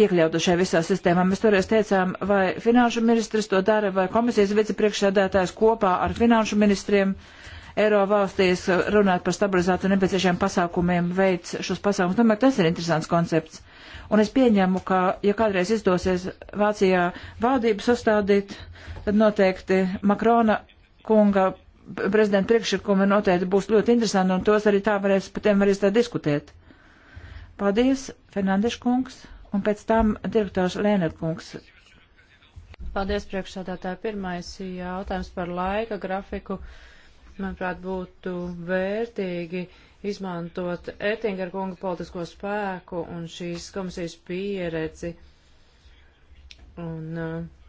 iekļautu šajā visā sistēmā. Mēs toreiz teicām, vai finanšu ministrs to dara, vai komisijas vicepriekšsēdētājs kopā ar finanšu ministriem Eiro valstīs runāt par stabilizāciju nepieciešiem pasākumiem, veids šos pasākumus. Domāju, tas ir interesants koncepts. Un es pieņemu, ka, ja kādreiz izdosies Vācijā valdību sastādīt, tad noteikti Makrona kunga prezidenta priekšlikumi noteikti būs ļoti interesanti, un tos arī tā varēs, par tiem varēs tā diskutēt. Paldies, Fernandeša kungs, un pēc tam direktors Lēnert kungs. Paldies, priekšsādātāji. Pirmais jautājums par laika grafiku. Manuprāt, būtu vērtīgi izmantot Ettinger kunga politisko spēku un šīs komisijas pieredzi. Un, uh,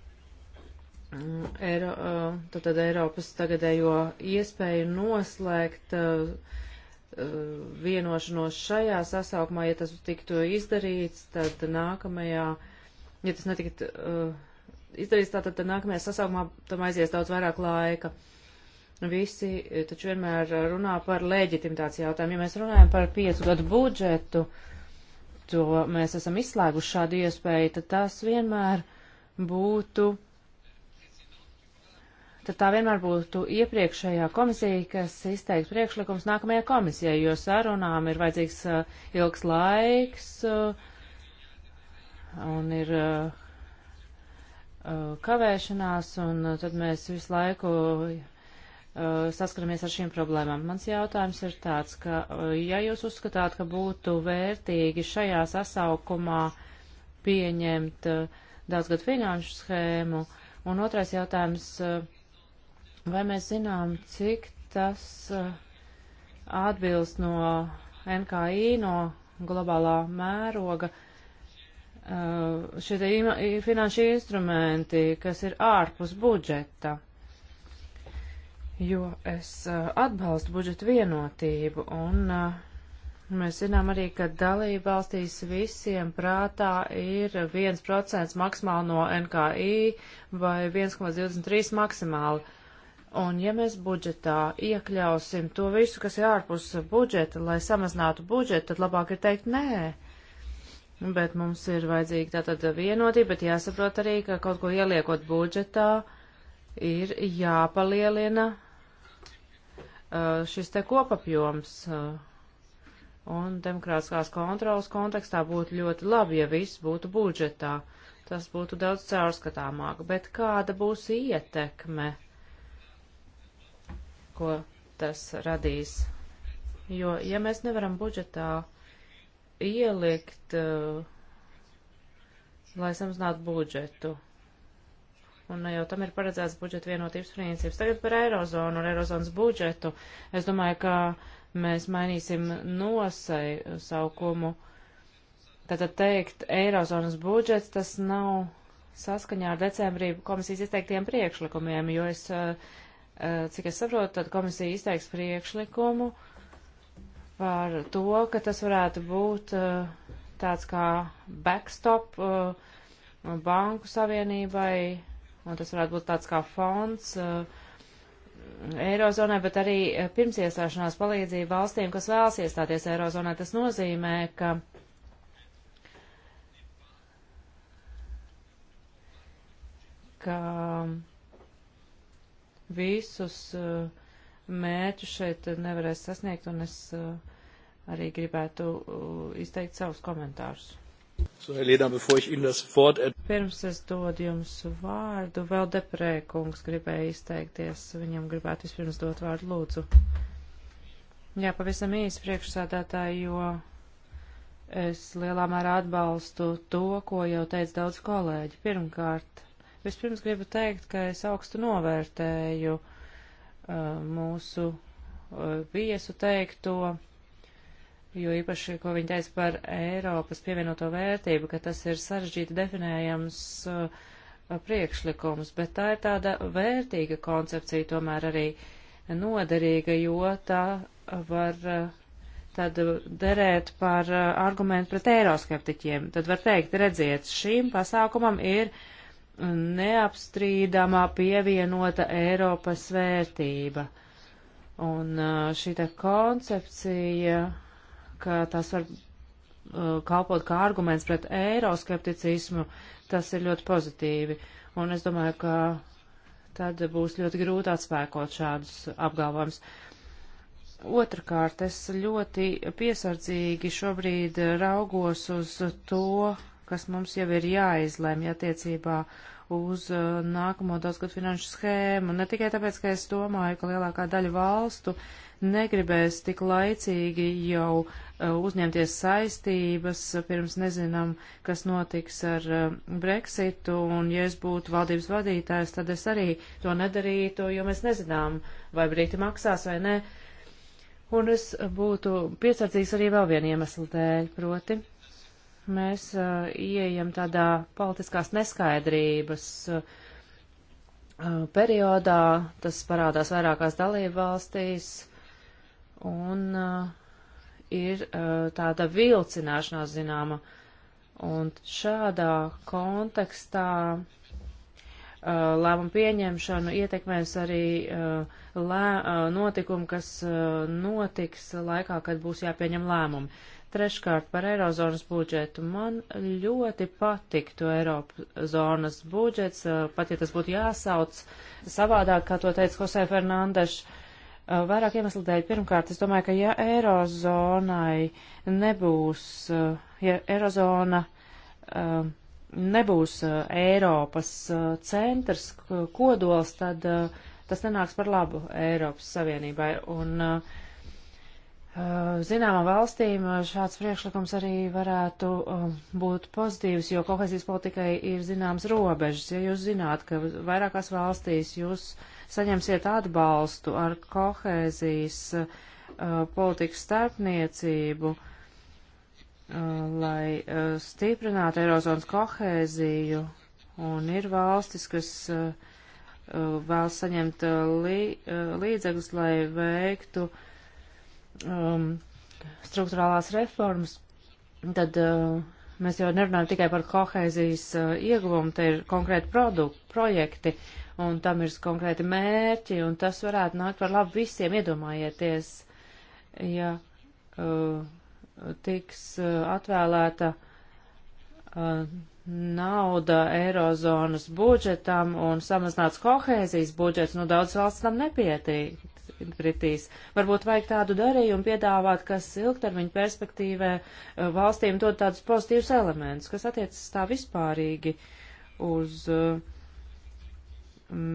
Eiro, eh, tātad Eiropas tagadējo iespēju noslēgt uh, vienošanos šajā sasaukumā, ja tas tiktu izdarīts, tad nākamajā, ja tas netikt uh, izdarīts, tā, tad, tad nākamajā sasaukumā tam aizies daudz vairāk laika. Visi taču vienmēr runā par leģitimitātes jautājumu. Ja mēs runājam par piecu gadu budžetu, to mēs esam izslēguši šādu iespēju, tad tas vienmēr būtu tad tā vienmēr būtu iepriekšējā komisija, kas izteiks priekšlikums nākamajai komisijai, jo sarunām ir vajadzīgs uh, ilgs laiks uh, un ir uh, kavēšanās, un tad mēs visu laiku saskaramies ar šīm problēmām. Mans jautājums ir tāds, ka ja jūs uzskatāt, ka būtu vērtīgi šajā sasaukumā pieņemt daudzgad finanšu schēmu, un otrais jautājums, uh, Vai mēs zinām, cik tas eh, atbilst no NKI, no globālā mēroga? Eh, šie finanšu instrumenti, kas ir ārpus budžeta, jo es eh, atbalstu budžetu vienotību un uh, Mēs zinām arī, ka dalība valstīs visiem prātā ir 1% maksimāli no NKI vai 1,23 maksimāli. Un ja mēs budžetā iekļausim to visu, kas ir ārpus budžeta, lai samazinātu budžetu, tad labāk ir teikt nē. Bet mums ir vajadzīga tātad vienotība, bet jāsaprot arī, ka kaut ko ieliekot budžetā, ir jāpalielina uh, šis te kopapjoms. Uh, un demokrātiskās kontrolas kontekstā būtu ļoti labi, ja viss būtu budžetā. Tas būtu daudz caurskatāmāk. Bet kāda būs ietekme? ko tas radīs. Jo, ja mēs nevaram budžetā ielikt, eh, lai samazinātu budžetu, un jau tam ir paredzēts budžeta vienotības princips. Tagad par eirozonu un eirozonas budžetu. Es domāju, ka mēs mainīsim nosai saukumu. Tātad teikt, eirozonas budžets tas nav saskaņā ar decembrī komisijas izteiktiem priekšlikumiem, jo es uh, Eh, cik es saprotu, tad komisija izteiks priekšlikumu par to, ka tas varētu būt eh, tāds kā backstop eh, banku savienībai, un tas varētu būt tāds kā fonds Eirozonai, bet arī pirms iestāšanās palīdzību valstīm, kas vēlas iestāties Eirozonai. Tas nozīmē, ka ka visus uh, mērķus šeit nevarēs sasniegt, un es uh, arī gribētu uh, izteikt savus komentārus. So, Elena, fort... Er- Pirms es dodu jums vārdu, vēl deprēkungs gribēja izteikties. Viņam gribētu vispirms dot vārdu lūdzu. Jā, pavisam īsi priekšsādātāji, jo es lielā mērā atbalstu to, ko jau teica daudz kolēģi. Pirmkārt, Vispirms gribu teikt, ka es augstu novērtēju uh, mūsu uh, viesu teikto, jo īpaši, ko viņi teica par Eiropas pievienoto vērtību, ka tas ir sarežģīti definējams uh, priekšlikums, bet tā ir tāda vērtīga koncepcija, tomēr arī noderīga, jo tā var uh, tad derēt par uh, argumentu pret eiroskeptiķiem. Tad var teikt, redziet, šīm pasākumam ir uh, neapstrīdamā pievienota Eiropas vērtība. Un šī koncepcija, ka tas var kalpot kā arguments pret eiroskepticismu, tas ir ļoti pozitīvi. Un es domāju, ka tad būs ļoti grūti atspēkot šādus apgalvojumus. Otrakārt, es ļoti piesardzīgi šobrīd raugos uz to, kas mums jau ir jāizlemj attiecībā uz uh, nākamo daudzgad finanšu schēmu. Ne tikai tāpēc, ka es domāju, ka lielākā daļa valstu negribēs tik laicīgi jau uh, uzņemties saistības, pirms nezinām, kas notiks ar uh, Brexitu, un ja es būtu valdības vadītājs, tad es arī to nedarītu, jo mēs nezinām, vai Briti maksās vai nē. Un es būtu piesardzīgs arī vēl vienu iemeslu dēļ, proti mēs uh, ieejam tādā politiskās neskaidrības uh, periodā, tas parādās vairākās dalību valstīs, un uh, ir uh, tāda vilcināšanās zināma. Un šādā kontekstā uh, lēmumu pieņemšanu ietekmēs arī uh, lē, uh, notikumi, kas uh, notiks laikā, kad būs jāpieņem lēmumi. Treškārt par Eirozonas budžetu. Man ļoti patiktu Eirozonas budžets, eh, pat ja tas būtu jāsauc savādāk, kā to teica Jose Fernandeš. Eh, vairāk iemeslu dēļ. Pirmkārt, es domāju, ka ja Eirozonai nebūs, eh, ja Eirozona nebūs Eiropas centrs, kodols, tad tas nenāks par labu Eiropas Savienībai. Un, uh, Eh, zināmām valstīm eh, šāds priekšlikums arī varētu eh, būt pozitīvs, jo kohēzijas politikai ir zināms robežas. Ja jūs zināt, ka vairākās valstīs jūs saņemsiet atbalstu ar kohēzijas politikas starpniecību, lai stiprinātu Eirozonas kohēziju, un ir valstis, kas vēl saņemt līdzekļus, lai veiktu uh, um, struktūrālās reformas, tad uh, mēs jau nerunājam tikai par kohēzijas uh, ieguvumu, te ir konkrēti produkti, projekti, un tam ir konkrēti mērķi, un tas varētu nākt par labu visiem, iedomājieties, ja uh, tiks uh, atvēlēta uh, nauda Eirozonas budžetam un samazināts kohēzijas budžets, nu daudz valsts tam nepietiek apkritīs. Varbūt vajag tādu darījumu piedāvāt, kas ilgtermiņa perspektīvē eh, valstīm dod tādus pozitīvus elementus, kas attiecas tā vispārīgi uz eh,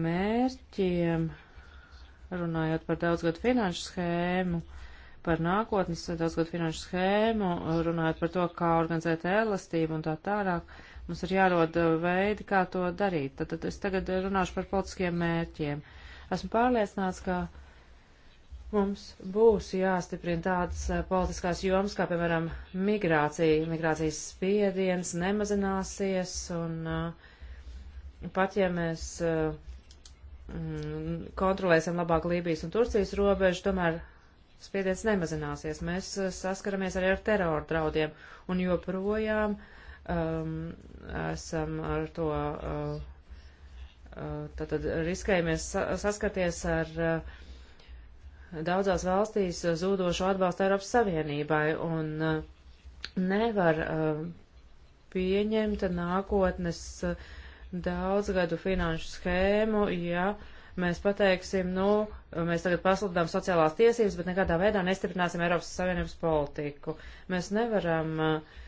mērķiem, runājot par daudzgadu finanšu schēmu, par nākotnes daudzgadu finanšu schēmu, runājot par to, kā organizēt elastību un tā tālāk. Mums ir jārod eh, veidi, kā to darīt. Tad, tad es tagad runāšu par politiskiem mērķiem. Esmu pārliecināts, ka Mums būs jāstiprina tādas eh, politiskās jomas, kā piemēram migrācija. Migrācijas spiediens nemazināsies, un eh, pat ja mēs eh, mm, kontrolēsim labāk Lībijas un Turcijas robežu, tomēr spiediens nemazināsies. Mēs saskaramies arī ar teroru draudiem un joprojām um, esam ar to uh, uh, tad riskējamies saskarties ar uh, daudzās valstīs zūdošo atbalstu Eiropas Savienībai un uh, nevar uh, pieņemt nākotnes uh, daudzgadu finanšu schēmu, ja mēs pateiksim, nu, mēs tagad pasludām sociālās tiesības, bet nekādā veidā nestiprināsim Eiropas Savienības politiku. Mēs nevaram uh,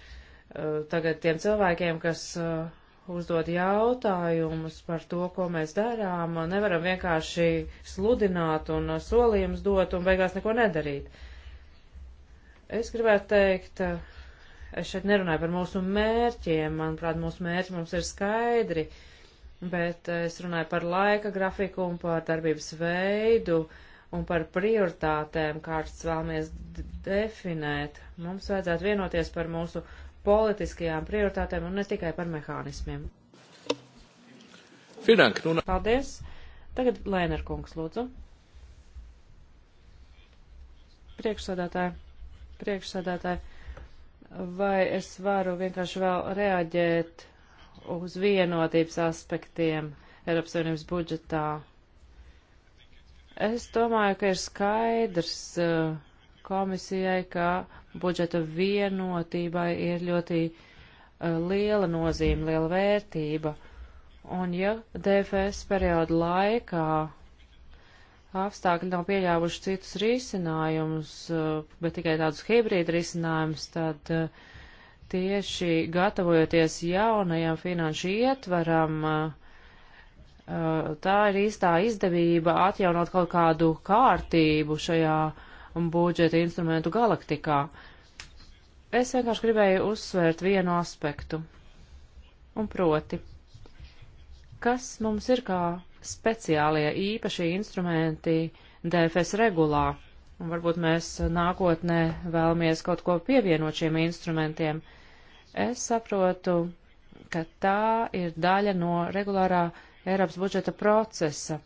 tagad tiem cilvēkiem, kas uh, uzdod jautājumus par to, ko mēs darām. Nevaram vienkārši sludināt un solījumus dot un beigās neko nedarīt. Es gribētu teikt, es šeit nerunāju par mūsu mērķiem. Manuprāt, mūsu mērķi mums ir skaidri, bet es runāju par laika grafiku un par darbības veidu un par prioritātēm, kādas vēlamies definēt. Mums vajadzētu vienoties par mūsu mērķiem politiskajām prioritātēm un ne tikai par mehānismiem. Finank, nu... Paldies. Tagad Lēner kungs, lūdzu. Priekšsādātāji, priekšsādātāji, vai es varu vienkārši vēl reaģēt uz vienotības aspektiem Eiropas Savienības budžetā? Es domāju, ka ir skaidrs eh, komisijai, ka budžeta vienotībai ir ļoti uh, liela nozīme, liela vērtība. Un ja DFS periodu laikā apstākļi nav pieļāvuši citus risinājumus, uh, bet tikai tādus hibrīdu risinājumus, tad uh, tieši gatavojoties jaunajam finanšu ietvaram, tā ir īstā izdevība atjaunot kaut kādu kārtību šajā uh, un budžeta instrumentu galaktikā. Es vienkārši gribēju uzsvērt vienu aspektu, un proti, kas mums ir kā speciālie īpašie instrumenti DFS regulā, un varbūt mēs nākotnē vēlamies kaut ko pievienot šiem instrumentiem. Es saprotu, ka tā ir daļa no regulārā Eiropas budžeta procesa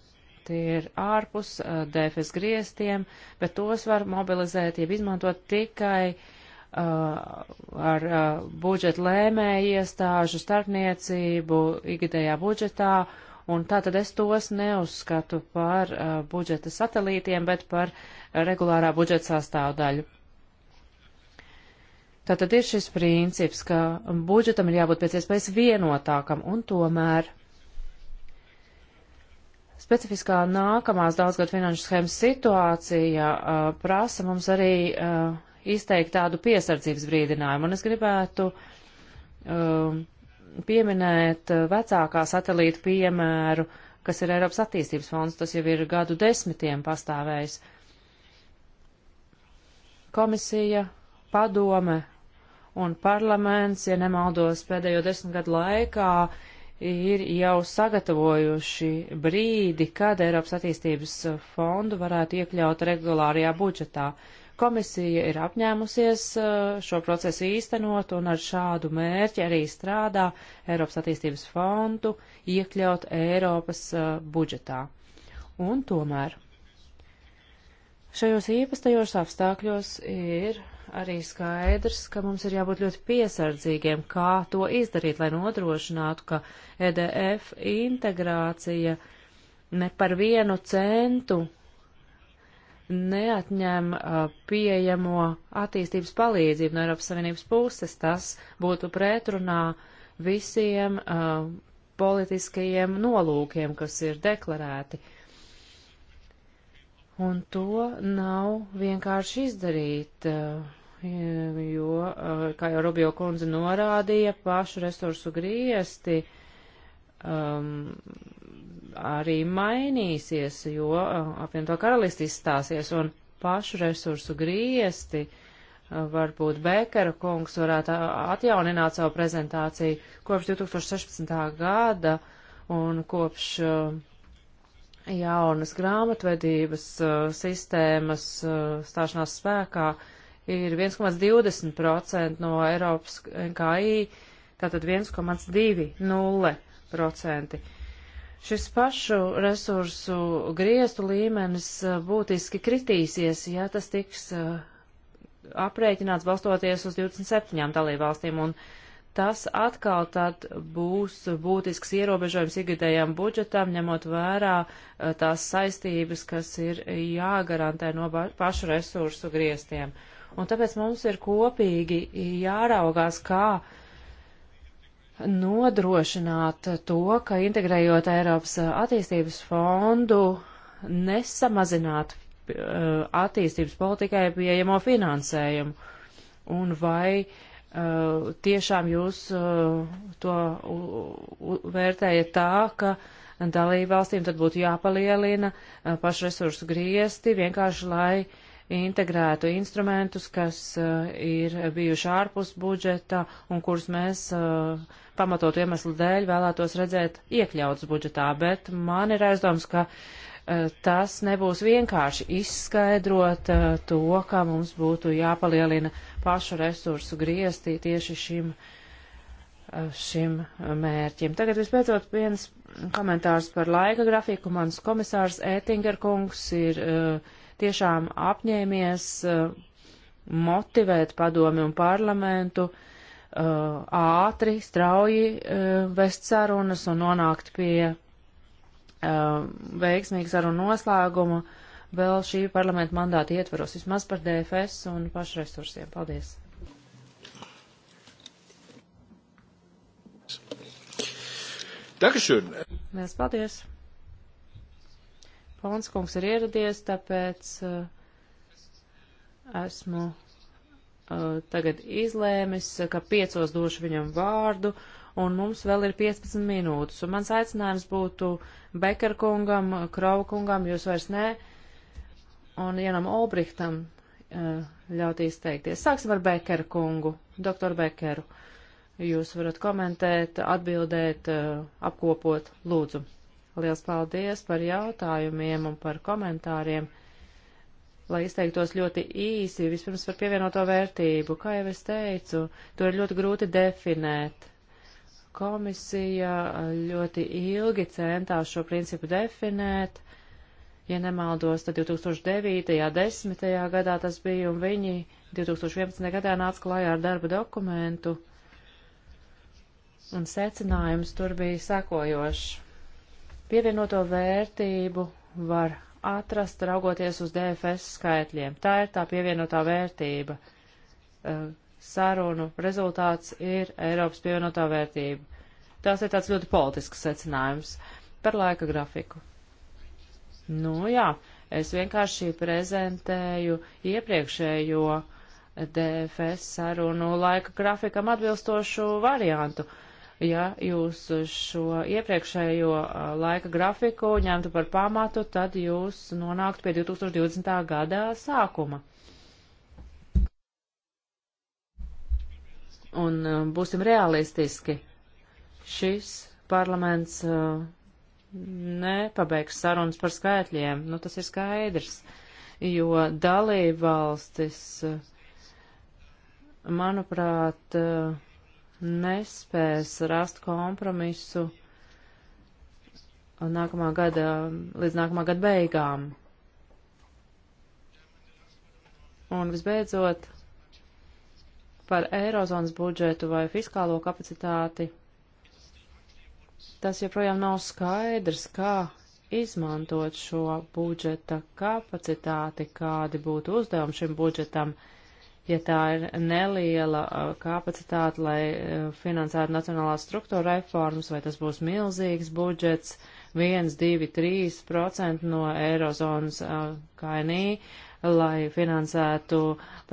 tie ir ārpus uh, DFS griestiem, bet tos var mobilizēt, jeb izmantot tikai uh, ar uh, budžeta lēmēju iestāžu starpniecību ikgadējā budžetā, un tā tad es tos neuzskatu par uh, budžeta satelītiem, bet par regulārā budžeta sastāvdaļu. Tātad ir šis princips, ka budžetam ir jābūt pēc iespējas vienotākam, un tomēr specifiskā nākamās daudzgad finanšu schēmas situācija uh, prasa mums arī uh, izteikt tādu piesardzības brīdinājumu. Un es gribētu uh, pieminēt vecākā satelīta piemēru, kas ir Eiropas attīstības fonds, tas jau ir gadu desmitiem pastāvējis. Komisija, padome un parlaments, ja nemaldos, pēdējo desmit gadu laikā ir jau sagatavojuši brīdi, kad Eiropas attīstības fondu varētu iekļaut regulārajā budžetā. Komisija ir apņēmusies uh, šo procesu īstenot un ar šādu mērķi arī strādā Eiropas attīstības fondu iekļaut Eiropas uh, budžetā. Un tomēr šajos īpastajos apstākļos ir arī skaidrs, ka mums ir jābūt ļoti piesardzīgiem, kā to izdarīt, lai nodrošinātu, ka EDF integrācija ne par vienu centu neatņem uh, pieejamo attīstības palīdzību no Eiropas Savienības puses. Tas būtu pretrunā visiem uh, politiskajiem nolūkiem, kas ir deklarēti. Un to nav vienkārši izdarīt. Uh, jo, eh, kā jau Rubio kundze norādīja, pašu resursu griesti um, arī mainīsies, jo eh, apvienoto karalisti izstāsies un pašu resursu griesti. Eh, varbūt Bekara kungs varētu atjaunināt savu prezentāciju kopš 2016. gada un kopš jaunas grāmatvedības sistēmas stāšanās spēkā uh, ir 1,20% no Eiropas NKI, tātad 1,20%. Šis pašu resursu griestu līmenis eh, būtiski kritīsies, ja tas tiks eh, aprēķināts balstoties uz 27 dalībvalstīm, un tas atkal tad būs būtisks ierobežojums ikgadējām budžetām, ņemot vērā eh, tās saistības, kas ir jāgarantē no pašu resursu griestiem. Uh, Un tāpēc mums ir kopīgi jāraugās, kā nodrošināt to, ka integrējot Eiropas attīstības fondu, nesamazināt uh, attīstības politikai pieejamo finansējumu. Un vai uh, tiešām jūs uh, to vērtējat tā, ka dalībvalstīm tad būtu jāpalielina uh, pašresursu griesti vienkārši, lai uh, integrētu instrumentus, kas uh, ir bijuši ārpus budžeta un kurus mēs uh, pamatotu iemeslu dēļ vēlētos redzēt iekļauts budžetā, bet man ir aizdoms, ka uh, tas nebūs vienkārši izskaidrot to, ka mums būtu jāpalielina pašu resursu griezti tieši šim šim mērķim. Tagad vispēcot viens komentārs par laika grafiku. Mans komisārs Ētingerkungs ir uh, tiešām apņēmies eh, motivēt padomi un parlamentu eh, ātri, strauji eh, vest sarunas un nonākt pie veiksmīgu sarunu noslēgumu vēl šī parlamenta mandāta ietvaros, vismaz par DFS un pašresursiem. Paldies! Dankeschön. Liels paldies! Pons kungs ir ieradies, tāpēc uh, esmu uh, tagad izlēmis, ka piecos došu viņam vārdu, un mums vēl ir 15 minūtes. Un mans aicinājums būtu Bekar kungam, Krova kungam, jūs vairs nē, un Janam Olbrihtam uh, eh, ļaut izteikties. Sāksim ar Bekar kungu, doktoru Bekaru. Jūs varat komentēt, atbildēt, apkopot, lūdzu. Liels paldies par jautājumiem un par komentāriem. Lai izteiktos ļoti īsi, vispirms par pievienoto vērtību. Kā jau es teicu, to ir ļoti grūti definēt. Komisija eh, ļoti ilgi centās šo principu definēt. Ja nemaldos, tad 2009. un 10. gadā tas bija, un viņi 2011. gadā nāca klājā ar darba dokumentu, un secinājums tur bija sekojošs Pievienoto vērtību var atrast raugoties uz DFS skaitļiem. Tā ir tā pievienotā vērtība. Eh, sarunu rezultāts ir Eiropas pievienotā vērtība. Tās ir tāds ļoti politisks secinājums par laika grafiku. Nu jā, es vienkārši prezentēju iepriekšējo DFS sarunu laika grafikam atbilstošu variantu. Uh, Ja jūs šo iepriekšējo laika grafiku ņemtu par pamatu, tad jūs nonāktu pie 2020. gada sākuma. Un būsim realistiski. Šis parlaments nepabeigs sarunas par skaitļiem, nu tas ir skaidrs, jo dalība valstis, manuprāt, uh, nespēs rast kompromisu nākamā gada, līdz nākamā gada beigām. Un visbeidzot, par Eirozonas budžetu vai fiskālo kapacitāti, tas joprojām nav skaidrs, kā izmantot šo budžeta kapacitāti, kādi būtu uzdevumi šim budžetam. Uh, ja tā ir neliela kapacitāte, lai finansētu nacionālās struktūra reformas, vai tas būs milzīgs budžets, 1, 2, 3% no Eirozonas kainī, lai finansētu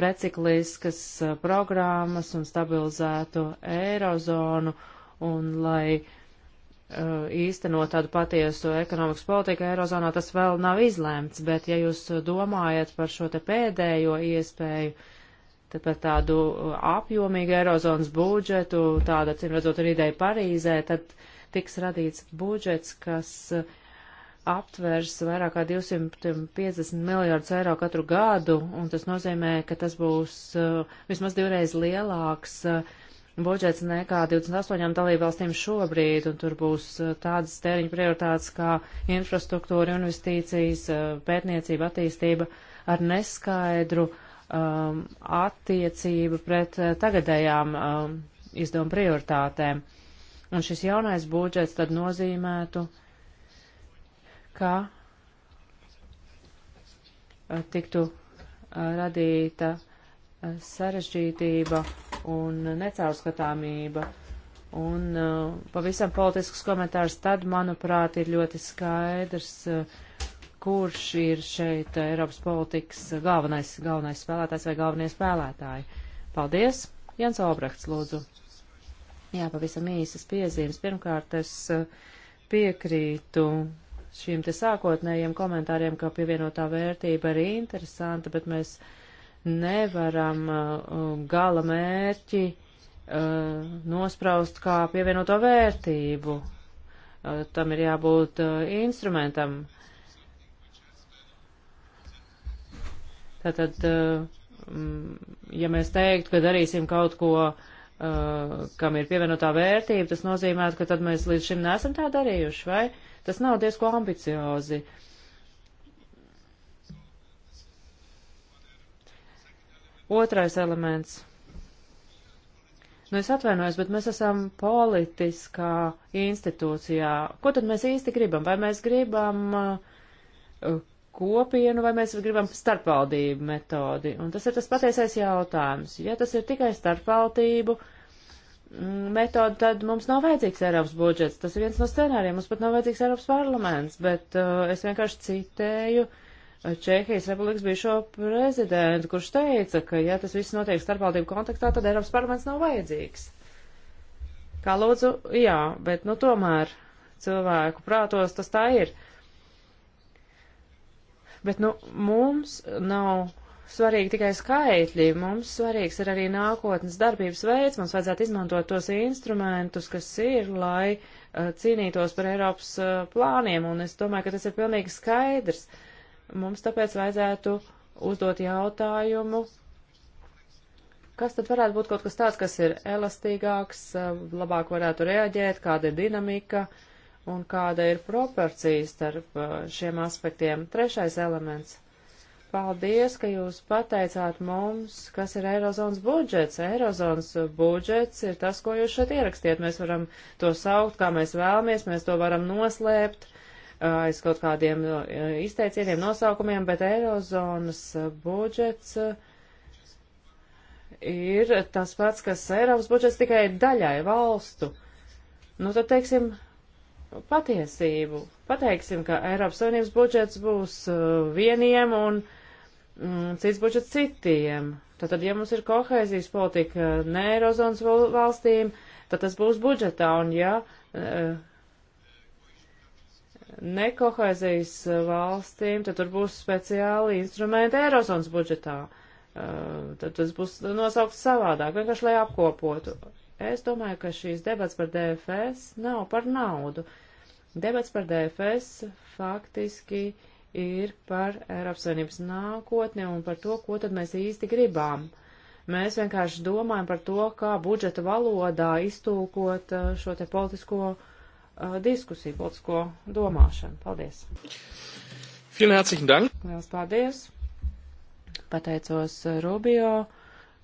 precikliskas programmas un stabilizētu Eirozonu un lai īstenot tādu patiesu ekonomikas politiku Eirozonā, tas vēl nav izlēmts, bet ja jūs domājat par šo te pēdējo iespēju, uh, Tad par tādu uh, apjomīgu Eirozonas budžetu, tāda, cim redzot, ir ideja Parīzē, tad tiks radīts budžets, kas uh, aptvers vairāk kā 250 miljardus eiro katru gadu, un tas nozīmē, ka tas būs uh, vismaz divreiz lielāks budžets nekā 28 dalībvalstīm šobrīd, un tur būs tādas tēriņa prioritātes kā infrastruktūra, investīcijas, pētniecība, attīstība ar neskaidru um, attiecība pret uh, tagadējām um, izdevuma prioritātēm. Un šis jaunais budžets tad nozīmētu, ka uh, tiktu uh, radīta uh, sarežģītība un necaurskatāmība. Un uh, pavisam politisks komentārs tad, manuprāt, ir ļoti skaidrs. Uh, kurš ir šeit eh, Eiropas politikas galvenais, galvenais spēlētājs vai galvenie spēlētāji. Paldies! Jens Obrechts, lūdzu. Jā, pavisam īsas piezīmes. Pirmkārt, es eh, piekrītu šīm te sākotnējiem komentāriem, ka pievienotā vērtība arī interesanta, bet mēs nevaram uh, gala mērķi uh, nospraust kā pievienoto vērtību. Uh, tam ir jābūt instrumentam. Uh, Tātad, eh, mm, ja mēs teiktu, ka darīsim kaut ko, eh, kam ir pievienotā vērtība, tas nozīmētu, ka tad mēs līdz šim nesam tā darījuši, vai? Tas nav diezko ambiciozi. Otrais elements. Nu, es atvainojos, bet mēs esam politiskā institūcijā. Ko tad mēs īsti gribam? Vai mēs gribam uh, kopienu vai mēs gribam starpvaldību metodi. Un tas ir tas patiesais jautājums. Ja tas ir tikai starpvaldību mm, metode, tad mums nav vajadzīgs Eiropas budžets. Tas ir viens no scenārijiem. Mums pat nav vajadzīgs Eiropas parlaments. Bet uh, es vienkārši citēju uh, Čehijas republikas bijušo prezidentu, kurš teica, ka ja tas viss notiek starpvaldību kontekstā, tad Eiropas parlaments nav vajadzīgs. Kā lūdzu, jā, bet nu tomēr cilvēku prātos tas tā ir. Uh, Bet, nu, mums nav svarīgi tikai skaitļi, mums svarīgs ir arī nākotnes darbības veids, mums vajadzētu izmantot tos instrumentus, kas ir, lai uh, cīnītos par Eiropas uh, plāniem, un es domāju, ka tas ir pilnīgi skaidrs. Mums tāpēc vajadzētu uzdot jautājumu, kas tad varētu būt kaut kas tāds, kas ir elastīgāks, uh, labāk varētu reaģēt, kāda ir dinamika, uh, un kāda ir proporcija starp uh, šiem aspektiem. Trešais elements. Paldies, ka jūs pateicāt mums, kas ir Eirozonas budžets. Eirozonas budžets ir tas, ko jūs šeit ierakstiet. Mēs varam to saukt, kā mēs vēlamies, mēs to varam noslēpt uh, aiz kaut kādiem uh, izteicieniem, nosaukumiem, bet Eirozonas budžets ir tas pats, kas Eiropas budžets tikai daļai valstu. Nu, tad teiksim, patiesību. Pateiksim, ka Eiropas Savienības budžets būs uh, vieniem un mm, cits budžets citiem. Tātad, ja mums ir kohēzijas politika ne Eirozonas valstīm, tad tas būs budžetā, un ja uh, ne kohēzijas valstīm, tad tur būs speciāli instrumenti Eirozonas budžetā. Uh, tad tas būs nosaukts savādāk, vienkārši lai apkopotu. Es domāju, ka šīs debats par DFS nav par naudu. Uh, Debats par DFS faktiski ir par Eiropas Savienības nākotni un par to, ko tad mēs īsti gribam. Mēs vienkārši domājam par to, kā budžeta valodā iztūkot uh, šo te politisko uh, diskusiju, politisko domāšanu. Paldies! Vielen herzlichen Dank! Lielas paldies! Pateicos uh, Rubio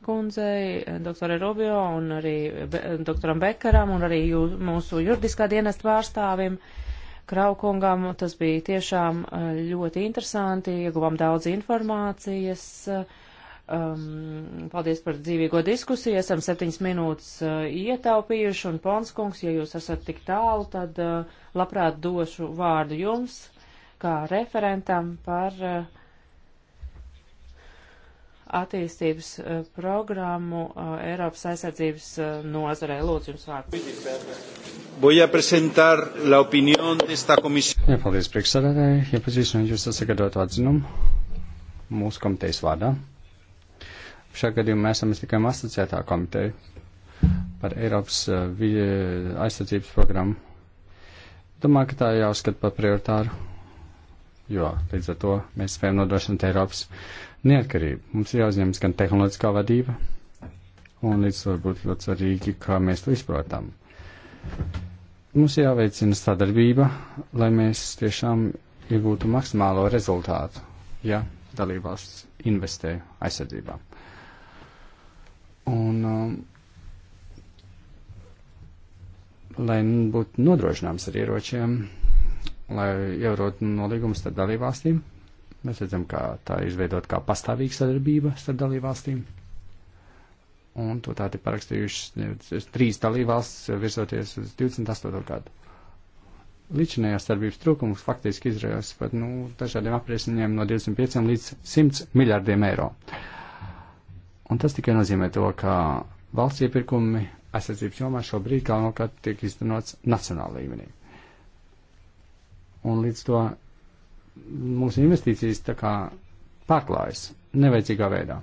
kundzei, doktorai Rubio un arī be, doktoram Bekaram un arī jū, mūsu juridiskā dienesta pārstāvim Kraukungam. Tas bija tiešām eh, ļoti interesanti, ieguvām daudz informācijas. Um, paldies par dzīvīgo diskusiju. Esam septiņas minūtes uh, ietaupījuši un Ponskungs, ja jūs esat tik tālu, tad uh, labprāt došu vārdu jums kā referentam par uh, attīstības uh, programmu uh, Eiropas aizsardzības uh, nozarē. Lūdzu, jums vārds. Voy a presentar la opinión de esta comisión. Jā, paldies priekšsādātāji. Iepazīstinu jūs sasagadot atzinumu mūsu komitejas vārdā. Šā gadījumā mēs esam tikai asociētā komiteja par Eiropas aizsardzības programmu. Domāju, ka tā jāuzskata par prioritāru, jo līdz ar to mēs spējam nodrošināt Eiropas neatkarību. Mums ir jāuzņemas gan tehnoloģiskā vadība, un līdz to būtu ļoti svarīgi, kā mēs to izprotam. Mums ir jāveicina sadarbība, lai mēs tiešām iegūtu maksimālo rezultātu, ja dalībvalsts investē aizsardzībā. Un, um, lai būtu nodrošināms ar ieročiem, lai ievērotu nolīgumus starp dalībvalstīm. Mēs redzam, ka tā ir izveidot kā pastāvīga sadarbība starp dalībvalstīm. Un to tādi parakstījušas trīs dalībvalstis eh, virzoties uz 28. gadu. Līdzinējās darbības trūkums faktiski izraisa pat nu, dažādiem aprēķiniem no 25 līdz 100 miljārdiem eiro. Un tas tikai nozīmē to, ka valsts iepirkumi aizsardzības jomā šobrīd galvenokārt tiek iztenots nacionāla līmenī. Un līdz to mūsu investīcijas tā kā pārklājas nevajadzīgā veidā.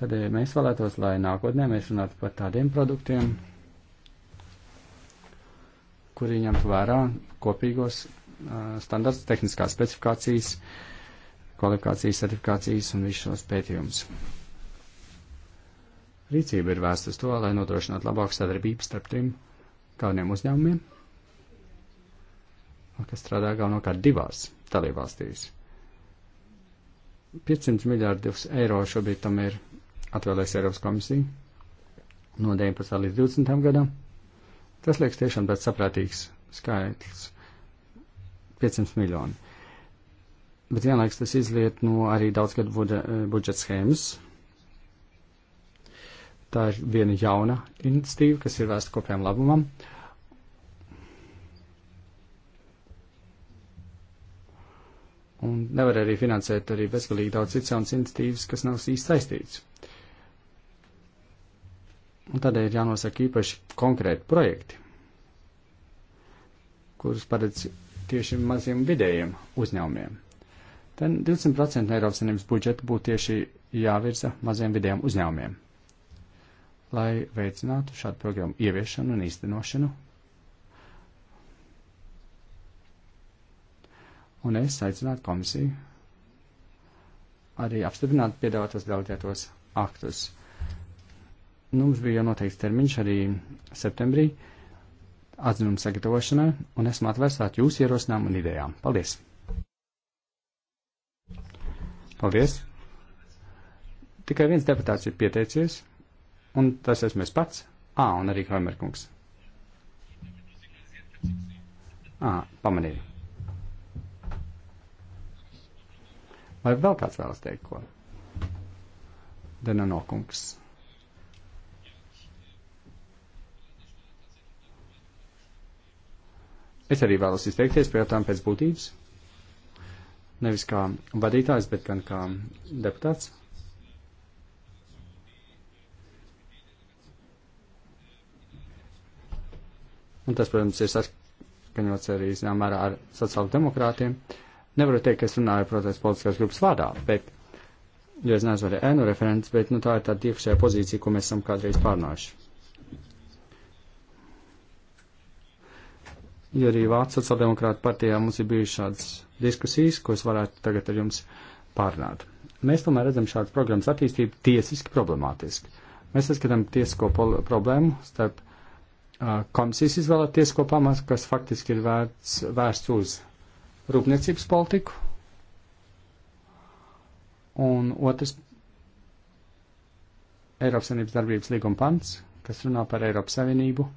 Tad ja eh, mēs vēlētos, lai nākotnē mēs runātu par tādiem produktiem, kuri ņemtu vērā kopīgos uh, standarts, tehniskās specifikācijas, kvalifikācijas, certifikācijas un visus šos pētījumus. Rīcība ir vērsta uz to, lai nodrošinātu labāku sadarbību starp trim galveniem uzņēmumiem kas strādā galvenokārt divās dalībvalstīs. 500 miljārdus eiro šobrīd tam ir atvēlējusi Eiropas komisija no 19. līdz 20. gadam. Tas liekas tiešām tāds saprātīgs skaitlis - 500 miljoni. Bet vienlaiks tas izliet no arī daudzgadu eh, budžeta schēmas. Tā ir viena jauna iniciatīva, kas ir vērsta kopējām labumam. Uh, Un nevar arī finansēt arī bezgalīgi daudz citas jaunas iniciatīvas, kas nav īsti saistīts. Un tādēļ ir jānosaka īpaši konkrēti projekti, kurus paredz tieši maziem vidējiem uzņēmumiem. Tad 20% no Eiropas Savienības budžeta būtu tieši jāvirza maziem vidējiem uzņēmumiem, lai veicinātu šādu programmu ieviešanu un īstenošanu Un es aicinātu komisiju arī apstiprināt piedāvātos delegētos aktus. Nu, mums bija jau noteikts termiņš arī septembrī atzinumu sagatavošanai, un esmu atvērstāt jūsu ierosinām un idejām. Paldies! Paldies! Tikai viens deputāts ir pieteicies, un tas esmu es pats. Ā, un arī Kraimerkungs. Ā, pamanīju. Vai vēl kāds vēlas teikt ko? Dena Nokungs. Es arī vēlos izteikties par jautājumu pēc būtības. Nevis kā vadītājs, bet gan kā deputāts. Un tas, protams, ir saskaņots arī zināmā mērā ar sociāldemokrātiem. demokrātiem. Nevaru teikt, ka es runāju, protams, politiskās grupas vārdā, bet, jo es neesmu arī ēnu referents, bet, nu, tā ir tāda iekšējā pozīcija, ko mēs esam kādreiz pārnājuši. Jo ja arī Vācu sociāldemokrāta partijā mums ir bijušas šādas diskusijas, ko es varētu tagad ar jums pārnāt. Mēs tomēr redzam šādas programmas attīstību tiesiski problemātiski. Mēs saskatām tiesisko problēmu starp uh, komisijas izvēlēt tiesisko pamatu, kas faktiski ir vērts, vērsts uz rūpniecības politiku, un otrs Eiropas Savienības darbības līguma pants, kas runā par Eiropas Savienību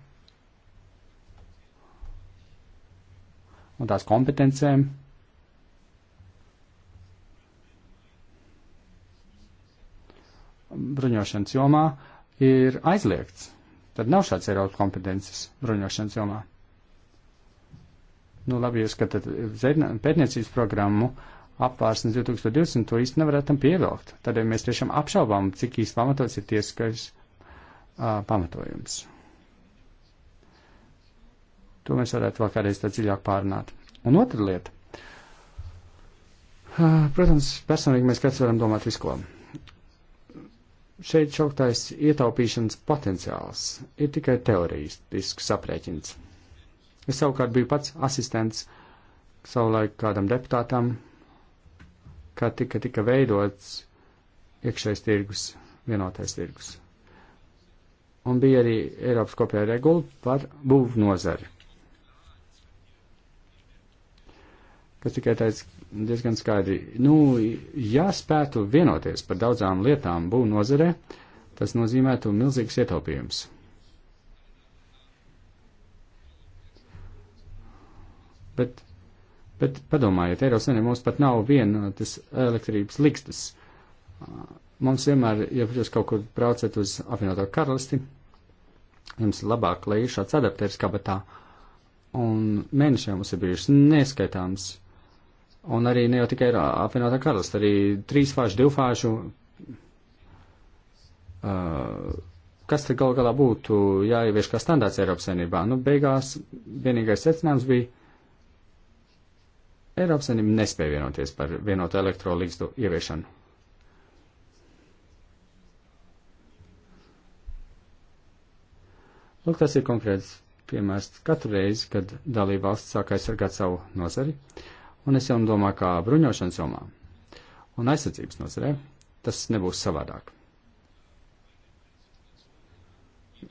un tās kompetencēm. bruņošanas jomā ir aizliegts. Tad nav šāds Eiropas kompetences bruņošanas jomā. Nu, labi, jūs skatāt pētniecības programmu apvārsnes 2020, to īsti nevarat tam pievilkt. Tādēļ mēs tiešām apšaubām, cik īsti pamatots ir tieskais uh, pamatojums. To mēs varētu vēl kādreiz tā dziļāk pārunāt. Un otra lieta. Uh, protams, personīgi mēs kāds varam domāt visko. Šeit šauktais ietaupīšanas potenciāls ir tikai teorijistisks aprēķins. Es savukārt biju pats asistents savulaik kādam deputātam, kā tika, tika veidots iekšējais tirgus, vienotais tirgus. Un bija arī Eiropas kopējā regula par būvu nozari. Kas tikai teica diezgan skaidri, nu, ja spētu vienoties par daudzām lietām būvu nozare, tas nozīmētu milzīgs ietaupījums. Bet, bet padomājiet, Eiropas Savienībā mums pat nav vienotas elektrības likstas. Mums vienmēr, ja jūs kaut kur braucat uz apvienoto karalisti, jums labāk, lai ir šāds adapters kabatā. Un mēnešiem mums ir bijušas neskaitāmas. Un arī ne jau tikai ir apvienotā karalista, arī trīs fāžu, divu fāžu. Uh, kas tad gal galā būtu jāievieš kā standārts Eiropas saimnībā? Nu, beigās vienīgais secinājums bija Eiropas Savienība nespēja vienoties par vienotu elektrolīgstu ieviešanu. Lūk, tas ir konkrēts piemērs katru reizi, kad dalība valsts sāk aizsargāt savu nozari, un es jau domāju, kā bruņošanas jomā un aizsardzības nozarē, tas nebūs savādāk.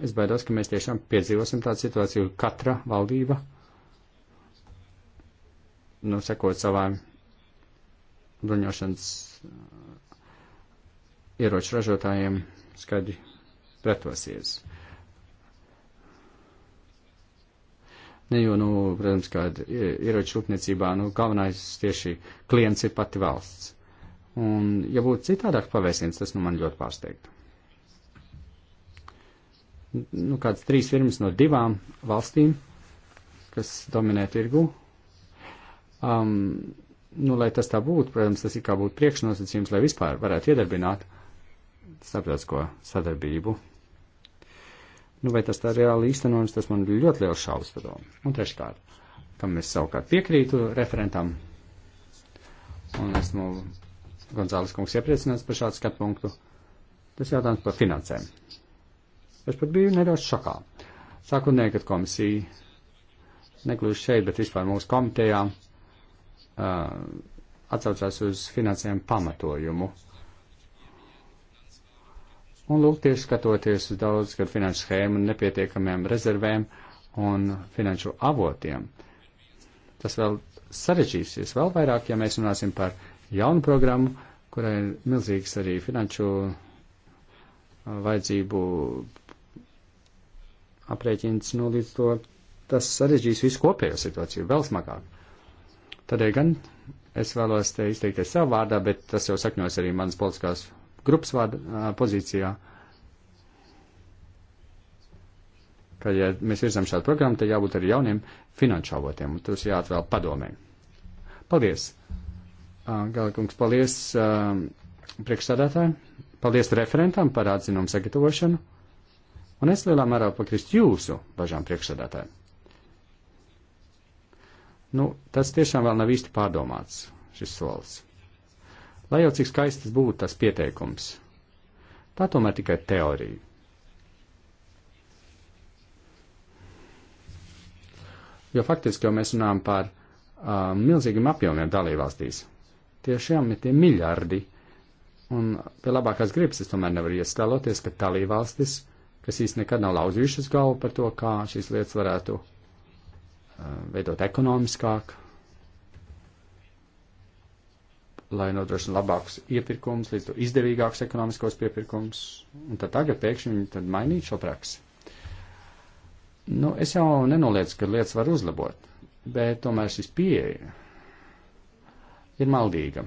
Es baidos, ka mēs tiešām piedzīvosim tādu situāciju, ka katra valdība nu, sekot savām bruņošanas uh, ieroču ražotājiem, skaidri pretosies. Ne, jo, nu, protams, kā ieroču rūpniecībā, nu, galvenais tieši klients ir pati valsts. Un, ja būtu citādāk pavērsiens, tas, nu, man ļoti pārsteigtu. Nu, kāds trīs firmas no divām valstīm, kas dominē tirgu, Um, nu, lai tas tā būtu, protams, tas ir kā būtu priekšnosacījums, lai vispār varētu iedarbināt starptautisko sadarbību. Nu, vai tas tā reāli īstenojums, tas man ļoti liels šaubas par to. Un treškārt, kam es savukārt piekrītu referentam, un esmu Gonzāles kungs iepriecināts par šādu skatu punktu, tas jautājums par finansēm. Es pat biju nedaudz šokā. Sākotnēji, kad komisija, negluži šeit, bet vispār mūsu komitejām, Uh, atsaucās uz finansējumu pamatojumu. Un lūk, tieši skatoties uz daudz, kad finanšu schēmu nepietiekamiem rezervēm un finanšu avotiem, tas vēl sarežģīsies vēl vairāk, ja mēs runāsim par jaunu programmu, kurai ir milzīgs arī finanšu uh, vajadzību aprēķins, nu no līdz to tas sarežģīs visu kopējo situāciju vēl smagāk. Tādēļ gan es vēlos te izteikties savu vārdā, bet tas jau sakņos arī manas politiskās grupas vārda pozīcijā. Ka, ja mēs virzam šādu programmu, tad jābūt arī jauniem finanšu avotiem, un tas jāatvēl padomē. Paldies! Galakungs, paldies priekšstādātājiem, paldies referentam par atzinumu sagatavošanu, un es lielā mērā pakrīstu jūsu bažām priekšstādātājiem. Nu, tas tiešām vēl nav īsti pārdomāts, šis solis. Lai jau cik skaists būtu tas pieteikums, tā tomēr tikai teorija. Jo faktiski jau mēs runājam par uh, milzīgiem apjomiem dalībvalstīs. Tiešām ir tie miljardi. Un pie labākās gribas es tomēr nevaru iestāloties, ka dalībvalstis, kas īsti nekad nav lauzījušas galvu par to, kā šīs lietas varētu veidot ekonomiskāk, lai nodrošina labākus iepirkumus, līdz to izdevīgākus ekonomiskos piepirkumus, un tad tagad pēkšņi viņi tad mainītu šo praksi. Nu, es jau nenoliedzu, ka lietas var uzlabot, bet tomēr šis pieeja ir maldīga.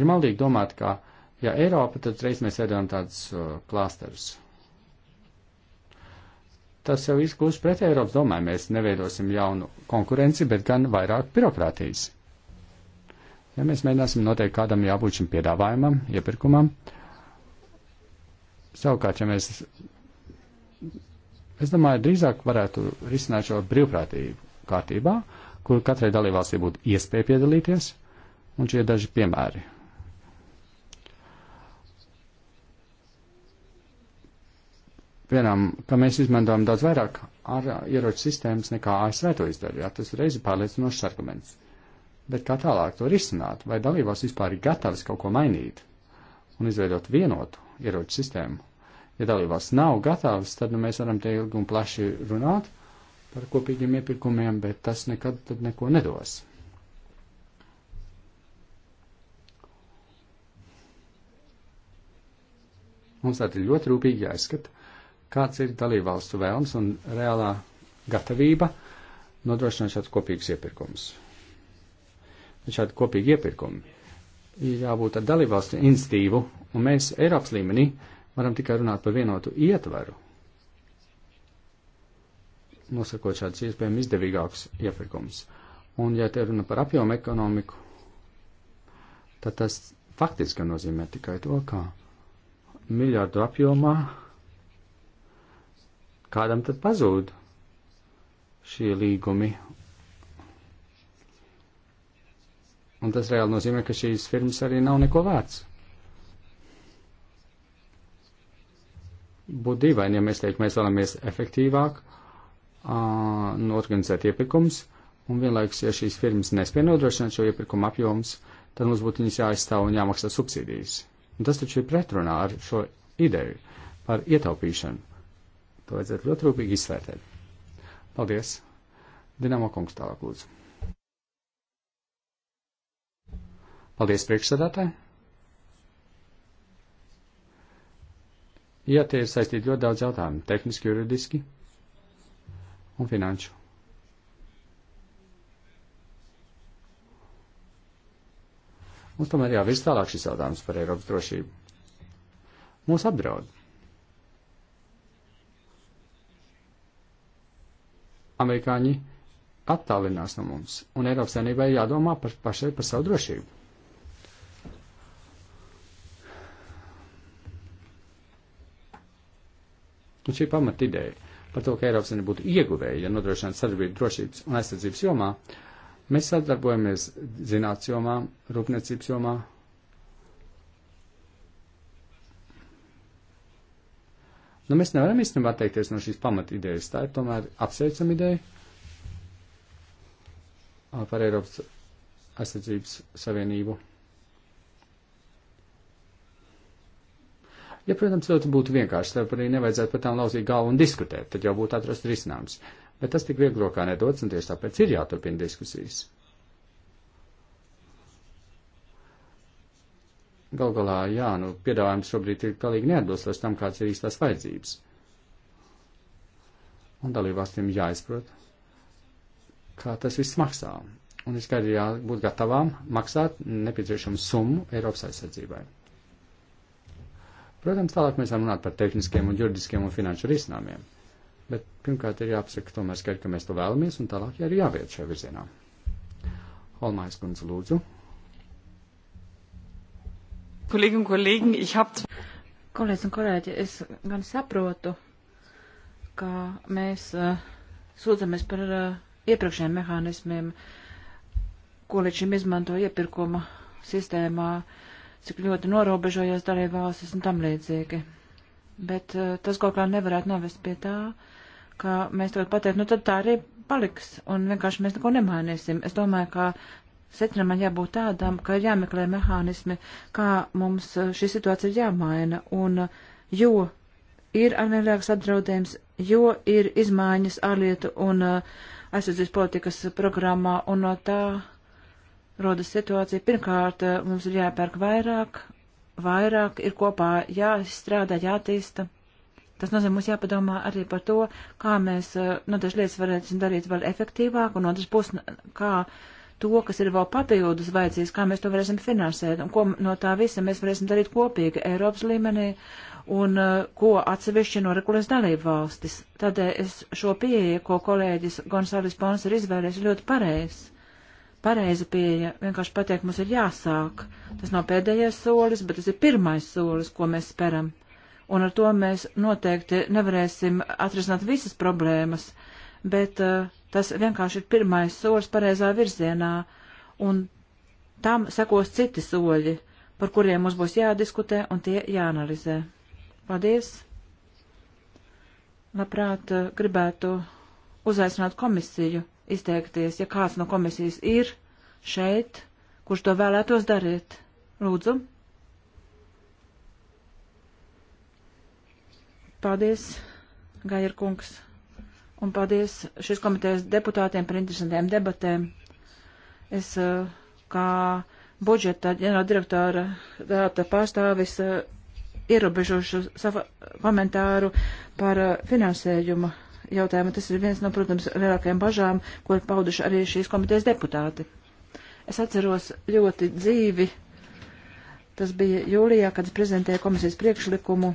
Ir maldīgi domāt, ka, ja Eiropa, tad reiz mēs veidojam tādus uh, klāsterus tas jau izkļūst pret Eiropas domāju. Mēs neveidosim jaunu konkurenci, bet gan vairāk birokrātijas. Ja mēs mēģināsim noteikt, kādam jābūt šim piedāvājumam, iepirkumam, savukārt, ja mēs, es domāju, drīzāk varētu risināt šo brīvprātību kārtībā, kur katrai dalībvalstī būtu iespēja piedalīties, un šie daži piemēri. piemēram, ka mēs izmantojam daudz vairāk ieroču sistēmas nekā ASV to izdarīja. Tas ir reizi pārliecinošs arguments. Bet kā tālāk to risināt? Vai dalībās vispār ir gatavs kaut ko mainīt un izveidot vienotu ieroču sistēmu? Ja dalībās nav gatavs, tad nu, mēs varam te ilgi un plaši runāt par kopīgiem iepirkumiem, bet tas nekad tad neko nedos. Mums tātad ļoti rūpīgi jāizskata, kāds ir dalībvalstu vēlms un reālā gatavība nodrošināt šādus kopīgus iepirkumus. Šādi kopīgi iepirkumi ir jābūt ar dalībvalstu institīvu, un mēs Eiropas līmenī varam tikai runāt par vienotu ietvaru, nosakot šādus iespējami izdevīgākus iepirkumus. Un, ja te runa par apjomu ekonomiku, tad tas faktiski nozīmē tikai to, ka miljardu apjomā kādam tad pazūd šie līgumi. Un tas reāli nozīmē, ka šīs firmas arī nav neko vērts. Būtu dīvaini, ja mēs teiktu, mēs vēlamies efektīvāk uh, norganizēt iepirkums, un vienlaikus, ja šīs firmas nespēja nodrošināt šo iepirkumu apjomus, tad mums būtu viņas jāaizstāv un jāmaksā subsīdijas. Un tas taču ir pretrunā ar šo ideju par ietaupīšanu. To vajadzētu ļoti rūpīgi izvērtēt. Paldies! Dinamo kungs tālāk lūdzu. Paldies priekšsēdētāji! Ja tie ir saistīti ļoti daudz jautājumu - tehniski, juridiski un finanšu. Mums tomēr jāvirz tālāk šis jautājums par Eiropas drošību. Mūs apdraud amerikāņi attālinās no mums, un Eiropas Savienībai jādomā par pašai par savu drošību. Un šī pamat ideja par to, ka Eiropas Savienība būtu ieguvēja, ja nodrošinātu sadarbību drošības un aizsardzības jomā, mēs sadarbojamies zinātnes jomā, rūpniecības jomā, Nu, mēs nevaram īstenībā atteikties no šīs pamatidejas. Tā ir tomēr apsveicama ideja par Eiropas aizsardzības savienību. Ja, protams, ļoti būtu vienkārši, tev arī nevajadzētu par tām lauzīt galvu un diskutēt, tad jau būtu atrast risinājums. Bet tas tik vieglokā nedots, un tieši tāpēc ir jāturpina diskusijas. Gal galā, jā, nu, piedāvājums šobrīd ir galīgi neatbilstoši tam, kāds ir īstās vajadzības. Un dalībvalstīm jāizprot, kā tas viss maksā. Un ir skaidri jābūt gatavām maksāt nepieciešamu summu Eiropas aizsardzībai. Protams, tālāk mēs varam runāt par tehniskiem un juridiskiem un finanšu risinājumiem. Bet pirmkārt ir jāapsaka tomēr skaidri, ka mēs to vēlamies, un tālāk arī jāveic šajā virzienā. Holmājas kundze lūdzu. Kolēģi un kolēģi, ich hab... Kolēģis un kolēģi, es gan saprotu, ka mēs uh, sūdzamies par uh, iepriekšējiem mehānismiem, ko līdz šim izmanto iepirkuma sistēmā, cik ļoti norobežojās dalībvalstis un tam līdzīgi. Bet uh, tas kaut kā nevarētu novest pie tā, ka mēs to pateikt, nu tad tā arī paliks un vienkārši mēs neko nemainīsim. Es domāju, ka secinājumam jābūt tādam, ka ir jāmeklē mehānismi, kā mums eh, šī situācija ir jāmaina, un eh, jo ir arvien lielāks apdraudējums, jo ir izmaiņas ārlietu un eh, aizsardzības politikas programmā, un no tā rodas situācija. Pirmkārt, mums ir jāpērk vairāk, vairāk ir kopā jāstrādā, jātīsta. Tas nozīmē, mums jāpadomā arī par to, kā mēs noteikti nu, lietas varētu darīt vēl efektīvāk, un otrs puses, kā uh, to, kas ir vēl papildus vajadzīgs, kā mēs to varēsim finansēt un ko no tā visa mēs varēsim darīt kopīgi Eiropas līmenī un uh, ko atsevišķi noregulēs dalību valstis. Tādēļ uh, es šo pieeju, ko kolēģis Gonsalis Pons ir izvēlējis, ļoti pareiz. Pareiza pieeja vienkārši pateikt, mums ir jāsāk. Tas nav pēdējais solis, bet tas ir pirmais solis, ko mēs speram. Un ar to mēs noteikti nevarēsim atrisināt visas problēmas, bet uh, Tas vienkārši ir pirmais solis pareizā virzienā, un tam sekos citi soļi, par kuriem mums būs jādiskutē un tie jāanalizē. Paldies! Labprāt, eh, gribētu uzaicināt komisiju izteikties, ja kāds no komisijas ir šeit, kurš to vēlētos darīt. Lūdzu. Paldies, Gairkungs. kungs un paldies šīs komitejas deputātiem par interesantiem debatēm. Es eh, kā budžeta ģenerāla direktora pārstāvis eh, ierobežošu savu komentāru par eh, finansējumu jautājumu. Tas ir viens no, protams, lielākajām bažām, ko ir pauduši arī šīs komitejas deputāti. Es atceros ļoti dzīvi. Tas bija jūlijā, kad es prezentēju komisijas priekšlikumu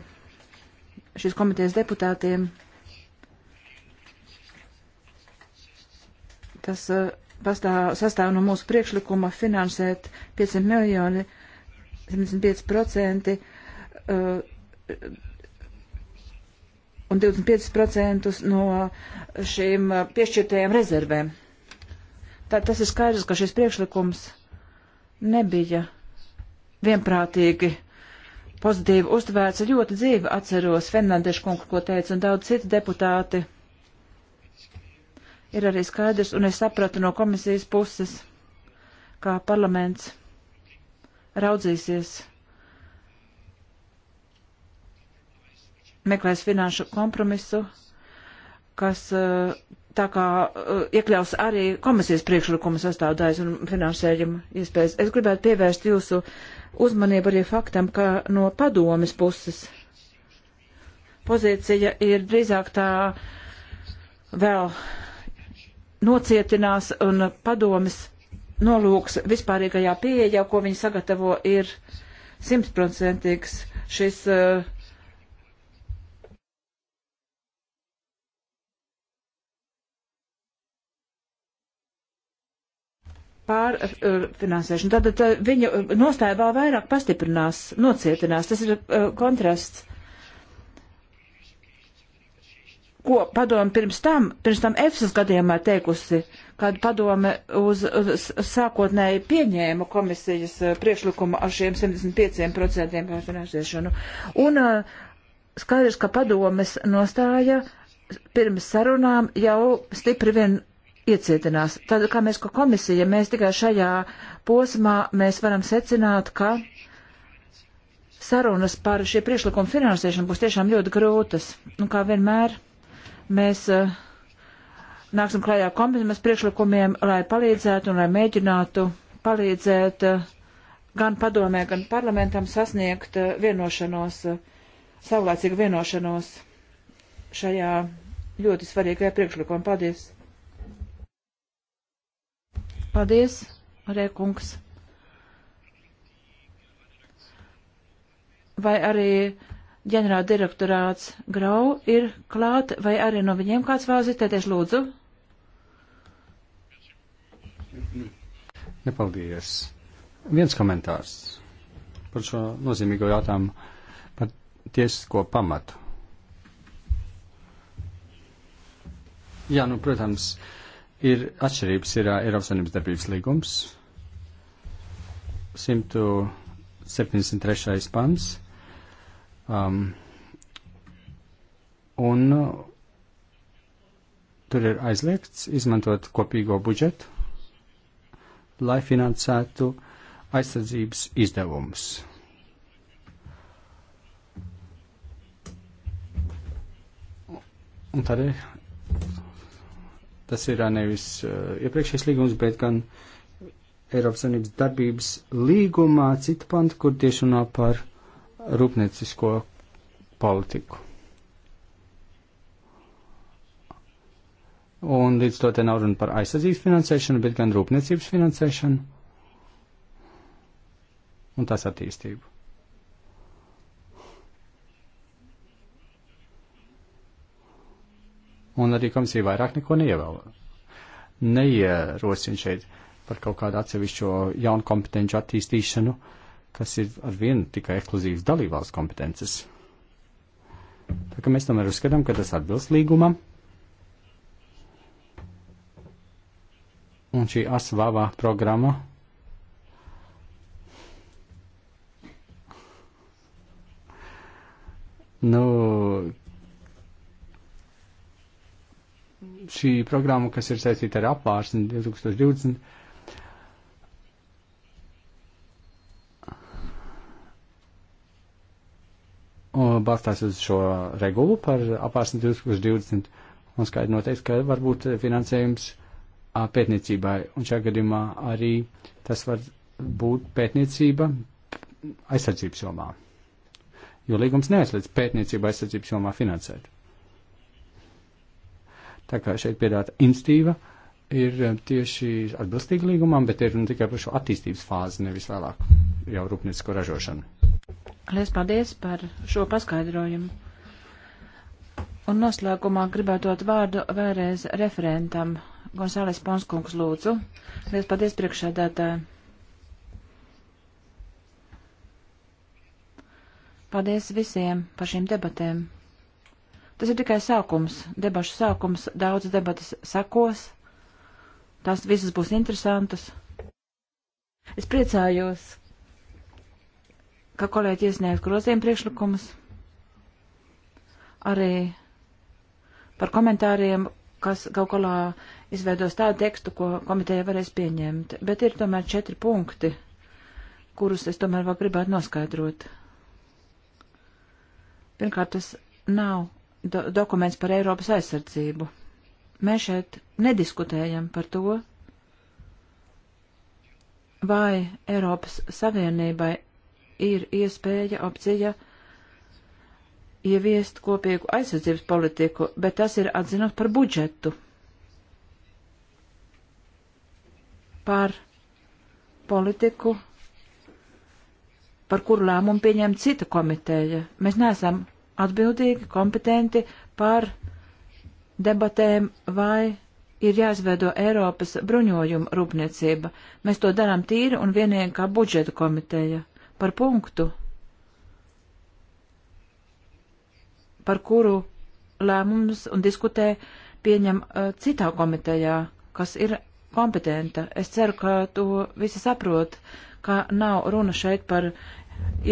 šīs komitejas deputātiem Tas eh, pastāv, sastāv no mūsu priekšlikuma finansēt 500 miljoni, 75% eh, un 25% no šīm eh, piešķirtajām rezervēm. Tā, tas ir skaidrs, ka šis priekšlikums nebija vienprātīgi pozitīvi uztvērts. Ļoti dzīvi atceros Fernandešu kungu, ko teica, un daudz citu deputāti ir arī skaidrs, un es sapratu no komisijas puses, kā parlaments raudzīsies, meklēs finanšu kompromisu, kas eh, tā kā eh, iekļaus arī komisijas priekšlikumu sastāvdājas un finansējumu iespējas. Es gribētu pievērst jūsu uzmanību arī faktam, ka no padomes puses pozīcija ir drīzāk tā vēl nocietinās un padomis nolūks vispārīgajā pieejā, ko viņi sagatavo, ir simtprocentīgs šis uh, pārfinansēšana. Uh, Tātad uh, viņa nostāja vēl vairāk pastiprinās, nocietinās. Tas ir uh, kontrasts ko padome pirms tam, pirms tam EFSAS gadījumā teikusi, kad padome uz, uz sākotnēji pieņēma komisijas eh, priekšlikumu ar šiem 75% par finansēšanu. Un uh, skaidrs, ka padomes nostāja pirms sarunām jau stipri vien iecietinās. Tad, kā mēs, ka komisija, mēs tikai šajā posmā mēs varam secināt, ka sarunas par šie priekšlikumu finansēšanu būs tiešām ļoti grūtas. Un nu, kā vienmēr Mēs uh, nāksim klajā kompromisu priekšlikumiem, lai palīdzētu un lai mēģinātu palīdzēt uh, gan padomē, gan parlamentam sasniegt uh, vienošanos, saulēcīgu vienošanos šajā ļoti svarīgajā priekšlikumā. Paldies! Paldies, Rēkungs! Vai arī ģenerāla direktorāts Grau ir klāt, vai arī no viņiem kāds vēlas izteikties lūdzu? Nepaldies. Viens komentārs par šo nozīmīgo jautājumu par tiesisko pamatu. Jā, nu, protams, ir atšķirības, ir uh, Eiropas Savienības darbības līgums, 173. pants Um, un uh, tur ir aizliegts izmantot kopīgo budžetu, lai finansētu aizsardzības izdevumus. Un tādēļ tas ir nevis uh, iepriekšējais līgums, bet gan Eiropas Savienības darbības līgumā cita panta, kur tieši runā par rūpniecisko politiku. Un līdz to te nav runa par aizsardzības finansēšanu, bet gan rūpniecības finansēšanu un tās attīstību. Un arī komisija vairāk neko neievēl. Neierosina šeit par kaut kādu atsevišķo jaunu kompetenci attīstīšanu, uh, kas ir ar vienu tikai ekskluzīvas dalībvalsts kompetences. Tā kā mēs tomēr uzskatām, ka tas atbilst līgumam. Un šī asvāvā programma Nu, šī programma, kas ir saistīta ar apvārsni 2020, balstās uz šo regulu par apārsni 2020 un skaidri noteikti, ka var būt finansējums pētniecībai. Un šajā gadījumā arī tas var būt pētniecība aizsardzības jomā. Jo līgums neaizliedz pētniecību aizsardzības jomā finansēt. Tā kā šeit piedāta instīva ir tieši atbilstīga līgumam, bet ir nu, tikai par šo attīstības fāzi, nevis vēlāk jau rūpniecisko ražošanu. Lies paldies par šo paskaidrojumu. Un noslēgumā gribētu dot vārdu vēlreiz referentam Gonzāles Ponskungs lūdzu. Lies paldies priekšsēdētāji. Paldies visiem par šīm debatēm. Tas ir tikai sākums, debašu sākums, daudz debatas sekos, tās visas būs interesantas. Es priecājos, ka kolēģi iesniegs grozījuma priekšlikumus arī par komentāriem, kas gal galā izveidos tādu tekstu, ko komiteja varēs pieņemt. Bet ir tomēr četri punkti, kurus es tomēr vēl gribētu noskaidrot. Pirmkārt, tas nav do dokuments par Eiropas aizsardzību. Mēs šeit nediskutējam par to, vai Eiropas Savienībai ir iespēja, opcija ieviest kopīgu aizsardzības politiku, bet tas ir atzinot par budžetu, par politiku, par kuru lēmumu pieņem cita komiteja. Mēs neesam atbildīgi, kompetenti par debatēm vai ir jāizveido Eiropas bruņojuma rūpniecība. Mēs to darām tīri un vienīgi kā budžeta komiteja par punktu, par kuru lēmums un diskutē pieņem uh, citā komitejā, kas ir kompetenta. Es ceru, ka to visi saprot, ka nav runa šeit par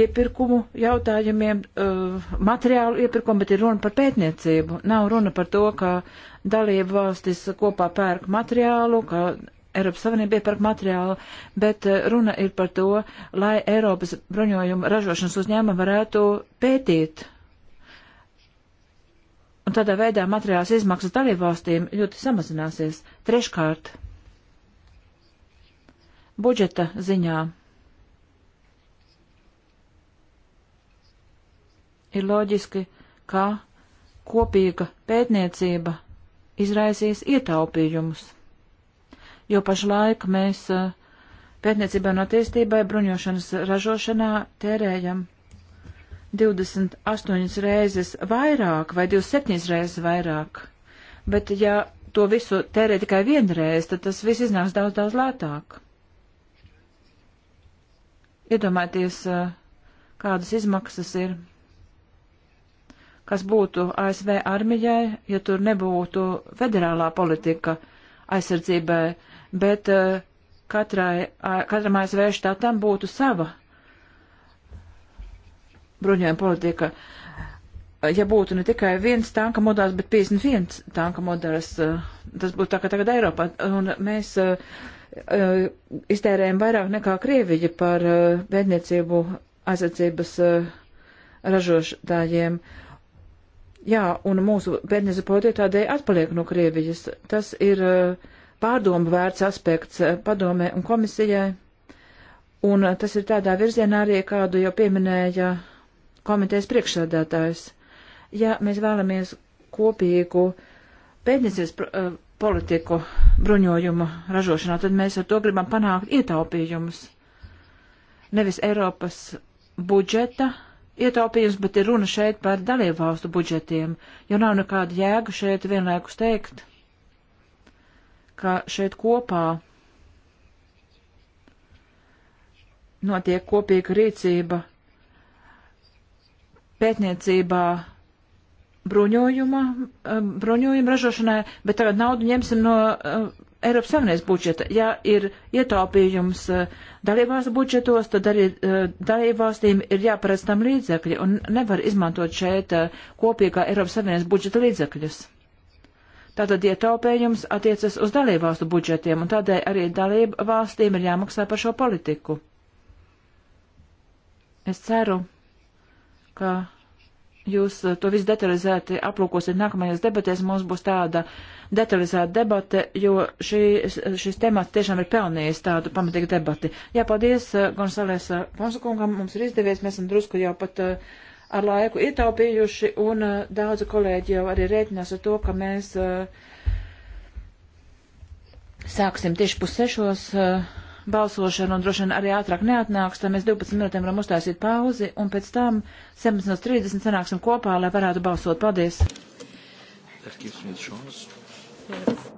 iepirkumu jautājumiem, uh, materiālu iepirkumu, bet ir runa par pētniecību. Nav runa par to, ka dalību valstis kopā pērk materiālu, ka Eiropas Savienība iepērk materiālu, bet eh, runa ir par to, lai Eiropas bruņojuma ražošanas uzņēmumi varētu pētīt. Un tādā veidā materiāls izmaksas dalībvalstīm ļoti samazināsies. Treškārt, budžeta ziņā ir loģiski, ka kopīga pētniecība izraisīs ietaupījumus jo pašlaik mēs eh, pētniecībā un attīstībai bruņošanas ražošanā tērējam 28 reizes vairāk vai 27 reizes vairāk. Bet ja to visu tērē tikai vienreiz, tad tas viss iznāks daudz, daudz lētāk. Iedomājieties, eh, kādas izmaksas ir, kas būtu ASV armijai, ja tur nebūtu federālā politika aizsardzībai bet eh, katrai, katram ASV štatam būtu sava bruņojuma politika. Ja būtu ne tikai viens tanka modelis, bet 51 tanka modelis, eh, tas būtu tā kā tagad Eiropā. Un mēs eh, iztērējam vairāk nekā Krievija par vēdniecību aizsardzības ražošājiem. Jā, un mūsu bērnēza politika tādēļ atpaliek no Krievijas. Tas ir uh, pārdomu vērts aspekts eh, padomē un komisijai, un eh, tas ir tādā virzienā arī, kādu jau pieminēja komitejas priekšsādātājs. Ja mēs vēlamies kopīgu pētniecības eh, politiku bruņojumu ražošanā, tad mēs ar to gribam panākt ietaupījumus. Nevis Eiropas budžeta ietaupījums, bet ir runa šeit par dalībvalstu budžetiem, jo nav nekāda jēga šeit vienlaikus teikt, ka šeit kopā notiek kopīga rīcība pētniecībā bruņojuma, eh, bruņojuma ražošanai, bet tagad naudu ņemsim no eh, Eiropas Savienības budžeta. Ja ir ietaupījums eh, dalībvalstu budžetos, tad arī dalībvalstīm ir jāparedz tam līdzekļi un nevar izmantot šeit kopīgā Eiropas Savienības budžeta līdzekļus. Tātad ietaupējums attiecas uz dalībvalstu budžetiem, un tādēļ arī dalību valstīm ir jāmaksā par šo politiku. Es ceru, ka jūs to visu detalizēti aplūkosiet nākamajās debatēs. Mums būs tāda detalizēta debate, jo šī, šis temats tiešām ir pelnījis tādu pamatīgu debati. Jā, paldies eh, Gonsalēs eh, Fonsakungam, mums ir izdevies, mēs esam drusku jau pat. Uh, ar laiku ietaupījuši, un uh, daudzi kolēģi jau arī rēķinās ar to, ka mēs uh, sāksim tieši pussešos uh, eh, balsošanu, un droši vien arī ātrāk neatnāks, tad mēs 12 minūtēm varam uztaisīt pauzi, un pēc tam 17.30 sanāksim kopā, lai varētu balsot. Paldies! That gives me a chance. Yes.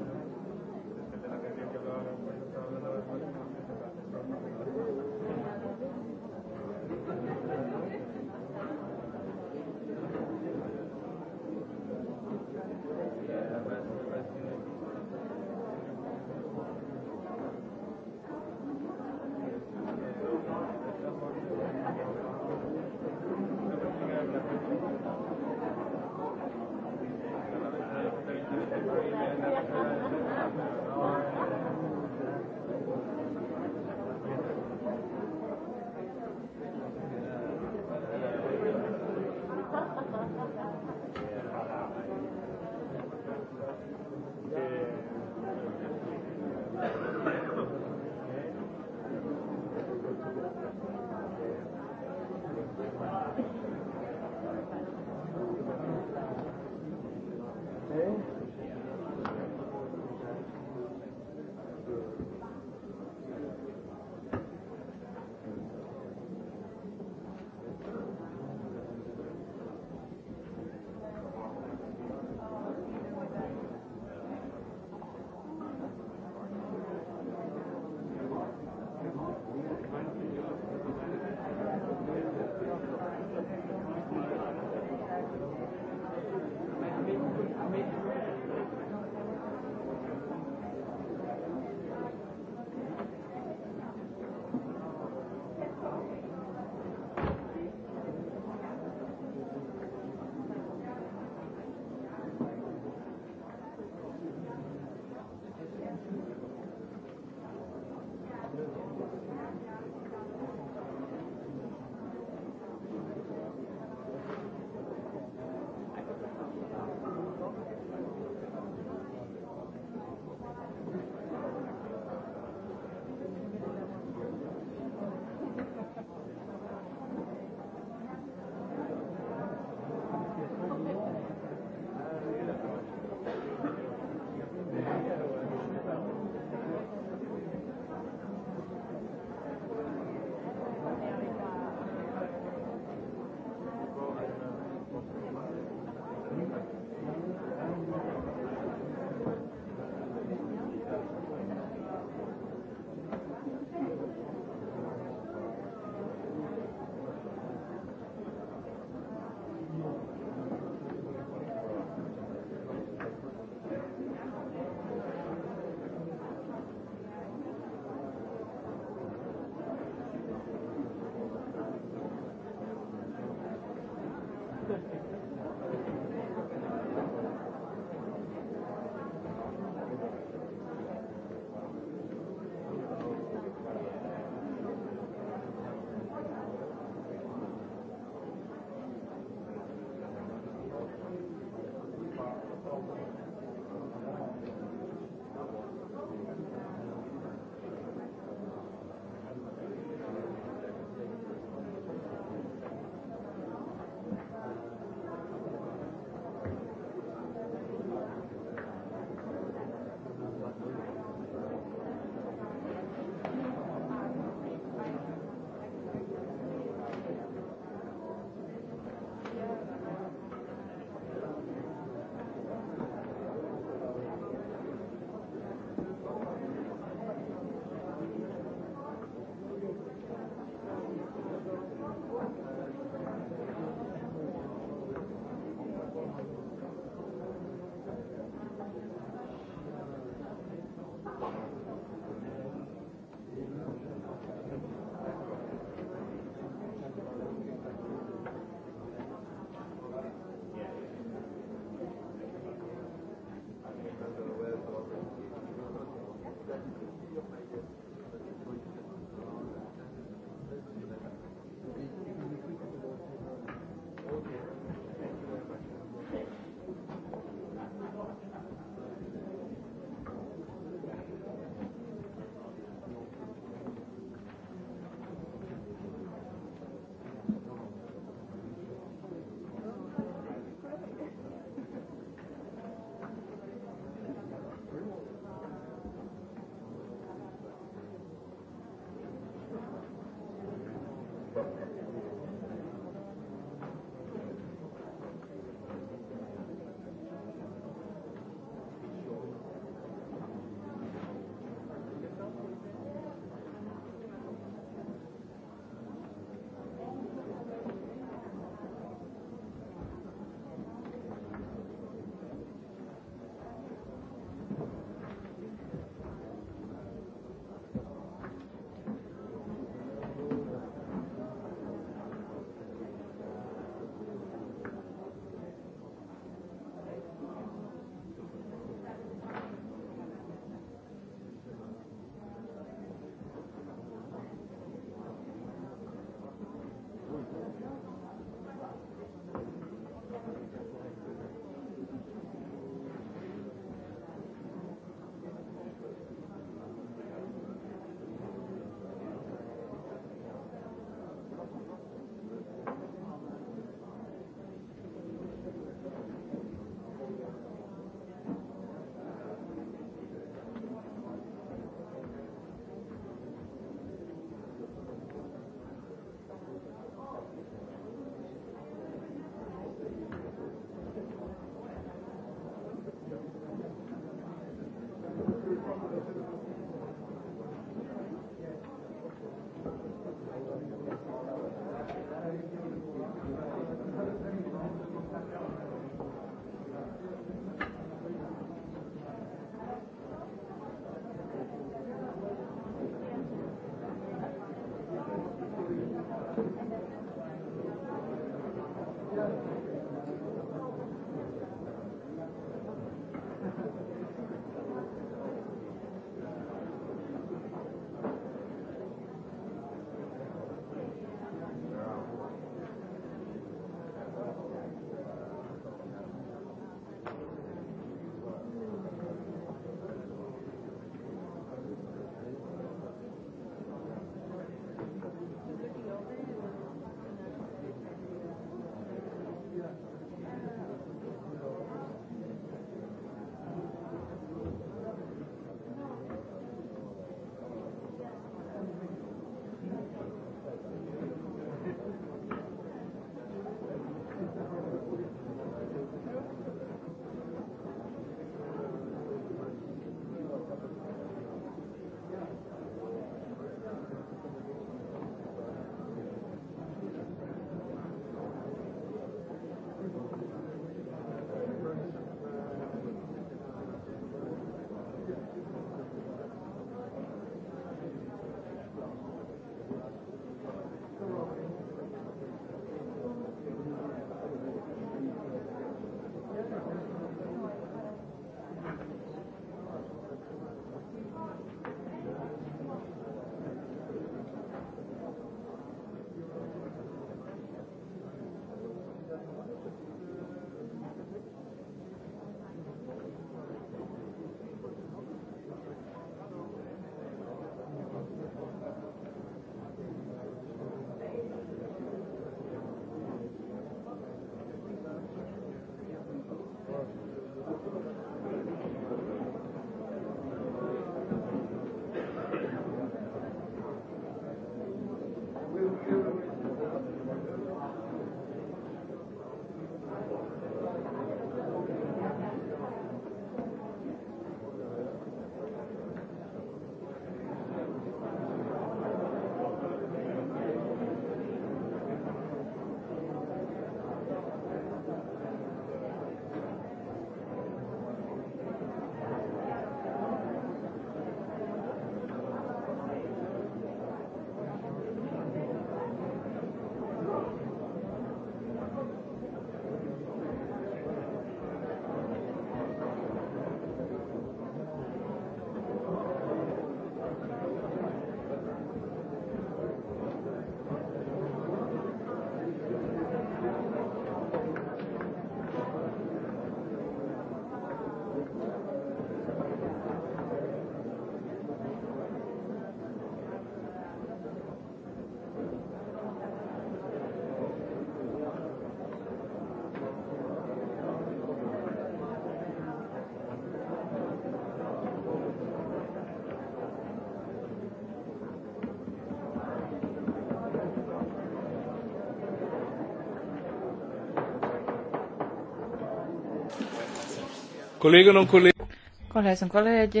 Kolēģi un kolēģi. Kolēģis un kolēģi,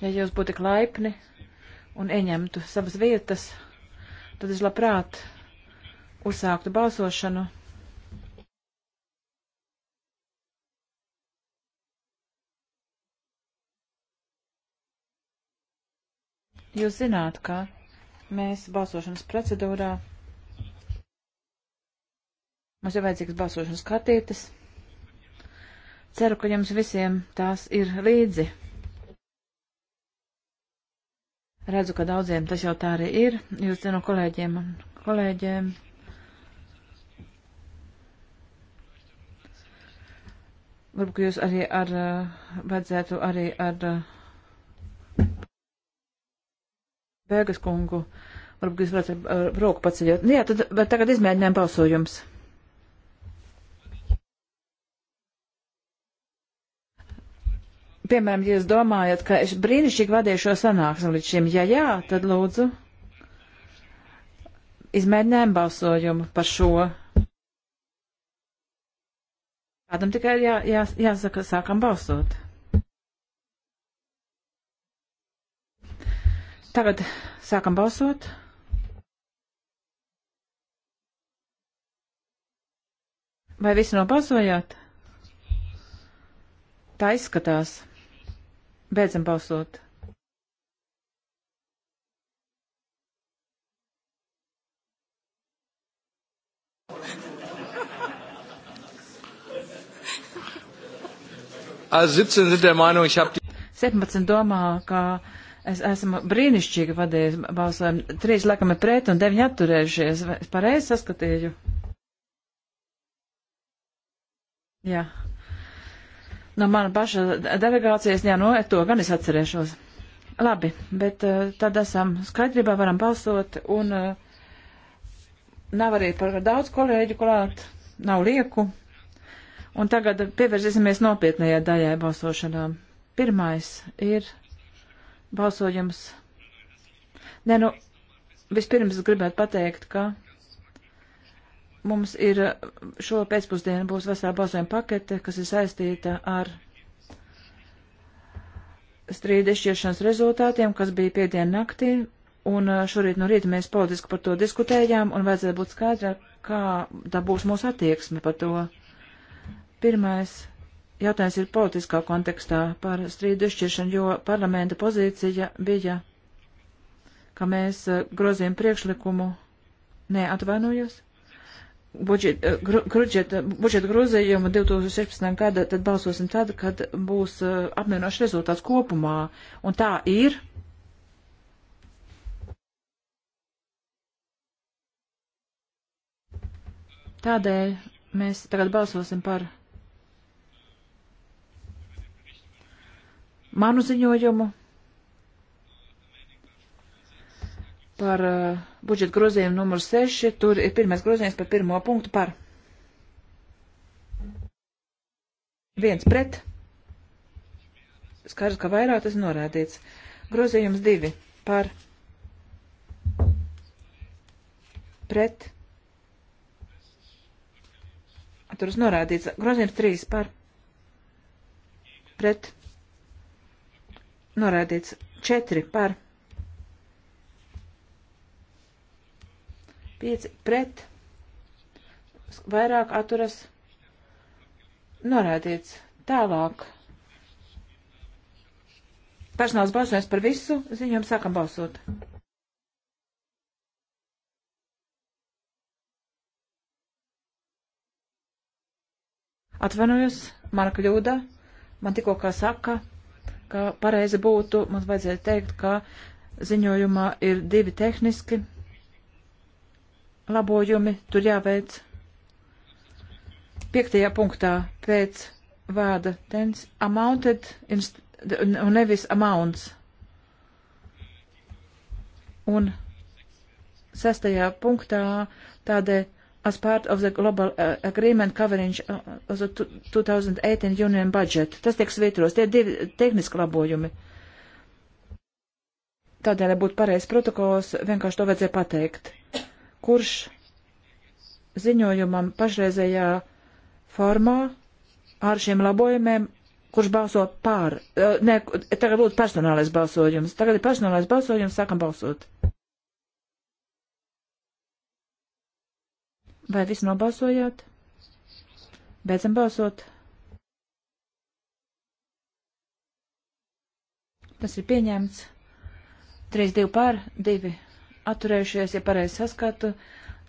ja jūs būtu tik laipni un ieņemtu savas vietas, tad es labprāt uzsāktu balsošanu. Jūs zināt, ka mēs balsošanas procedūrā mums ir vajadzīgas balsošanas kartītes. Ceru, ka jums visiem tās ir līdzi. Redzu, ka daudziem tas jau tā arī ir. Jūs zinu kolēģiem un kolēģiem. Varbūt jūs arī ar, uh, vajadzētu arī ar uh, Bēgas kungu. Varbūt jūs varat ar, uh, ar roku paceļot. Nu jā, tad, bet tagad izmēģinājām balsojums. Piemēram, ja jūs domājat, ka es brīnišķīgi vadīju šo sanāksmu līdz šim, ja jā, tad lūdzu izmēģinājumu balsojumu par šo. Kādam tikai jā, jā, jāsaka, sākam balsot. Tagad sākam balsot. Vai visi nobalsojāt? Tā izskatās. Beidzam balsot. Also 17 sind der Meinung, ich habe die. 17 domā, ka es esmu brīnišķīgi vadījis balsojumu. 3 laikam ir pret un 9 atturējušies. Es pareizi saskatīju. Jā no mana paša delegācijas, jā, no nu, to gan es atcerēšos. Labi, bet eh, tad esam skaidrībā, varam balsot, un eh, nav arī par daudz kolēģu klāt, nav lieku. Un tagad pievērsīsimies nopietnējai daļai balsošanām. Pirmais ir balsojums. Nē, nu, vispirms gribētu pateikt, ka Mums ir šo pēcpusdienu būs vesela balsojuma pakete, kas ir saistīta ar strīda izšķiršanas rezultātiem, kas bija piekdien naktī, un šorīt no rīta mēs politiski par to diskutējām, un vajadzētu būt skaidrāk, kā tā būs mūsu attieksme par to. Pirmais jautājums ir politiskā kontekstā par strīdu izšķiršanu, jo parlamenta pozīcija bija, ka mēs grozījām priekšlikumu. Nē, atvainojos. Eh, budžeta, budžeta, budžeta grozījumu 2016. gada, tad balsosim tad, kad būs eh, apmienošs rezultāts kopumā. Un tā ir. Tādēļ mēs tagad balsosim par manu ziņojumu. par uh, budžeta grozījumu numur 6. Tur ir pirmais grozījums par pirmo punktu par. Viens pret. Skaidrs, ka vairāk tas norādīts. Grozījums divi par. Pret. Tur ir norādīts. Grozījums trīs par. Pret. Norādīts. Četri par. 5 pret, vairāk atturas norādīts. Tālāk. Personāls balsojums par visu ziņojumu sākam balsot. Atvainojos, mana kļūda. Man tikko kā saka, ka pareizi būtu, mums vajadzēja teikt, ka ziņojumā ir divi tehniski labojumi tur jāveic. Piektajā punktā pēc vārda tens amounted un nevis amounts. Un sestajā punktā tādēļ as part of the global uh, agreement covering uh, the 2018 union budget. Tas tiek svītros, tie divi tehniski labojumi. Tādēļ, lai būtu pareizs protokols, vienkārši to vajadzēja pateikt kurš ziņojumam pašreizējā formā ar šiem labojumiem, kurš balso pār. Nē, tagad būtu personālais balsojums. Tagad ir personālais balsojums, sākam balsot. Vai visi nobalsojāt? Beidzam balsot. Tas ir pieņemts. 3, 2 pār, 2 atturējušies, ja pareizi saskatu.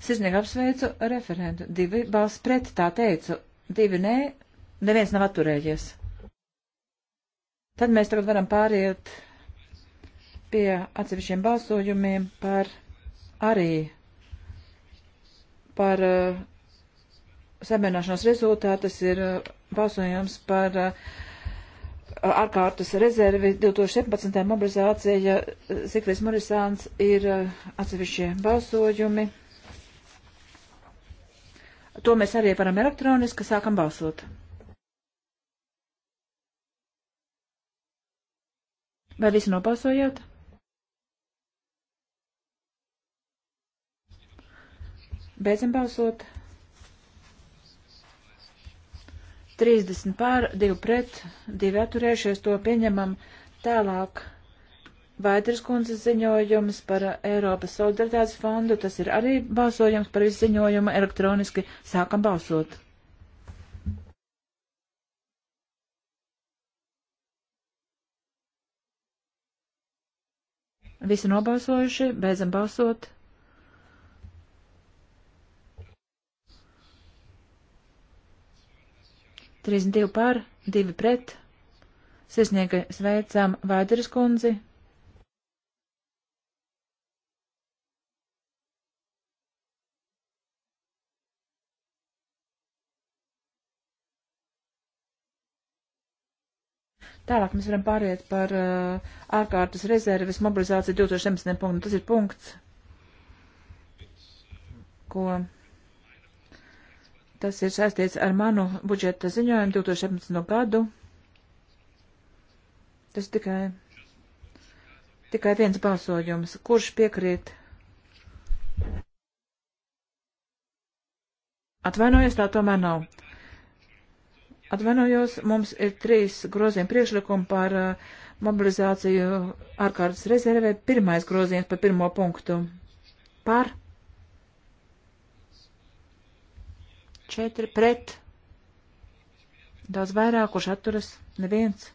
Sirsnīgi apsveicu referentu. Divi balss pret, tā teicu. Divi nē, neviens nav atturējies. Tad mēs tagad varam pāriet pie atsevišķiem balsojumiem par arī par uh, samierināšanās rezultātu. Tas ir uh, balsojums par uh, ārkārtas rezervi 2017. mobilizācija eh, Siklis Morisāns ir eh, atsevišķie balsojumi. To mēs arī varam elektroniski sākam balsot. Vai visi nobalsojāt? Beidzam balsot. 30 pār, 2 pret, 2 atturējušies, to pieņemam tālāk. Vaitras kundzes ziņojums par Eiropas solidaritātes fondu, tas ir arī balsojums par visu ziņojumu elektroniski. Sākam balsot. Visi nobalsojuši, beidzam balsot. 32 par, 2 pret. Sirsnieka sveicām Vaideris kundzi. Tālāk mēs varam pāriet par uh, ārkārtas rezerves mobilizāciju 2017. punktu. Tas ir punkts, ko Tas ir saistīts ar manu budžeta ziņojumu 2017. gadu. Tas tikai, tikai viens balsojums. Kurš piekrīt? Atvainojos, tā tomēr nav. Atvainojos, mums ir trīs grozījumi priekšlikumi par uh, mobilizāciju ārkārtas rezervē. Pirmais grozījums par pirmo punktu. Par četri pret, daudz vairāk, kurš atturas, neviens,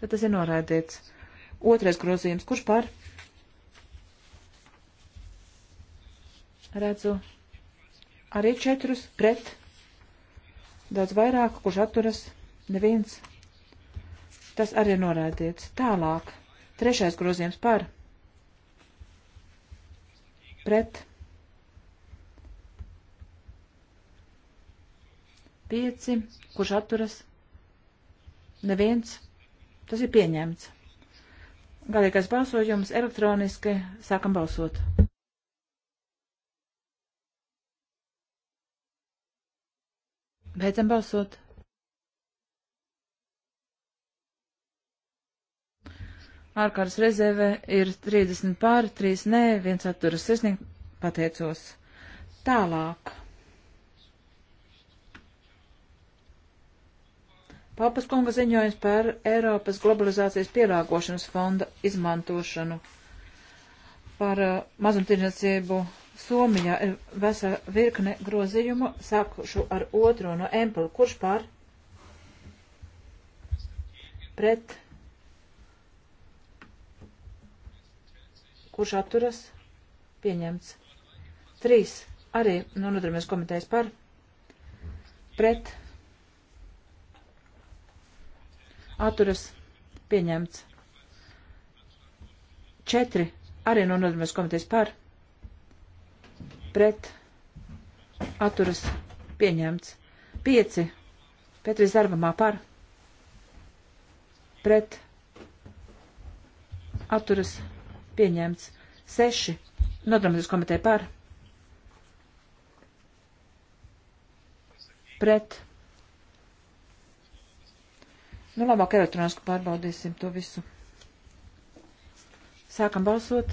tad tas ir noraidīts. Otrais grozījums, kurš par? Redzu, arī četrus pret, daudz vairāk, kurš atturas, neviens, tas arī ir noraidīts. Tālāk, trešais grozījums par? Pret 5, kurš atturas, neviens, tas ir pieņemts. Galīgais balsojums elektroniski, sākam balsot. Beidzam balsot. Ārkārtas rezerve ir 30 pār, 3 nē, viens atturas sirsnīgi pateicos. Tālāk. Papas kunga ziņojums par Eiropas globalizācijas pielāgošanas fonda izmantošanu par uh, mazumtirdzniecību Somijā ir vesela virkne grozījumu, sākušu ar otro no Empela. Kurš par? Pret? Kurš atturas? Pieņemts. Trīs. Arī no nodarbies komitejas par? Pret? atturas pieņemts. Četri arī no nodomēs komitejas par pret atturas pieņemts. Pieci Petris Zarvamā par pret atturas pieņemts. Seši nodomēs komiteja par pret Nu, labāk elektroniski pārbaudīsim to visu. Sākam balsot.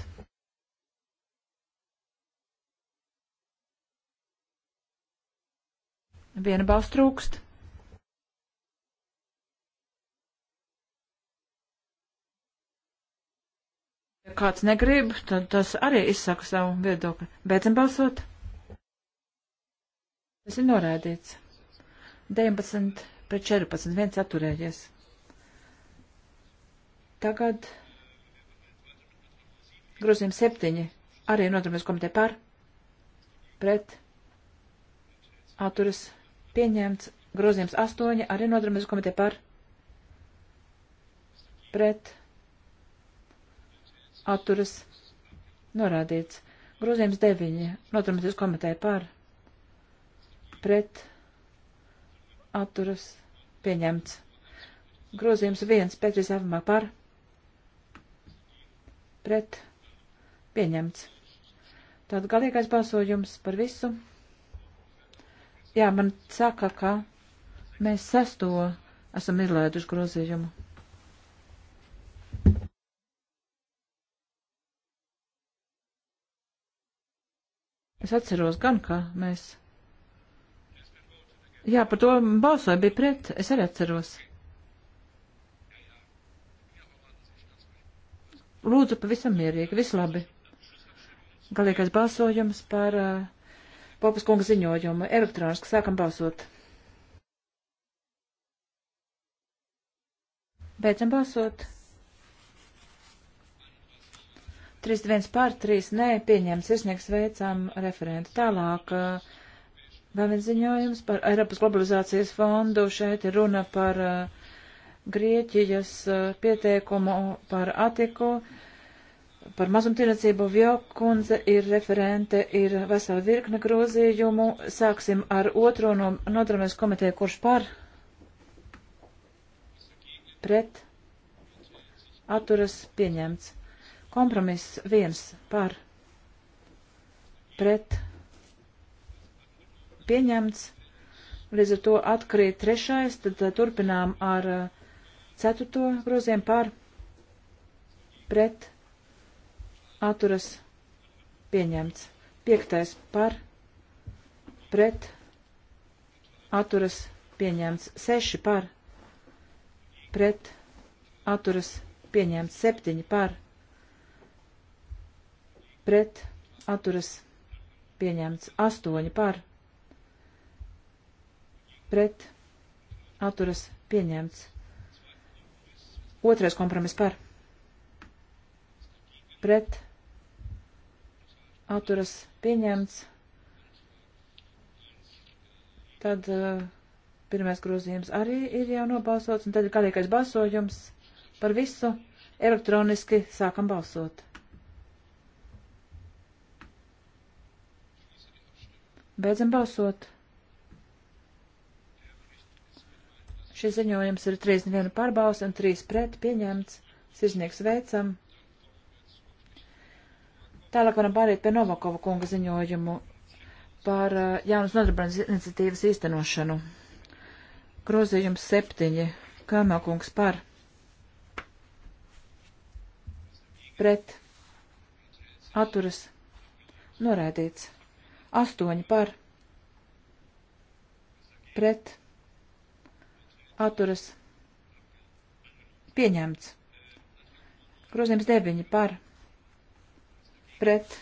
Viena balss trūkst. Ja kāds negrib, tad tas arī izsaka savu viedokli. Beidzam balsot. Tas ir norādīts. 19 pret 14. Viens atturējies. Tagad grozījums septiņi. Arī nodarbojas komiteja par, pret, atturas pieņemts. Grozījums astoņi. Arī nodarbojas komiteja par, pret, atturas norādīts. Grozījums deviņi. Nodarbojas komiteja par, pret, atturas pieņemts. Grozījums viens. Pēc visāpamā par pret pieņemts. Tad galīgais balsojums par visu. Jā, man saka, ka mēs sesto esam izlaiduši grozījumu. Es atceros gan, ka mēs. Jā, par to balsoju bija pret, es arī atceros. Lūdzu, pavisam mierīgi, viss labi. Galīgais balsojums par uh, Popas kunga ziņojumu. Elektroniski sākam balsot. Beidzam balsot. 3-1 pār 3, nē, pieņēma sirsnieks veicām referentu. Tālāk, uh, vēl viens ziņojums par Eiropas globalizācijas fondu. Šeit ir runa par uh, Grieķijas pieteikumu par Atiku, par mazumtirniecību Vjokundze ir referente, ir vesela virkne grozījumu. Sāksim ar otro no nodarmēs komiteja, kurš par, pret, atturas pieņemts. Kompromiss viens par, pret, pieņemts. Līdz ar to atkrīt trešais, tad turpinām ar uh, Ceturto grozījumu par pret atturas pieņemts. Piektais par pret atturas pieņemts. Seši par pret atturas pieņemts. Septiņi par pret atturas pieņemts. Astoņi par pret atturas pieņemts. Otrais kompromiss par. Pret. Atturas pieņemts. Tad uh, pirmais grozījums arī ir jau nobalsots, un tad ir kādīgais balsojums par visu. Elektroniski sākam balsot. Beidzam balsot. Šis ziņojums ir 31 nu pārbaus un 3 pret pieņemts. Sirsnieks veicam. Tālāk varam pāriet pie Novakova kunga ziņojumu par uh, jaunas nodarbības iniciatīvas īstenošanu. Grozījums septiņi. Kalmākungs par. Pret. Atturas. Norēdīts. Astoņi par. Pret atturas pieņemts. Grozījums 9 par pret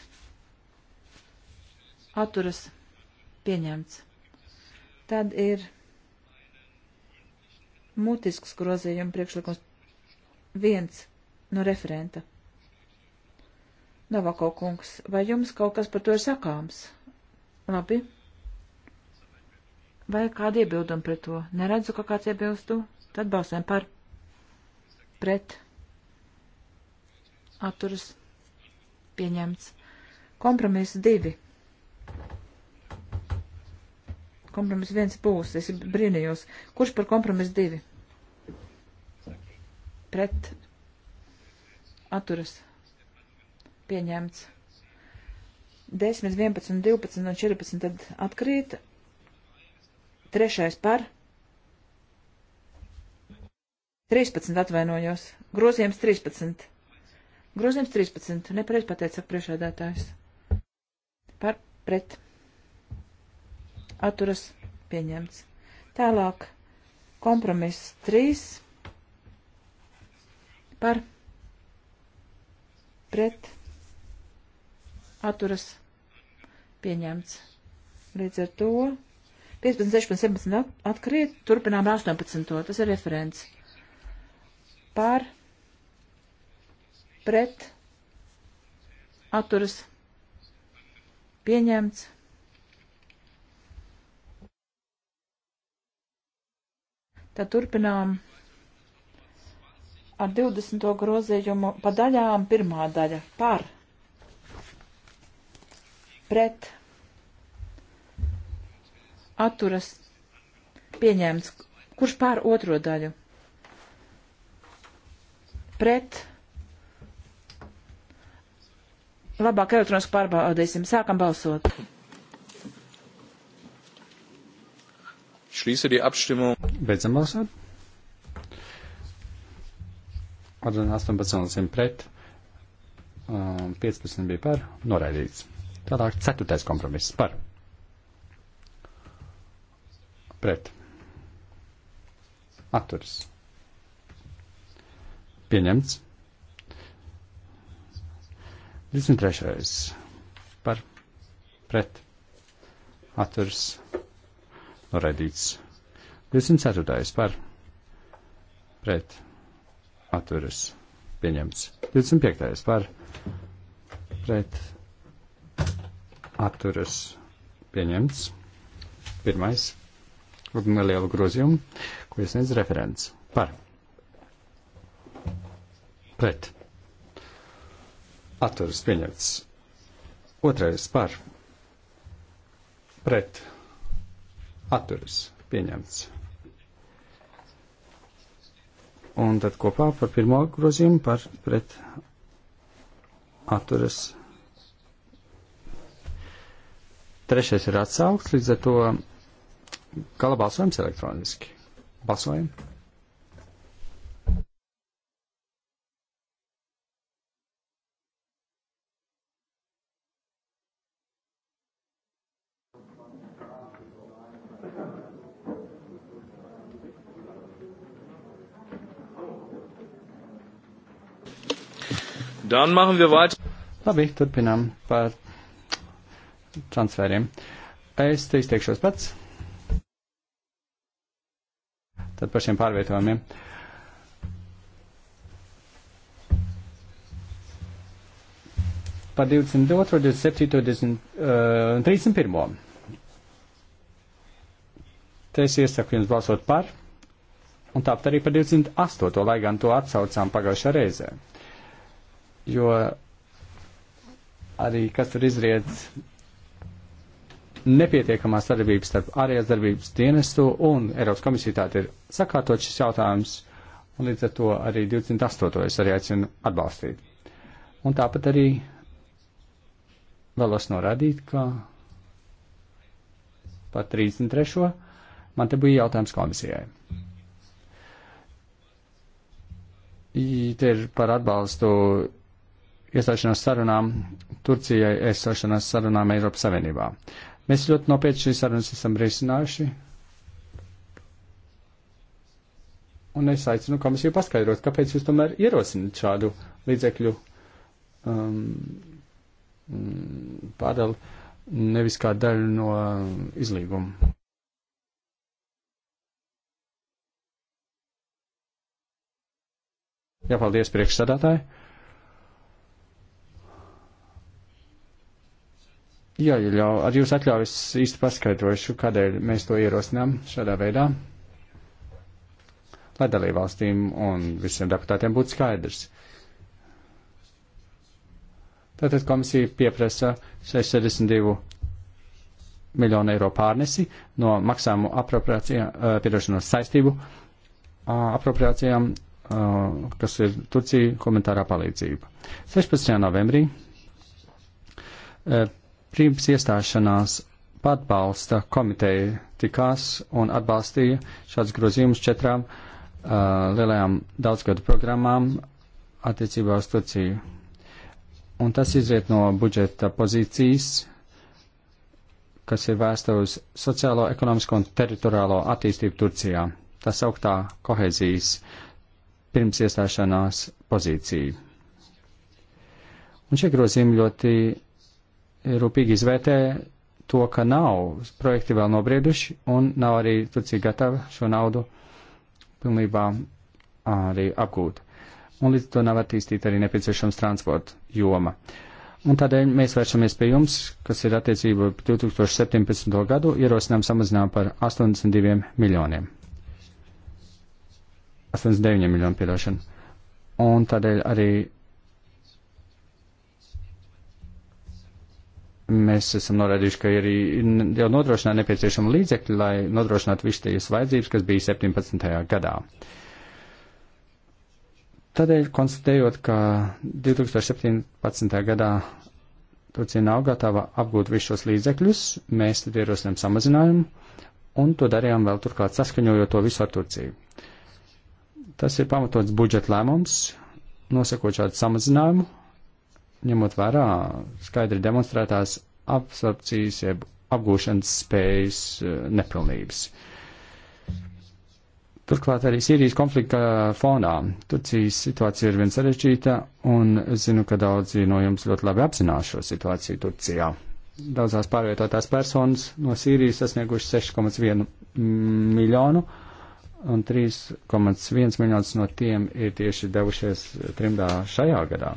atturas pieņemts. Tad ir mutisks grozījuma priekšlikums viens no referenta. Novako kungs, vai jums kaut kas par to ir sakāms? Labi. Vai kādi iebildumi pret to? Neredzu, ka kāds iebilstu. Tad balsēm par. Pret. Atturas. Pieņemts. Kompromiss divi. Kompromiss viens būs. Es brīnījos. Kurš par kompromiss divi? Pret. Atturas. Pieņemts. 10, 11, 12 un 14 tad atkrīt, Trešais par. 13 atvainojos. Grozījums 13. Grozījums 13. Nepareiz pateica priekšādātājs. Par pret. Atturas pieņemts. Tālāk kompromiss 3 par pret atturas pieņemts. Līdz ar to 15, 16, 17 atkrīt, turpinām 18. Tas ir referents. Pār, pret, atturas, pieņemts. Tad turpinām ar 20. grozījumu pa daļām pirmā daļa par, pret, atturas atturas pieņemts. Kurš pār otro daļu? Pret. Labāk elektroniski pārbaudīsim. Sākam balsot. Schließe die Abstimmung. Beidzam balsot. Ar 18 pret, 15 um, bija par, noraidīts. Tālāk, ceturtais kompromiss par Pret. Atturas. Pieņemts. 23. Par. Pret. Atturas. Noraidīts. 24. Par. Pret. Atturas. Pieņemts. 25. Par. Pret. Atturas. Pieņemts. Pirmais nelielu grozījumu, ko iesniedz referents par pret atturas pieņemts. Otrais par pret atturas pieņemts. Un tad kopā par pirmo grozījumu par pret atturas pieņemts. Trešais ir atsaukts, līdz ar to Gala balsojums elektroniski. Balsojam! Dann machen wir weiter. Labi, turpinām par transferiem. Es te izteikšos pats. Tātad par šiem pārvietojumiem. Par 22, 27, 20, uh, 31. Te es iesaku jums balsot par, un tāpat arī par 28, lai gan to atsaucām pagājušā reizē. Jo arī kas tur izriedz nepietiekamā sadarbības starp ārējās darbības dienestu un Eiropas komisiju tātad ir sakārtot šis jautājums, un līdz ar to arī 28. es arī aicinu atbalstīt. Un tāpat arī vēlos norādīt, ka par 33. man te bija jautājums komisijai. Te ir par atbalstu iestāšanās sarunām Turcijai, iestāšanās sarunām Eiropas Savienībā. Uh, Mēs ļoti nopietni šīs sarunas esam risinājuši. Un es aicinu komisiju paskaidrot, kāpēc jūs tomēr ierosināt šādu līdzekļu um, mm, pārdali, nevis kā daļu no um, izlīguma. Jā, paldies priekšsādātāji. Jā, ja ļau, ar jūs atļaujas īsti paskaidrošu, kādēļ mēs to ierosinām šādā veidā, lai dalībvalstīm un visiem deputātiem būtu skaidrs. Tātad komisija pieprasa 62 miljonu eiro pārnesi no maksājumu apropriācijām, uh, piedošanos saistību uh, apropriācijām, uh, kas ir Turcija komentārā palīdzība. 16. novembrī. Uh, Krīmas iestāšanās atbalsta komiteja tikās un atbalstīja šāds grozījums četrām uh, lielajām daudzgadu programmām attiecībā uz Turciju. Un tas izriet no budžeta pozīcijas, kas ir vēsta uz sociālo, ekonomisko un teritoriālo attīstību Turcijā. Tas augtā kohezijas pirms iestāšanās pozīcija. Un šie grozījumi ļoti rūpīgi izvērtē to, ka nav projekti vēl nobrieduši un nav arī Turcija gatava šo naudu pilnībā arī apgūt. Un līdz to nav attīstīt arī nepieciešams transporta joma. Un tādēļ mēs vēršamies pie jums, kas ir attiecība 2017. gadu, ierosinām samazinām par 82 miljoniem. 89 miljonu piedošanu. Un tādēļ arī mēs esam norādījuši, ka arī jau nodrošinā nepieciešama līdzekļa, lai nodrošinātu visu tīs vajadzības, kas bija 17. gadā. Tādēļ konstatējot, ka 2017. gadā Turcija nav gatava apgūt visus šos līdzekļus, mēs tad ierosinām samazinājumu, un to darījām vēl turklāt saskaņojot to visu ar Turciju. Tas ir pamatots budžeta lēmums, nosakot šādu samazinājumu, ņemot vērā skaidri demonstrētās absorpcijas, jeb apgūšanas spējas eh, nepilnības. Turklāt arī Sīrijas konflikta fonā Turcijas situācija ir vien sarežģīta, un es zinu, ka daudzi no jums ļoti labi apzinās šo situāciju Turcijā. Daudzās pārvietotās personas no Sīrijas sasnieguši 6,1 miljonu, un 3,1 miljonus no tiem ir tieši devušies trimdā šajā gadā.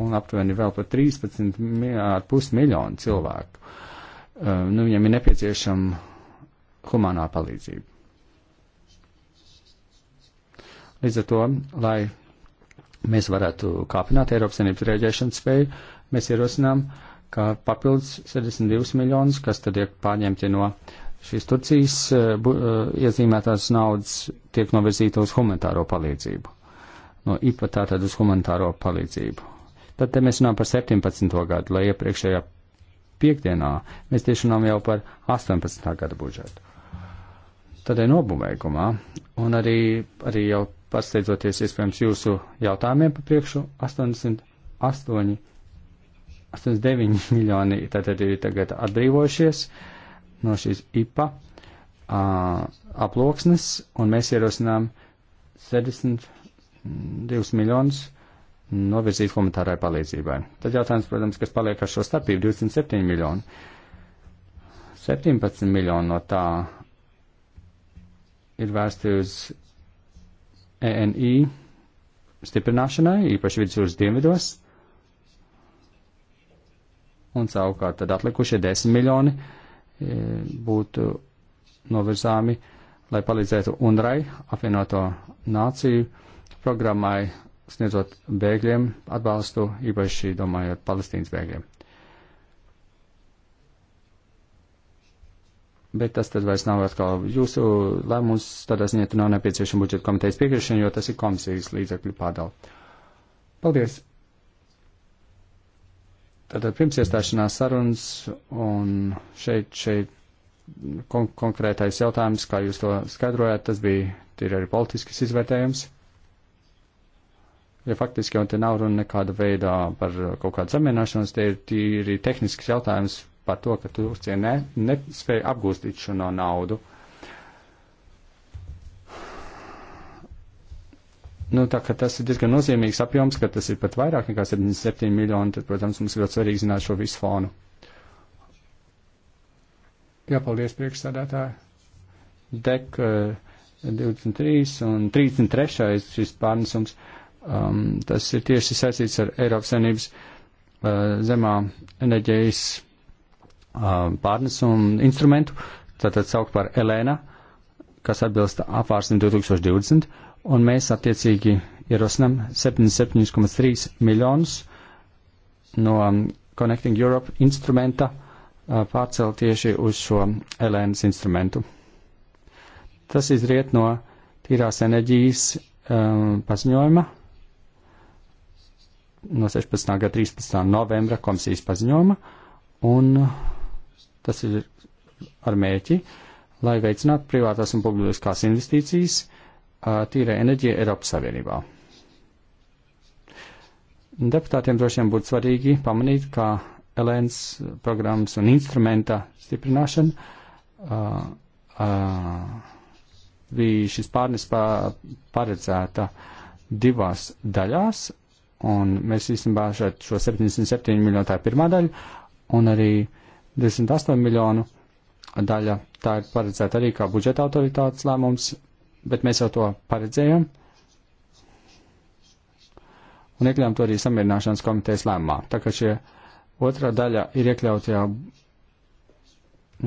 un aptuveni vēl par 13,5 miljonu cilvēku. Eh, nu, viņiem ir nepieciešama humanā palīdzība. Līdz ar to, lai mēs varētu kāpināt Eiropas Savienības rēģēšanas spēju, mēs ierosinām, ka papildus 72 miljonus, kas tad tiek pārņemti no šīs Turcijas eh, eh, iezīmētās naudas, tiek novirzīta uz humanitāro palīdzību. No IPA tātad uz humanitāro palīdzību. Tad te mēs runājam par 17. gadu, lai iepriekšējā piekdienā mēs tieši runājam jau par 18. gada budžetu. Tādēļ nobuvēgumā un arī, arī jau pasteidzoties iespējams jūsu jautājumiem pa priekšu 88. 89 miljoni tātad ir tagad atbrīvojušies no šīs IPA uh, aploksnes, un mēs ierosinām 62 miljonus uh, novirzīt humanitārai palīdzībai. Tad jautājums, protams, kas paliek ar šo starpību - 27 miljonu. 17 miljonu no tā ir vērsti uz ENI stiprināšanai, īpaši vidusjūras dienvidos, un savukārt tad atlikušie 10 miljoni e, būtu novirzāmi, lai palīdzētu UNRAI, apvienoto nāciju programmai sniedzot bēgļiem atbalstu, īpaši domājot palestīnas bēgļiem. Bet tas tad vairs nav atkal jūsu lēmums, tādā ziņā tur nav nepieciešama budžeta komitejas piekrišana, jo tas ir komisijas līdzekļu pārdala. Paldies! Tātad pirms iestāšanās sarunas un šeit, šeit kon konkrētais jautājums, kā jūs to skaidrojāt, tas bija ir arī politisks izvērtējums. Ja faktiski jau te nav runa nekāda veidā par kaut kādu zamierināšanos, te ir tīri tehnisks jautājums par to, ka Turcija ne, nespēja apgūst šo no naudu. Nu, tā kā tas ir diezgan nozīmīgs apjoms, ka tas ir pat vairāk nekā 77 miljoni, tad, protams, mums ļoti svarīgi zināt šo visu fonu. Jā, paldies priekšsādātāji. Dek 23 eh, un 33 šis pārnesums. Uh, Um, tas ir tieši saistīts ar Eiropas Savienības uh, zemā enerģijas uh, pārnesumu instrumentu, tātad saukt par Elēna, kas atbilst apvārsni 2020, un mēs attiecīgi ierosinam 77,3 miljonus no um, Connecting Europe instrumenta uh, pārcelt tieši uz šo Elēnas instrumentu. Tas izriet no tīrās enerģijas um, paziņojuma no 16. gada 13. novembra komisijas paziņojuma, un tas ir ar mērķi, lai veicinātu privātās un publiskās investīcijas tīrē enerģija Eiropas Savienībā. Deputātiem droši vien būtu svarīgi pamanīt, ka LNS programmas un instrumenta stiprināšana uh, uh, bija šis pārnes pār, paredzēta divās daļās Un mēs īstenībā šeit šo 77 miljonu tā ir pirmā daļa, un arī 28 miljonu daļa tā ir paredzēta arī kā budžeta autoritātes lēmums, bet mēs jau to paredzējam un iekļām to arī samierināšanas komitejas lēmumā. Tā kā šie otrā daļa ir iekļauta jau,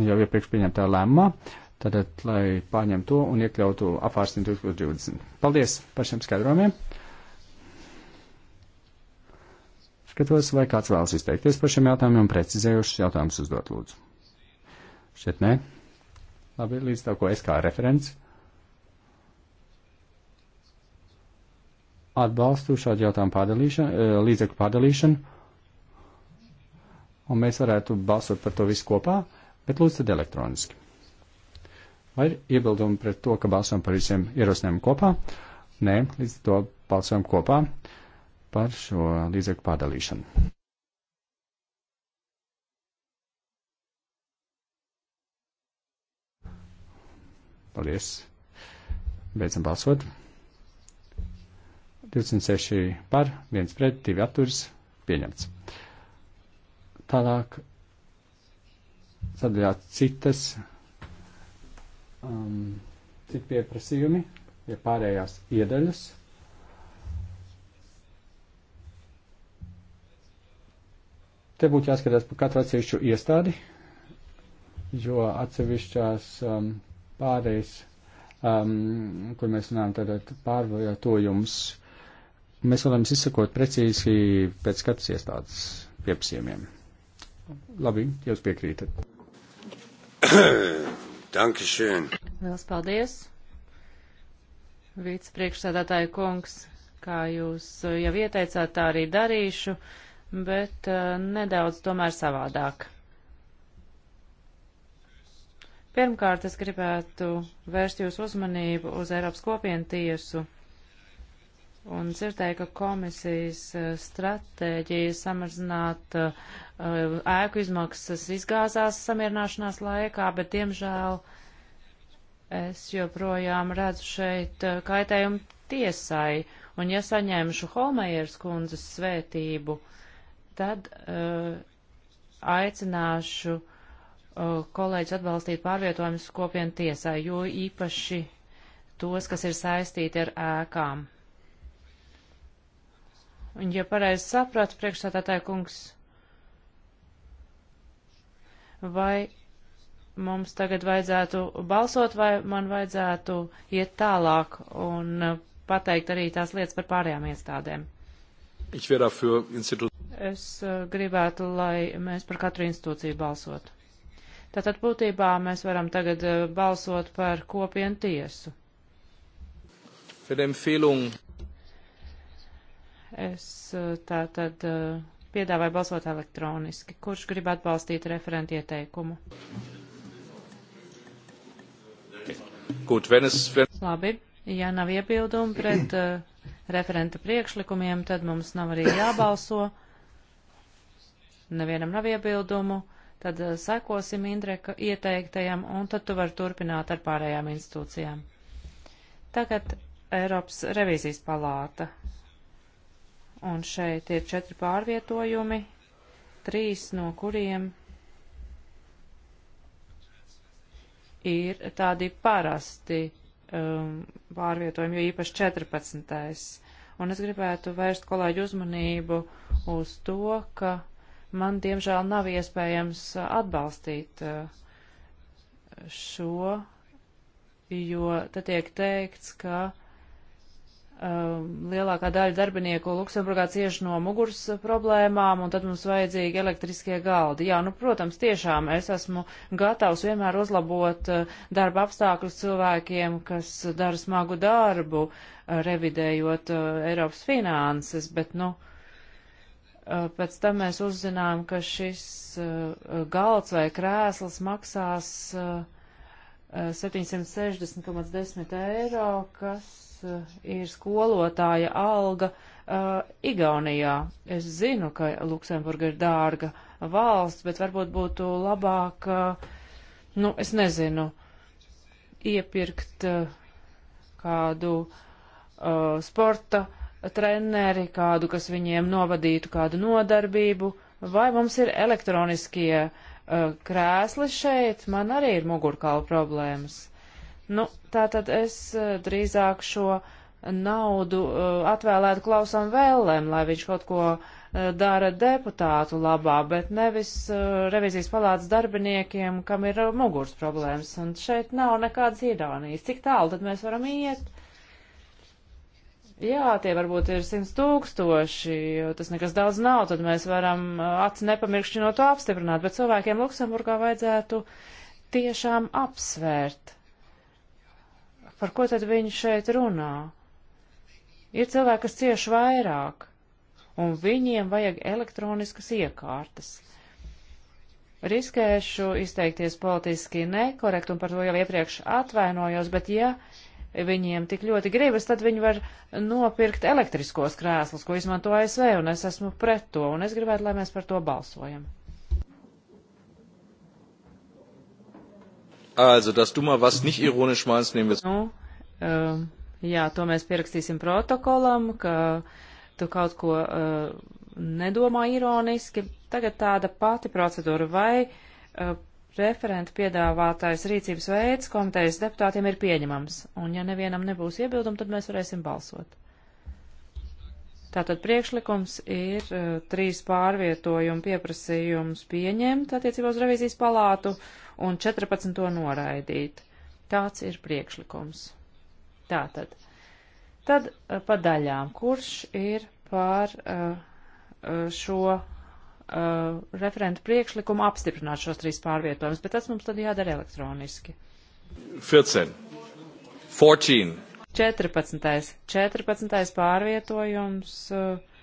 jau iepriekš pieņemtā lēmumā, tad, lai pārņemtu to un iekļautu apvārsni 2020. Paldies par šiem skaidrojumiem! Skatos, vai kāds vēlas izteikties par šiem jautājumiem un precizējušas jautājumus uzdot lūdzu. Šķiet, nē. Labi, līdz tā, ko es kā referents atbalstu šādu jautājumu pārdalīšanu, eh, līdzekļu pārdalīšanu, un mēs varētu balsot par to visu kopā, bet lūdzu tad elektroniski. Vai ir iebildumi pret to, ka balsojam par visiem ierosinājumiem kopā? Nē, līdz to balsojam kopā. Uh, par šo līdzekļu pārdalīšanu. Paldies! Beidzam balsot. 26 par, 1 pret, 2 atturas, pieņemts. Tālāk sadaļā citas, um, citi pieprasījumi, ja pārējās iedaļas. Te būtu jāskatās par katru atsevišķu iestādi, jo atsevišķās um, pārējas, um, kur mēs runājam, tad pārvietojums, mēs varam izsakot precīzi pēc katras iestādes pieprasījumiem. Labi, jūs piekrītat. Dankeschön. Liels paldies. Vīts priekšsēdētāja kungs, kā jūs jau ieteicāt, tā arī darīšu bet uh, nedaudz tomēr savādāk. Pirmkārt, es gribētu vērst jūsu uzmanību uz Eiropas kopienu tiesu un dzirdēju, ka komisijas eh, stratēģija samazināt uh, ēku izmaksas izgāzās samierināšanās laikā, bet, diemžēl, es joprojām redzu šeit kaitējumu tiesai, un ja saņemšu Holmeieras kundzes svētību, uh, tad uh, aicināšu uh, kolēģis atbalstīt pārvietojumus kopienu tiesā, jo īpaši tos, kas ir saistīti ar ēkām. Un, ja pareizi sapratu, priekšstādātāja kungs, vai mums tagad vajadzētu balsot, vai man vajadzētu iet tālāk un uh, pateikt arī tās lietas par pārējām iestādēm? Ich wäre dafür Institut. Es eh, gribētu, lai mēs par katru institūciju balsotu. Tātad būtībā mēs varam tagad eh, balsot par kopienu tiesu. Es eh, tātad piedāvāju balsot elektroniski. Kurš grib atbalstīt referentu ieteikumu? Gut, wenn es, wenn... Labi, ja nav iebildumu pret. Uh, referenta priekšlikumiem, tad mums nav arī jābalso. Nevienam nav iebildumu. Tad eh, sekosim Indreka ieteiktajam, un tad tu vari turpināt ar pārējām institūcijām. Tagad Eiropas revīzijas palāta. Un šeit ir četri pārvietojumi, trīs no kuriem ir tādi parasti um, pārvietojumu, jo īpaši 14. Un es gribētu vērst kolēģu uzmanību uz to, ka man diemžēl nav iespējams atbalstīt uh, šo, jo te tiek teikts, ka uh, Um, lielākā daļa darbinieku Luksemburgā cieši no muguras problēmām, un tad mums vajadzīgi elektriskie galdi. Jā, nu, protams, tiešām es esmu gatavs vienmēr uzlabot uh, darba apstākļus cilvēkiem, kas dara smagu darbu, uh, revidējot uh, Eiropas finanses, bet, nu, pēc tam mēs uzzinām, ka šis galds vai krēsls maksās 760,10 eiro, kas Eh, ir skolotāja alga uh, Igaunijā. Es zinu, ka Luksemburga ir dārga valsts, bet varbūt būtu labāk, uh, nu, es nezinu, iepirkt uh, kādu uh, sporta treneri, kādu, kas viņiem novadītu kādu nodarbību, vai mums ir elektroniskie uh, krēsli šeit, man arī ir mugurkaula problēmas. Nu, tātad es eh, drīzāk šo naudu eh, atvēlētu klausam vēlēm, lai viņš kaut ko eh, dara deputātu labā, bet nevis revizijas palātas darbiniekiem, kam ir mugurs problēmas. Un šeit nav nekādas iedānijas. Cik tālu tad mēs varam iet? Jā, tie varbūt ir simts tūkstoši, tas nekas daudz nav, tad mēs varam acis nepamirkšķinot to apstiprināt, bet cilvēkiem Luksemburgā vajadzētu tiešām apsvērt Par ko tad viņi šeit runā? Ir cilvēki, kas cieš vairāk, un viņiem vajag elektroniskas iekārtas. Riskēšu izteikties politiski nekorekti, un par to jau iepriekš atvainojos, bet ja viņiem tik ļoti gribas, tad viņi var nopirkt elektriskos krēslus, ko izmanto ASV, un es esmu pret to, un es gribētu, lai mēs par to balsojam. Also, dass du mal was nicht ironisch meinst, nehmen wir. Nu, uh, jā, to mēs pierakstīsim protokolam, ka tu kaut ko uh, nedomā ironiski. Tagad tāda pati procedūra vai uh, referenta piedāvātais rīcības veids komitejas deputātiem ir pieņemams, un ja nevienam nebūs iebildumi, tad mēs varēsim balsot. Tātad priekšlikums ir uh, trīs pārvietojumu pieprasījums pieņemt attiecībā uz revīzijas palātu. Uh, un 14. noraidīt. Tāds ir priekšlikums. Tātad. Tad eh, pa daļām, kurš ir pār eh, eh, šo referentu priekšlikumu apstiprināt šos trīs pārvietojumus, bet tas mums tad jādara elektroniski. 14. 14. 14. 14. pārvietojums uh,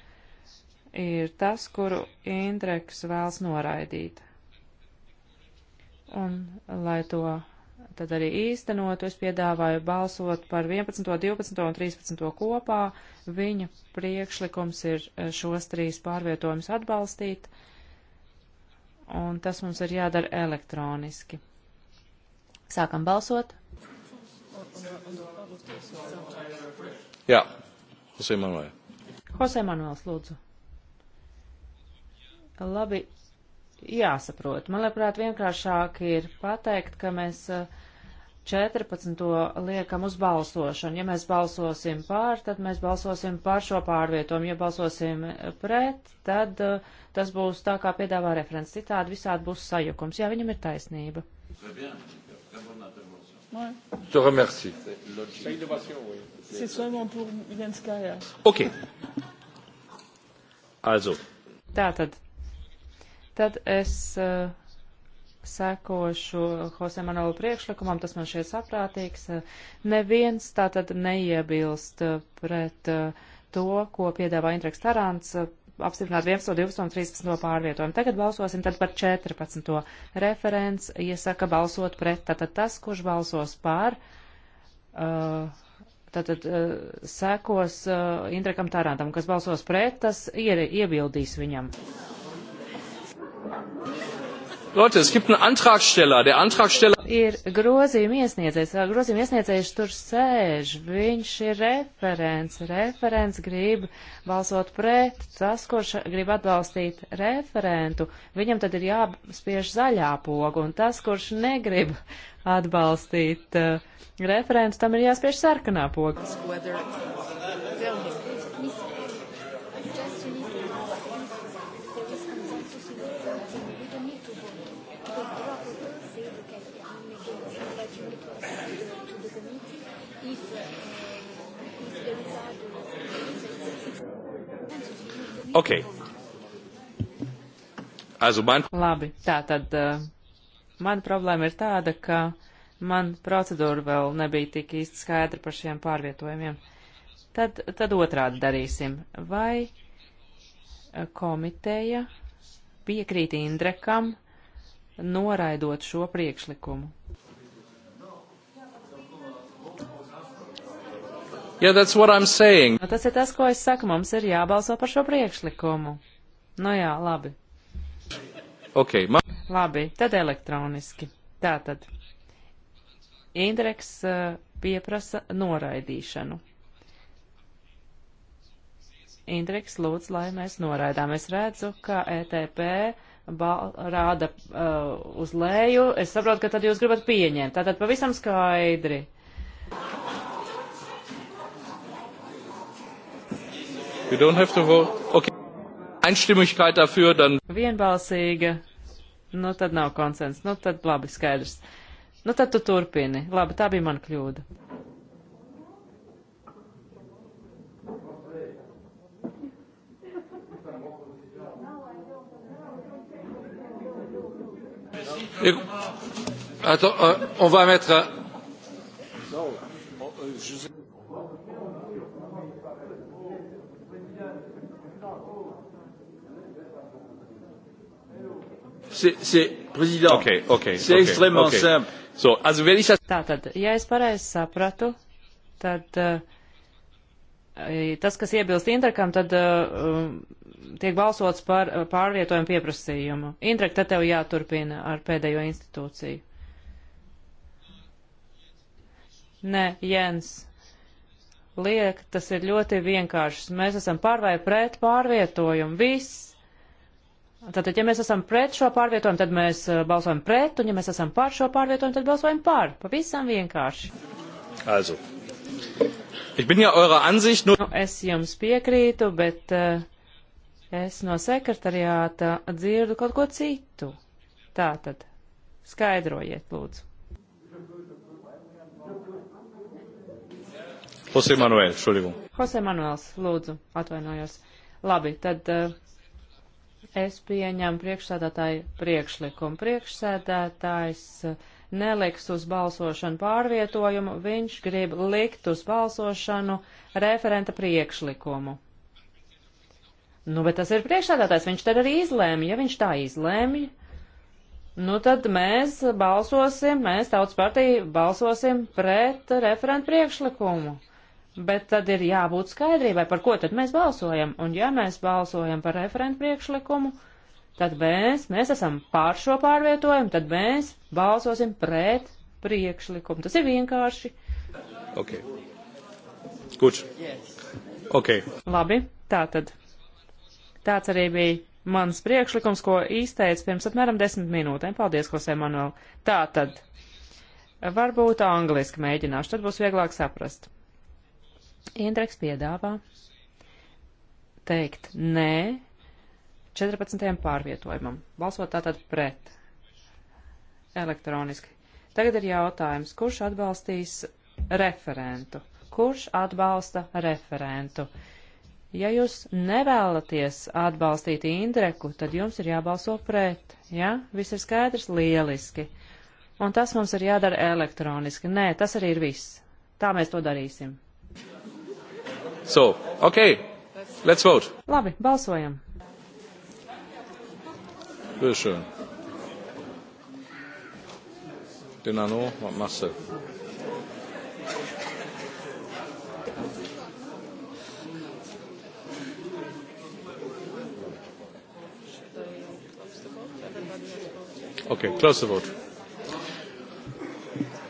ir tas, kuru Indreks vēlas noraidīt. Un, lai to tad arī īstenotu, es piedāvāju balsot par 11., 12. un 13. kopā. Viņa priekšlikums ir eh, šos trīs pārvietojumus atbalstīt, un tas mums ir jādara elektroniski. Sākam balsot. Jā, Jose Manuēl. Jose Manuēls, lūdzu. Labi, jāsaprot. Man liekas, vienkāršāk ir pateikt, ka mēs 14. Eh, liekam uz balsošanu. Ja mēs balsosim pār, tad mēs balsosim pār šo pārvietojumu. Ja balsosim eh, pret, tad eh, tas būs tā, kā piedāvā referents. Citādi visādi būs sajukums. Jā, viņam ir taisnība. Je remercie. C'est seulement pour Jens Kaya. Ok. Also. Tātad. Tad es uh, sekošu Hosē Manolu priekšlikumam, tas man šķiet saprātīgs. Eh, neviens tā tad neiebilst eh, pret uh, to, ko piedāvā Intreks Tarants uh, apstiprināt 11, 12 un 13 pārvietojumu. Tagad balsosim tad par 14. Referents iesaka balsot pret. Tātad tas, kurš balsos pār, uh, tātad uh, sekos uh, Indrekam Tarantam, kas balsos pret, tas ie, iebildīs viņam. Leute, es gibt einen Antragsteller. Der Antragsteller ir grozījuma iesniedzējs. Grozījuma iesniedzējs tur sēž. Viņš ir referents. Referents grib balsot pret tas, kurš grib atbalstīt referentu. Viņam tad ir jāspiež zaļā poga, un tas, kurš negrib atbalstīt uh, referentu, tam ir jāspiež sarkanā poga. Okay. Also man... Labi, tā tad uh, mana problēma ir tāda, ka man procedūra vēl nebija tik īsti skaidra par šiem pārvietojumiem. Tad, tad otrādi darīsim. Vai uh, komiteja piekrīt Indrekam, noraidot šo priekšlikumu? Yeah, that's what I'm saying. Nu, tas ir tas, ko es saku. Mums ir jābalso par šo priekšlikumu. Nu jā, labi. Okay, man... Labi, tad elektroniski. Tātad. Indreks uh, pieprasa noraidīšanu. Indreks lūdz, lai mēs noraidām. Es redzu, ka ETP rāda uh, uz leju. Es saprotu, ka tad jūs gribat pieņemt. Tātad pavisam skaidri. You don't have to vote. Okay. Einstimmigkeit dafür, dann. Vienbalsīga. Nu, tad nav konsens. Nu, tad labi, skaidrs. Nu, tad tu turpini. Labi, tā bija mana kļūda. Attends, euh, on va mettre. Euh... C'est, président, okay, okay, c'est okay, extrêmement okay. simple. So, also, wenn ich das... Tātad, ja es pareizi sapratu, tad uh, tas, kas iebilst Indrekam, tad uh, tiek balsots par uh, pārvietojumu pieprasījumu. Indrek, tad tev jāturpina ar pēdējo institūciju. Nē, Jens. Liek, tas ir ļoti vienkāršs. Mēs esam par vai pret pārvietojumu. Viss. Tātad, ja mēs esam pret šo pārvietojumu, tad mēs uh, balsojam pret, un ja mēs esam par šo pārvietojumu, tad balsojam par. Pavisam vienkārši. Also. Ich bin ja eurer Ansicht nur... Nu, es jums piekrītu, bet uh, es no sekretariāta dzirdu kaut ko citu. Tātad, skaidrojiet, lūdzu. Jose Manuel, Jose Manuels, lūdzu, atvainojos. Labi, tad uh, es pieņemu priekšsēdētāju priekšlikumu. Priekšsēdētājs eh, neliks uz balsošanu pārvietojumu, viņš grib likt uz balsošanu referenta priekšlikumu. Nu, bet tas ir priekšsēdētājs, viņš tad arī izlēma. Ja viņš tā izlēma, nu tad mēs balsosim, mēs tautas partija balsosim pret referentu priekšlikumu. Bet tad ir jābūt skaidrībai, par ko tad mēs balsojam. Un ja mēs balsojam par referentu priekšlikumu, tad mēs, mēs esam pār šo pārvietojumu, tad mēs balsosim pret priekšlikumu. Tas ir vienkārši. Ok. Kurš? Ok. Labi, tā tad. Tāds arī bija mans priekšlikums, ko izteica pirms apmēram desmit minūtēm. Paldies, Kosē Manuel. Tā tad. Varbūt angliski mēģināšu, tad būs vieglāk saprast. Indreks piedāvā teikt nē 14. pārvietojumam, balsot tātad pret elektroniski. Tagad ir jautājums, kurš atbalstīs referentu? Kurš atbalsta referentu? Ja jūs nevēlaties atbalstīt Indreku, tad jums ir jābalso pret, ja? Viss ir skaidrs, lieliski. Un tas mums ir jādara elektroniski. Nē, tas arī ir viss. Tā mēs to darīsim. So, ok, let's vote. Labi, balsojam. Bitte schön. Den Anno, was machst du? Okay, close the vote.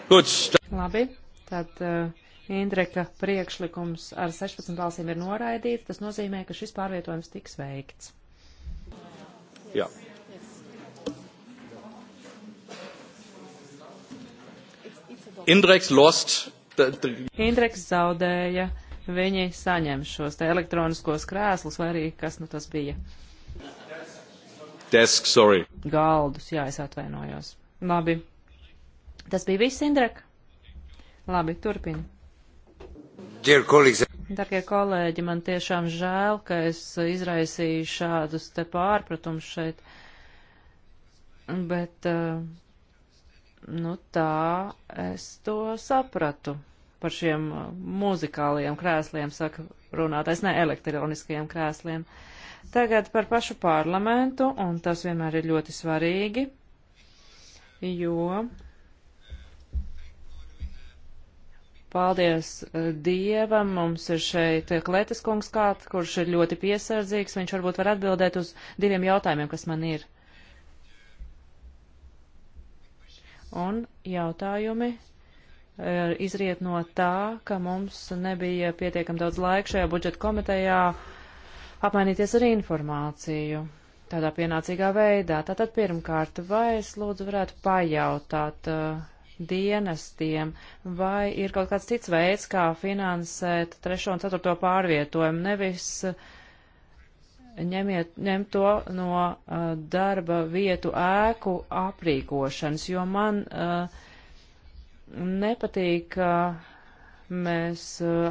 Good. Labi, tad uh, Indreka priekšlikums ar 16 balsīm ir noraidīts. Tas nozīmē, ka šis pārvietojums tiks veikts. Jā. Indreks lost. Indreks zaudēja. Viņi saņem šos te elektroniskos krēslus vai arī kas nu tas bija. Desk, sorry. Galdus, jā, es atvainojos. Labi. Tas bija viss, Indrek? Labi, turpini. Darbie kolēģi, man tiešām žēl, ka es izraisīju šādus te pārpratumus šeit, bet, eh, nu tā, es to sapratu par šiem eh, muzikālajiem krēsliem, saka runātais, ne elektroniskajiem krēsliem. Tagad par pašu parlamentu, un tas vienmēr ir ļoti svarīgi, jo Paldies eh, Dievam, mums ir šeit eh, Kletas kungs kāds, kurš ir ļoti piesardzīgs, viņš varbūt var atbildēt uz diviem jautājumiem, kas man ir. Un jautājumi eh, izriet no tā, ka mums nebija pietiekam daudz laika šajā budžeta komitejā apmainīties ar informāciju tādā pienācīgā veidā. Tātad pirmkārt, vai es lūdzu varētu pajautāt, dienestiem, vai ir kaut kāds cits veids, kā finansēt trešo un ceturto pārvietojumu, nevis eh, ņemiet, ņem to no uh, darba vietu ēku aprīkošanas, jo man uh, nepatīk, ka uh, mēs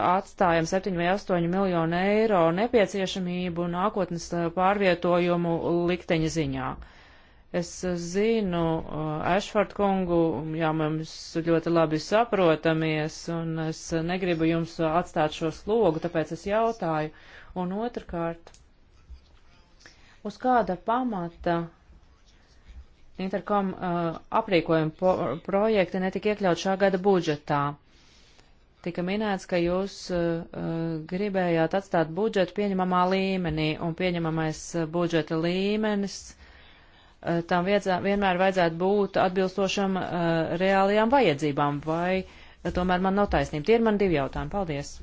atstājam 7 vai 8 miljonu eiro nepieciešamību nākotnes pārvietojumu likteņa ziņā. Uh, Es zinu uh, Ashford kungu, jā, mums ļoti labi saprotamies, un es negribu jums atstāt šo slogu, tāpēc es jautāju. Un otrkārt, uz kāda pamata Interkom uh, aprīkojuma po, projekti netika iekļaut šā gada budžetā? Tika minēts, ka jūs uh, uh gribējāt atstāt budžetu pieņemamā līmenī, un pieņemamais uh, budžeta līmenis Eh, tam viedzā, vienmēr vajadzētu būt atbilstošam uh, reālajām vajadzībām, vai uh, tomēr man nav taisnība. Tie ir man divi jautājumi. Paldies.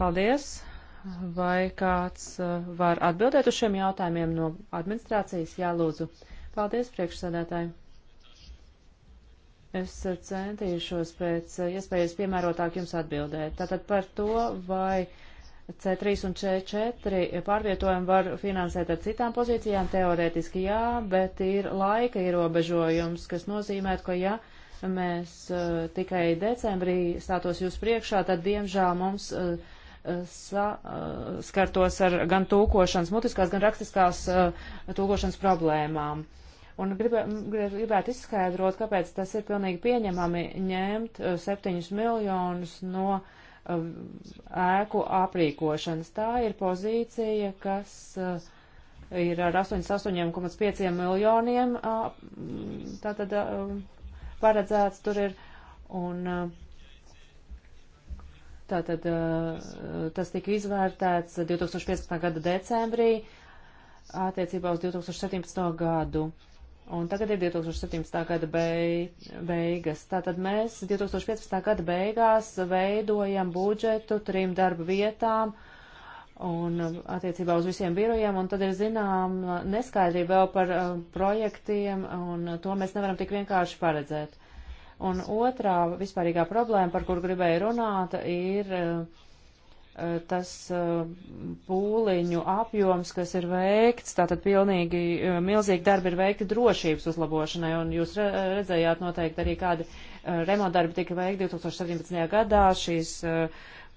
Paldies. Vai kāds uh, var atbildēt uz šiem jautājumiem no administrācijas? Jā, lūdzu. Paldies, priekšsēdētāji. Es centīšos pēc iespējas piemērotāk jums atbildēt. Tātad par to, vai uh, C3 un C4 pārvietojumu var finansēt ar citām pozīcijām, teorētiski jā, bet ir laika ierobežojums, kas nozīmē, ka ja mēs uh, tikai decembrī stātos jūs priekšā, tad diemžēl mums uh, sa, uh, skartos ar gan tūkošanas, mutiskās, gan rakstiskās uh, tūkošanas problēmām. Un gribē, gribētu izskaidrot, kāpēc tas ir pilnīgi pieņemami ņemt uh, 7 miljonus no uh, Uh, ēku aprīkošanas. Tā ir pozīcija, kas uh, ir ar 88,5 miljoniem uh, tātad paredzēts tur ir. Un, tātad tas tika izvērtēts 2015. gada decembrī attiecībā uz 2017. gadu. Un tagad ir 2017. gada beigas. Tātad mēs 2015. gada beigās veidojam budžetu trim darba vietām un uh, attiecībā uz visiem birojiem, un tad ir zinām uh, neskaidrība vēl par uh, projektiem, un uh, to mēs nevaram tik vienkārši paredzēt. Un otrā vispārīgā problēma, par kur gribēju runāt, ir uh, Eh, tas eh, pūliņu apjoms, kas ir veikts, tātad pilnīgi eh, milzīgi darbi ir veikti drošības uzlabošanai, un jūs redzējāt noteikti arī kādi remontdarbi tika veikti 2017. gadā, šīs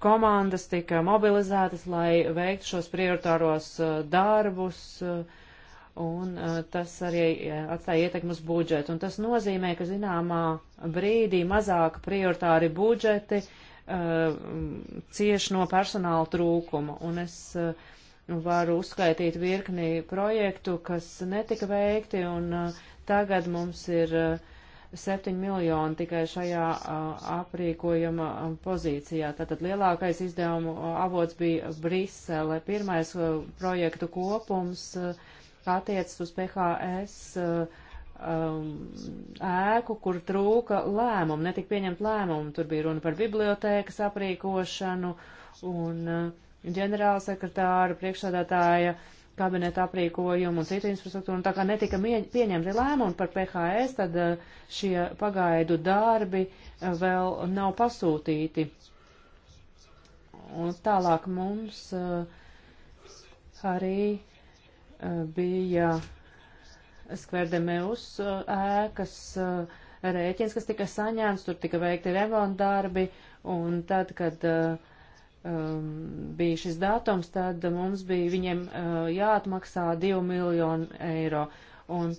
komandas tika mobilizētas, lai veiktu šos prioritāros darbus, un tas arī atstāja ietekmi uz budžetu, un tas nozīmē, ka zināmā brīdī mazāk prioritāri budžeti, uh, Uh, cieš no personāla trūkuma. Un es uh, varu uzskaitīt virkni projektu, kas netika veikti, un uh, tagad mums ir 7 miljoni tikai šajā aprīkojuma um, pozīcijā. Tātad lielākais izdevumu avots bija Brisele. Pirmais projektu kopums attiecas uz PHS um, ēku, kur trūka lēmumu, netika pieņemt lēmumu. Tur bija runa par bibliotēkas aprīkošanu un uh, ģenerālsekretāra, priekšsādātāja kabineta aprīkojumu un citu infrastruktūru. Un tā kā netika pieņemti lēmumi par PHS, tad uh, šie pagaidu darbi uh, vēl nav pasūtīti. Un tālāk mums uh, arī uh, bija. Uh, Skverdemeus uh, ēkas uh, rēķins, kas tika saņēmts, tur tika veikti remondarbi, un tad, kad uh, um, bija šis datums, tad mums bija viņiem uh, jāatmaksā 2 miljonu eiro. Un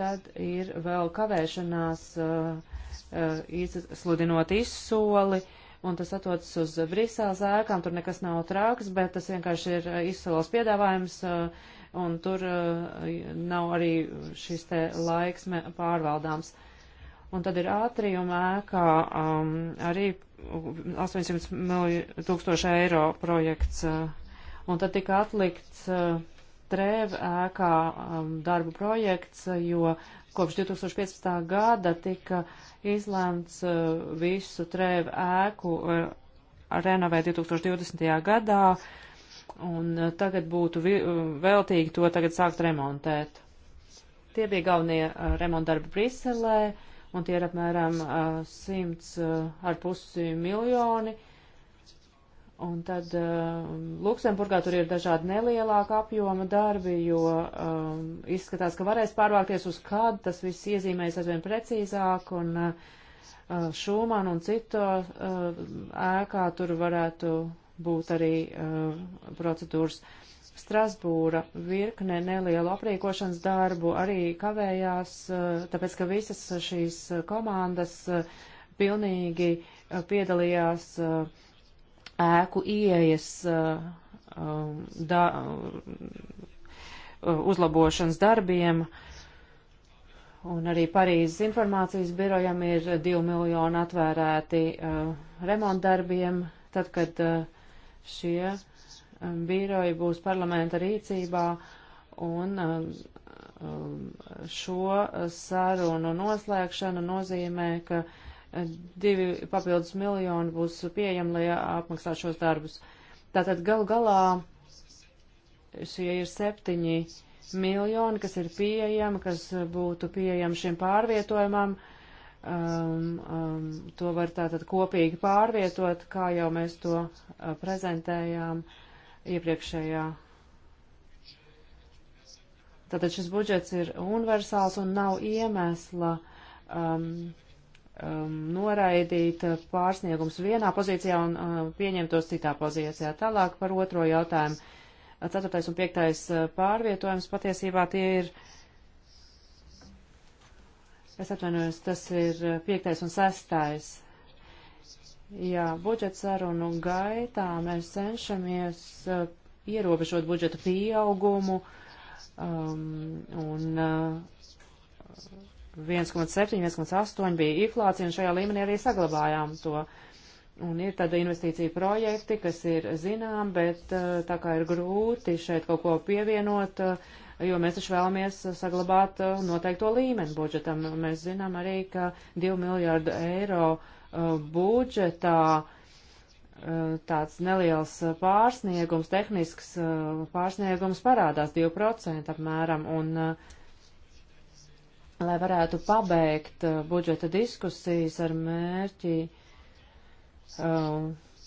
tad ir vēl kavēšanās uh, uh, izsludinot izsoli, un tas atrodas uz Brīseles ēkām, tur nekas nav trāks, bet tas vienkārši ir izsoles piedāvājums. Uh, un tur uh, nav arī šis te laiks pārvaldāms. Un tad ir ātrijuma ēkā um, arī 800 tūkstoši eiro projekts, uh, un tad tika atlikts uh, eh, trēva ēkā um, darbu projekts, jo kopš 2015. gada tika izlēmts uh, visu trēva ēku uh, renovēt 2020. gadā. Uh, Un eh, tagad būtu eh, veltīgi to tagad sākt remontēt. Tie bija galvenie eh, remontdarbi Briselē, un tie ir apmēram 100 ar pusi miljoni. Un tad uh, Luksemburgā tur ir dažādi nelielāka apjoma darbi, jo um, izskatās, ka varēs pārvākties uz kādu, tas viss iezīmēs aizvien precīzāk, un uh, Šūman un cito uh, ēkā tur varētu būt arī uh, procedūras. Strasbūra virkne nelielu aprīkošanas darbu arī kavējās, uh, tāpēc ka visas šīs komandas uh, pilnīgi uh, piedalījās uh, ēku ieejas uh, um, da, uh, uzlabošanas darbiem. Un arī Parīzes informācijas birojam ir divi miljoni atvērēti uh, remontdarbiem, tad, kad uh, Šie um, bīroji būs parlamenta rīcībā un um, šo sarunu noslēgšana nozīmē, ka uh, divi papildus miljoni būs pieejami, lai apmaksātu šos darbus. Tātad gal galā šie ir septiņi miljoni, kas ir pieejami, kas būtu pieejami šim pārvietojumam. Uh, um, um, to var tātad kopīgi pārvietot, kā jau mēs to uh, prezentējām iepriekšējā. Tātad šis budžets ir universāls un nav iemesla um, um, noraidīt pārsniegums vienā pozīcijā un uh, pieņemt tos citā pozīcijā. Tālāk par otro jautājumu. Ceturtais un piektais uh, pārvietojums patiesībā tie ir uh, Es atvainojos, tas ir eh, piektais un sestais. Jā, budžeta sarunu gaitā mēs cenšamies uh, ierobežot budžeta pieaugumu um, un uh, 1,7, 1,8 bija inflācija un šajā līmenī arī saglabājām to. Un ir tāda investīcija projekti, kas ir zinām, bet uh, tā kā ir grūti šeit kaut ko pievienot, uh, jo mēs taču vēlamies uh, saglabāt uh, noteikto līmeni budžetam. Mēs zinām arī, ka 2 miljārdu eiro uh, budžetā tāds neliels pārsniegums, tehnisks pārsniegums parādās 2% apmēram, un lai varētu pabeigt budžeta diskusijas ar mērķi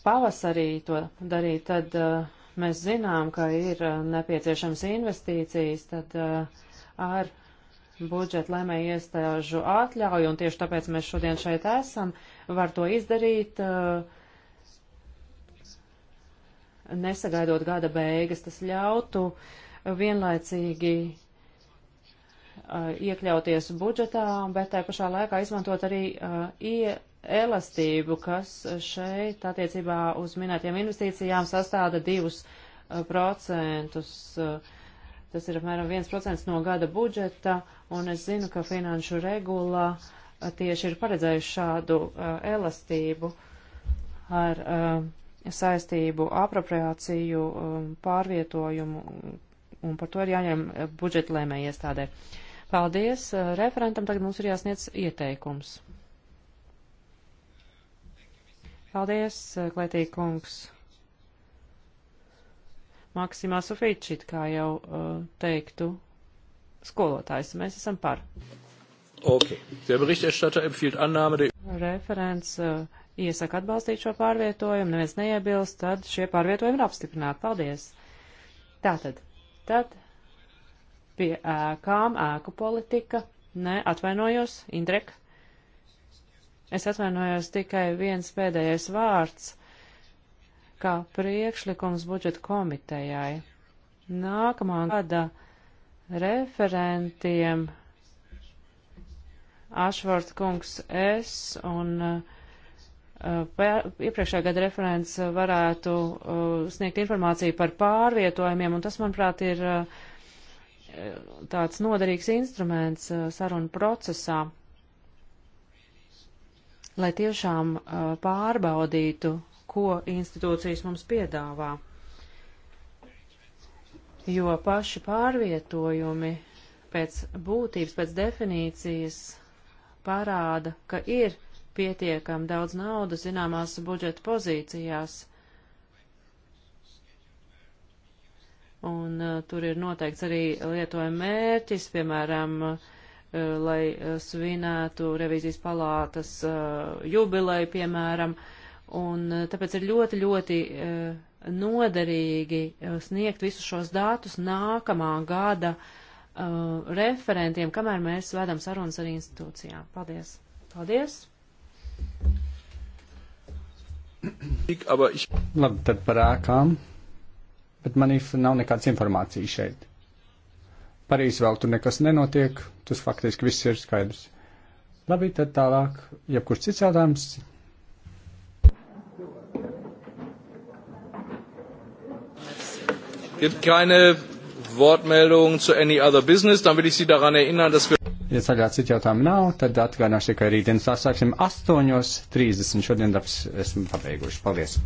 pavasarī to darīt, tad uh, mēs zinām, ka ir uh, nepieciešams investīcijas, tad uh, ar budžeta lēmēju iestāžu atļauju, un tieši tāpēc mēs šodien šeit esam, var to izdarīt, uh, nesagaidot gada beigas. Tas ļautu vienlaicīgi iekļauties budžetā, bet tai pašā laikā izmantot arī ie, elastību, kas šeit attiecībā uz minētiem investīcijām sastāda 2%. Uh, uh, tas ir apmēram 1% no gada budžeta, un es zinu, ka finanšu regulā uh, tieši ir paredzējuši šādu uh, elastību ar uh, saistību apropriāciju, um, pārvietojumu, un par to ir jāņem budžeta lēmējiestādē. Paldies uh, referentam, tagad mums ir jāsniedz ieteikums. Paldies, eh, Kletī kungs. Maksimā Sofīčit, kā jau uh, teiktu, skolotājs. Mēs esam par. Okay. Der Berichterstatter empfiehlt Annahme der. Referents uh, iesaka atbalstīt šo pārvietojumu, neviens neiebilst, tad šie pārvietojumi ir apstiprināti. Paldies! Tātad, tad pie ēkām ēku politika. Nē, atvainojos, Indrek. Es atvainojos tikai viens pēdējais vārds, kā priekšlikums budžeta komitejai. Nākamā gada referentiem Ašvārds kungs es un uh, iepriekšējā gada referents varētu uh, sniegt informāciju par pārvietojumiem, un tas, manuprāt, ir uh, tāds noderīgs instruments uh, sarunu procesā lai tiešām uh, pārbaudītu, ko institūcijas mums piedāvā. Jo paši pārvietojumi pēc būtības, pēc definīcijas parāda, ka ir pietiekami daudz naudas zināmās budžeta pozīcijās. Un uh, tur ir noteikts arī lietojuma mērķis, piemēram, uh, Eh, lai eh, svinētu revīzijas palātas eh, jubileju, piemēram, un tāpēc ir ļoti, ļoti noderīgi sniegt visus šos datus nākamā gada referentiem, kamēr mēs vedam sarunas ar institūcijām. Paldies! Paldies! Labi, tad par ēkām, bet man īsti nav nekādas informācijas šeit. Parīzē vēl tur nekas nenotiek, tas faktiski viss ir skaidrs. Labi, tad tālāk, jebkurš cits jautājums. Gibt keine Wortmeldungen zu any other business, dann will ich Sie daran erinnern, dass wir. Ja ceļā citu jautājumu nav, tad atgādināšu tikai rītdien sāksim 8.30. Šodien darbs esmu pabeiguši. Paldies!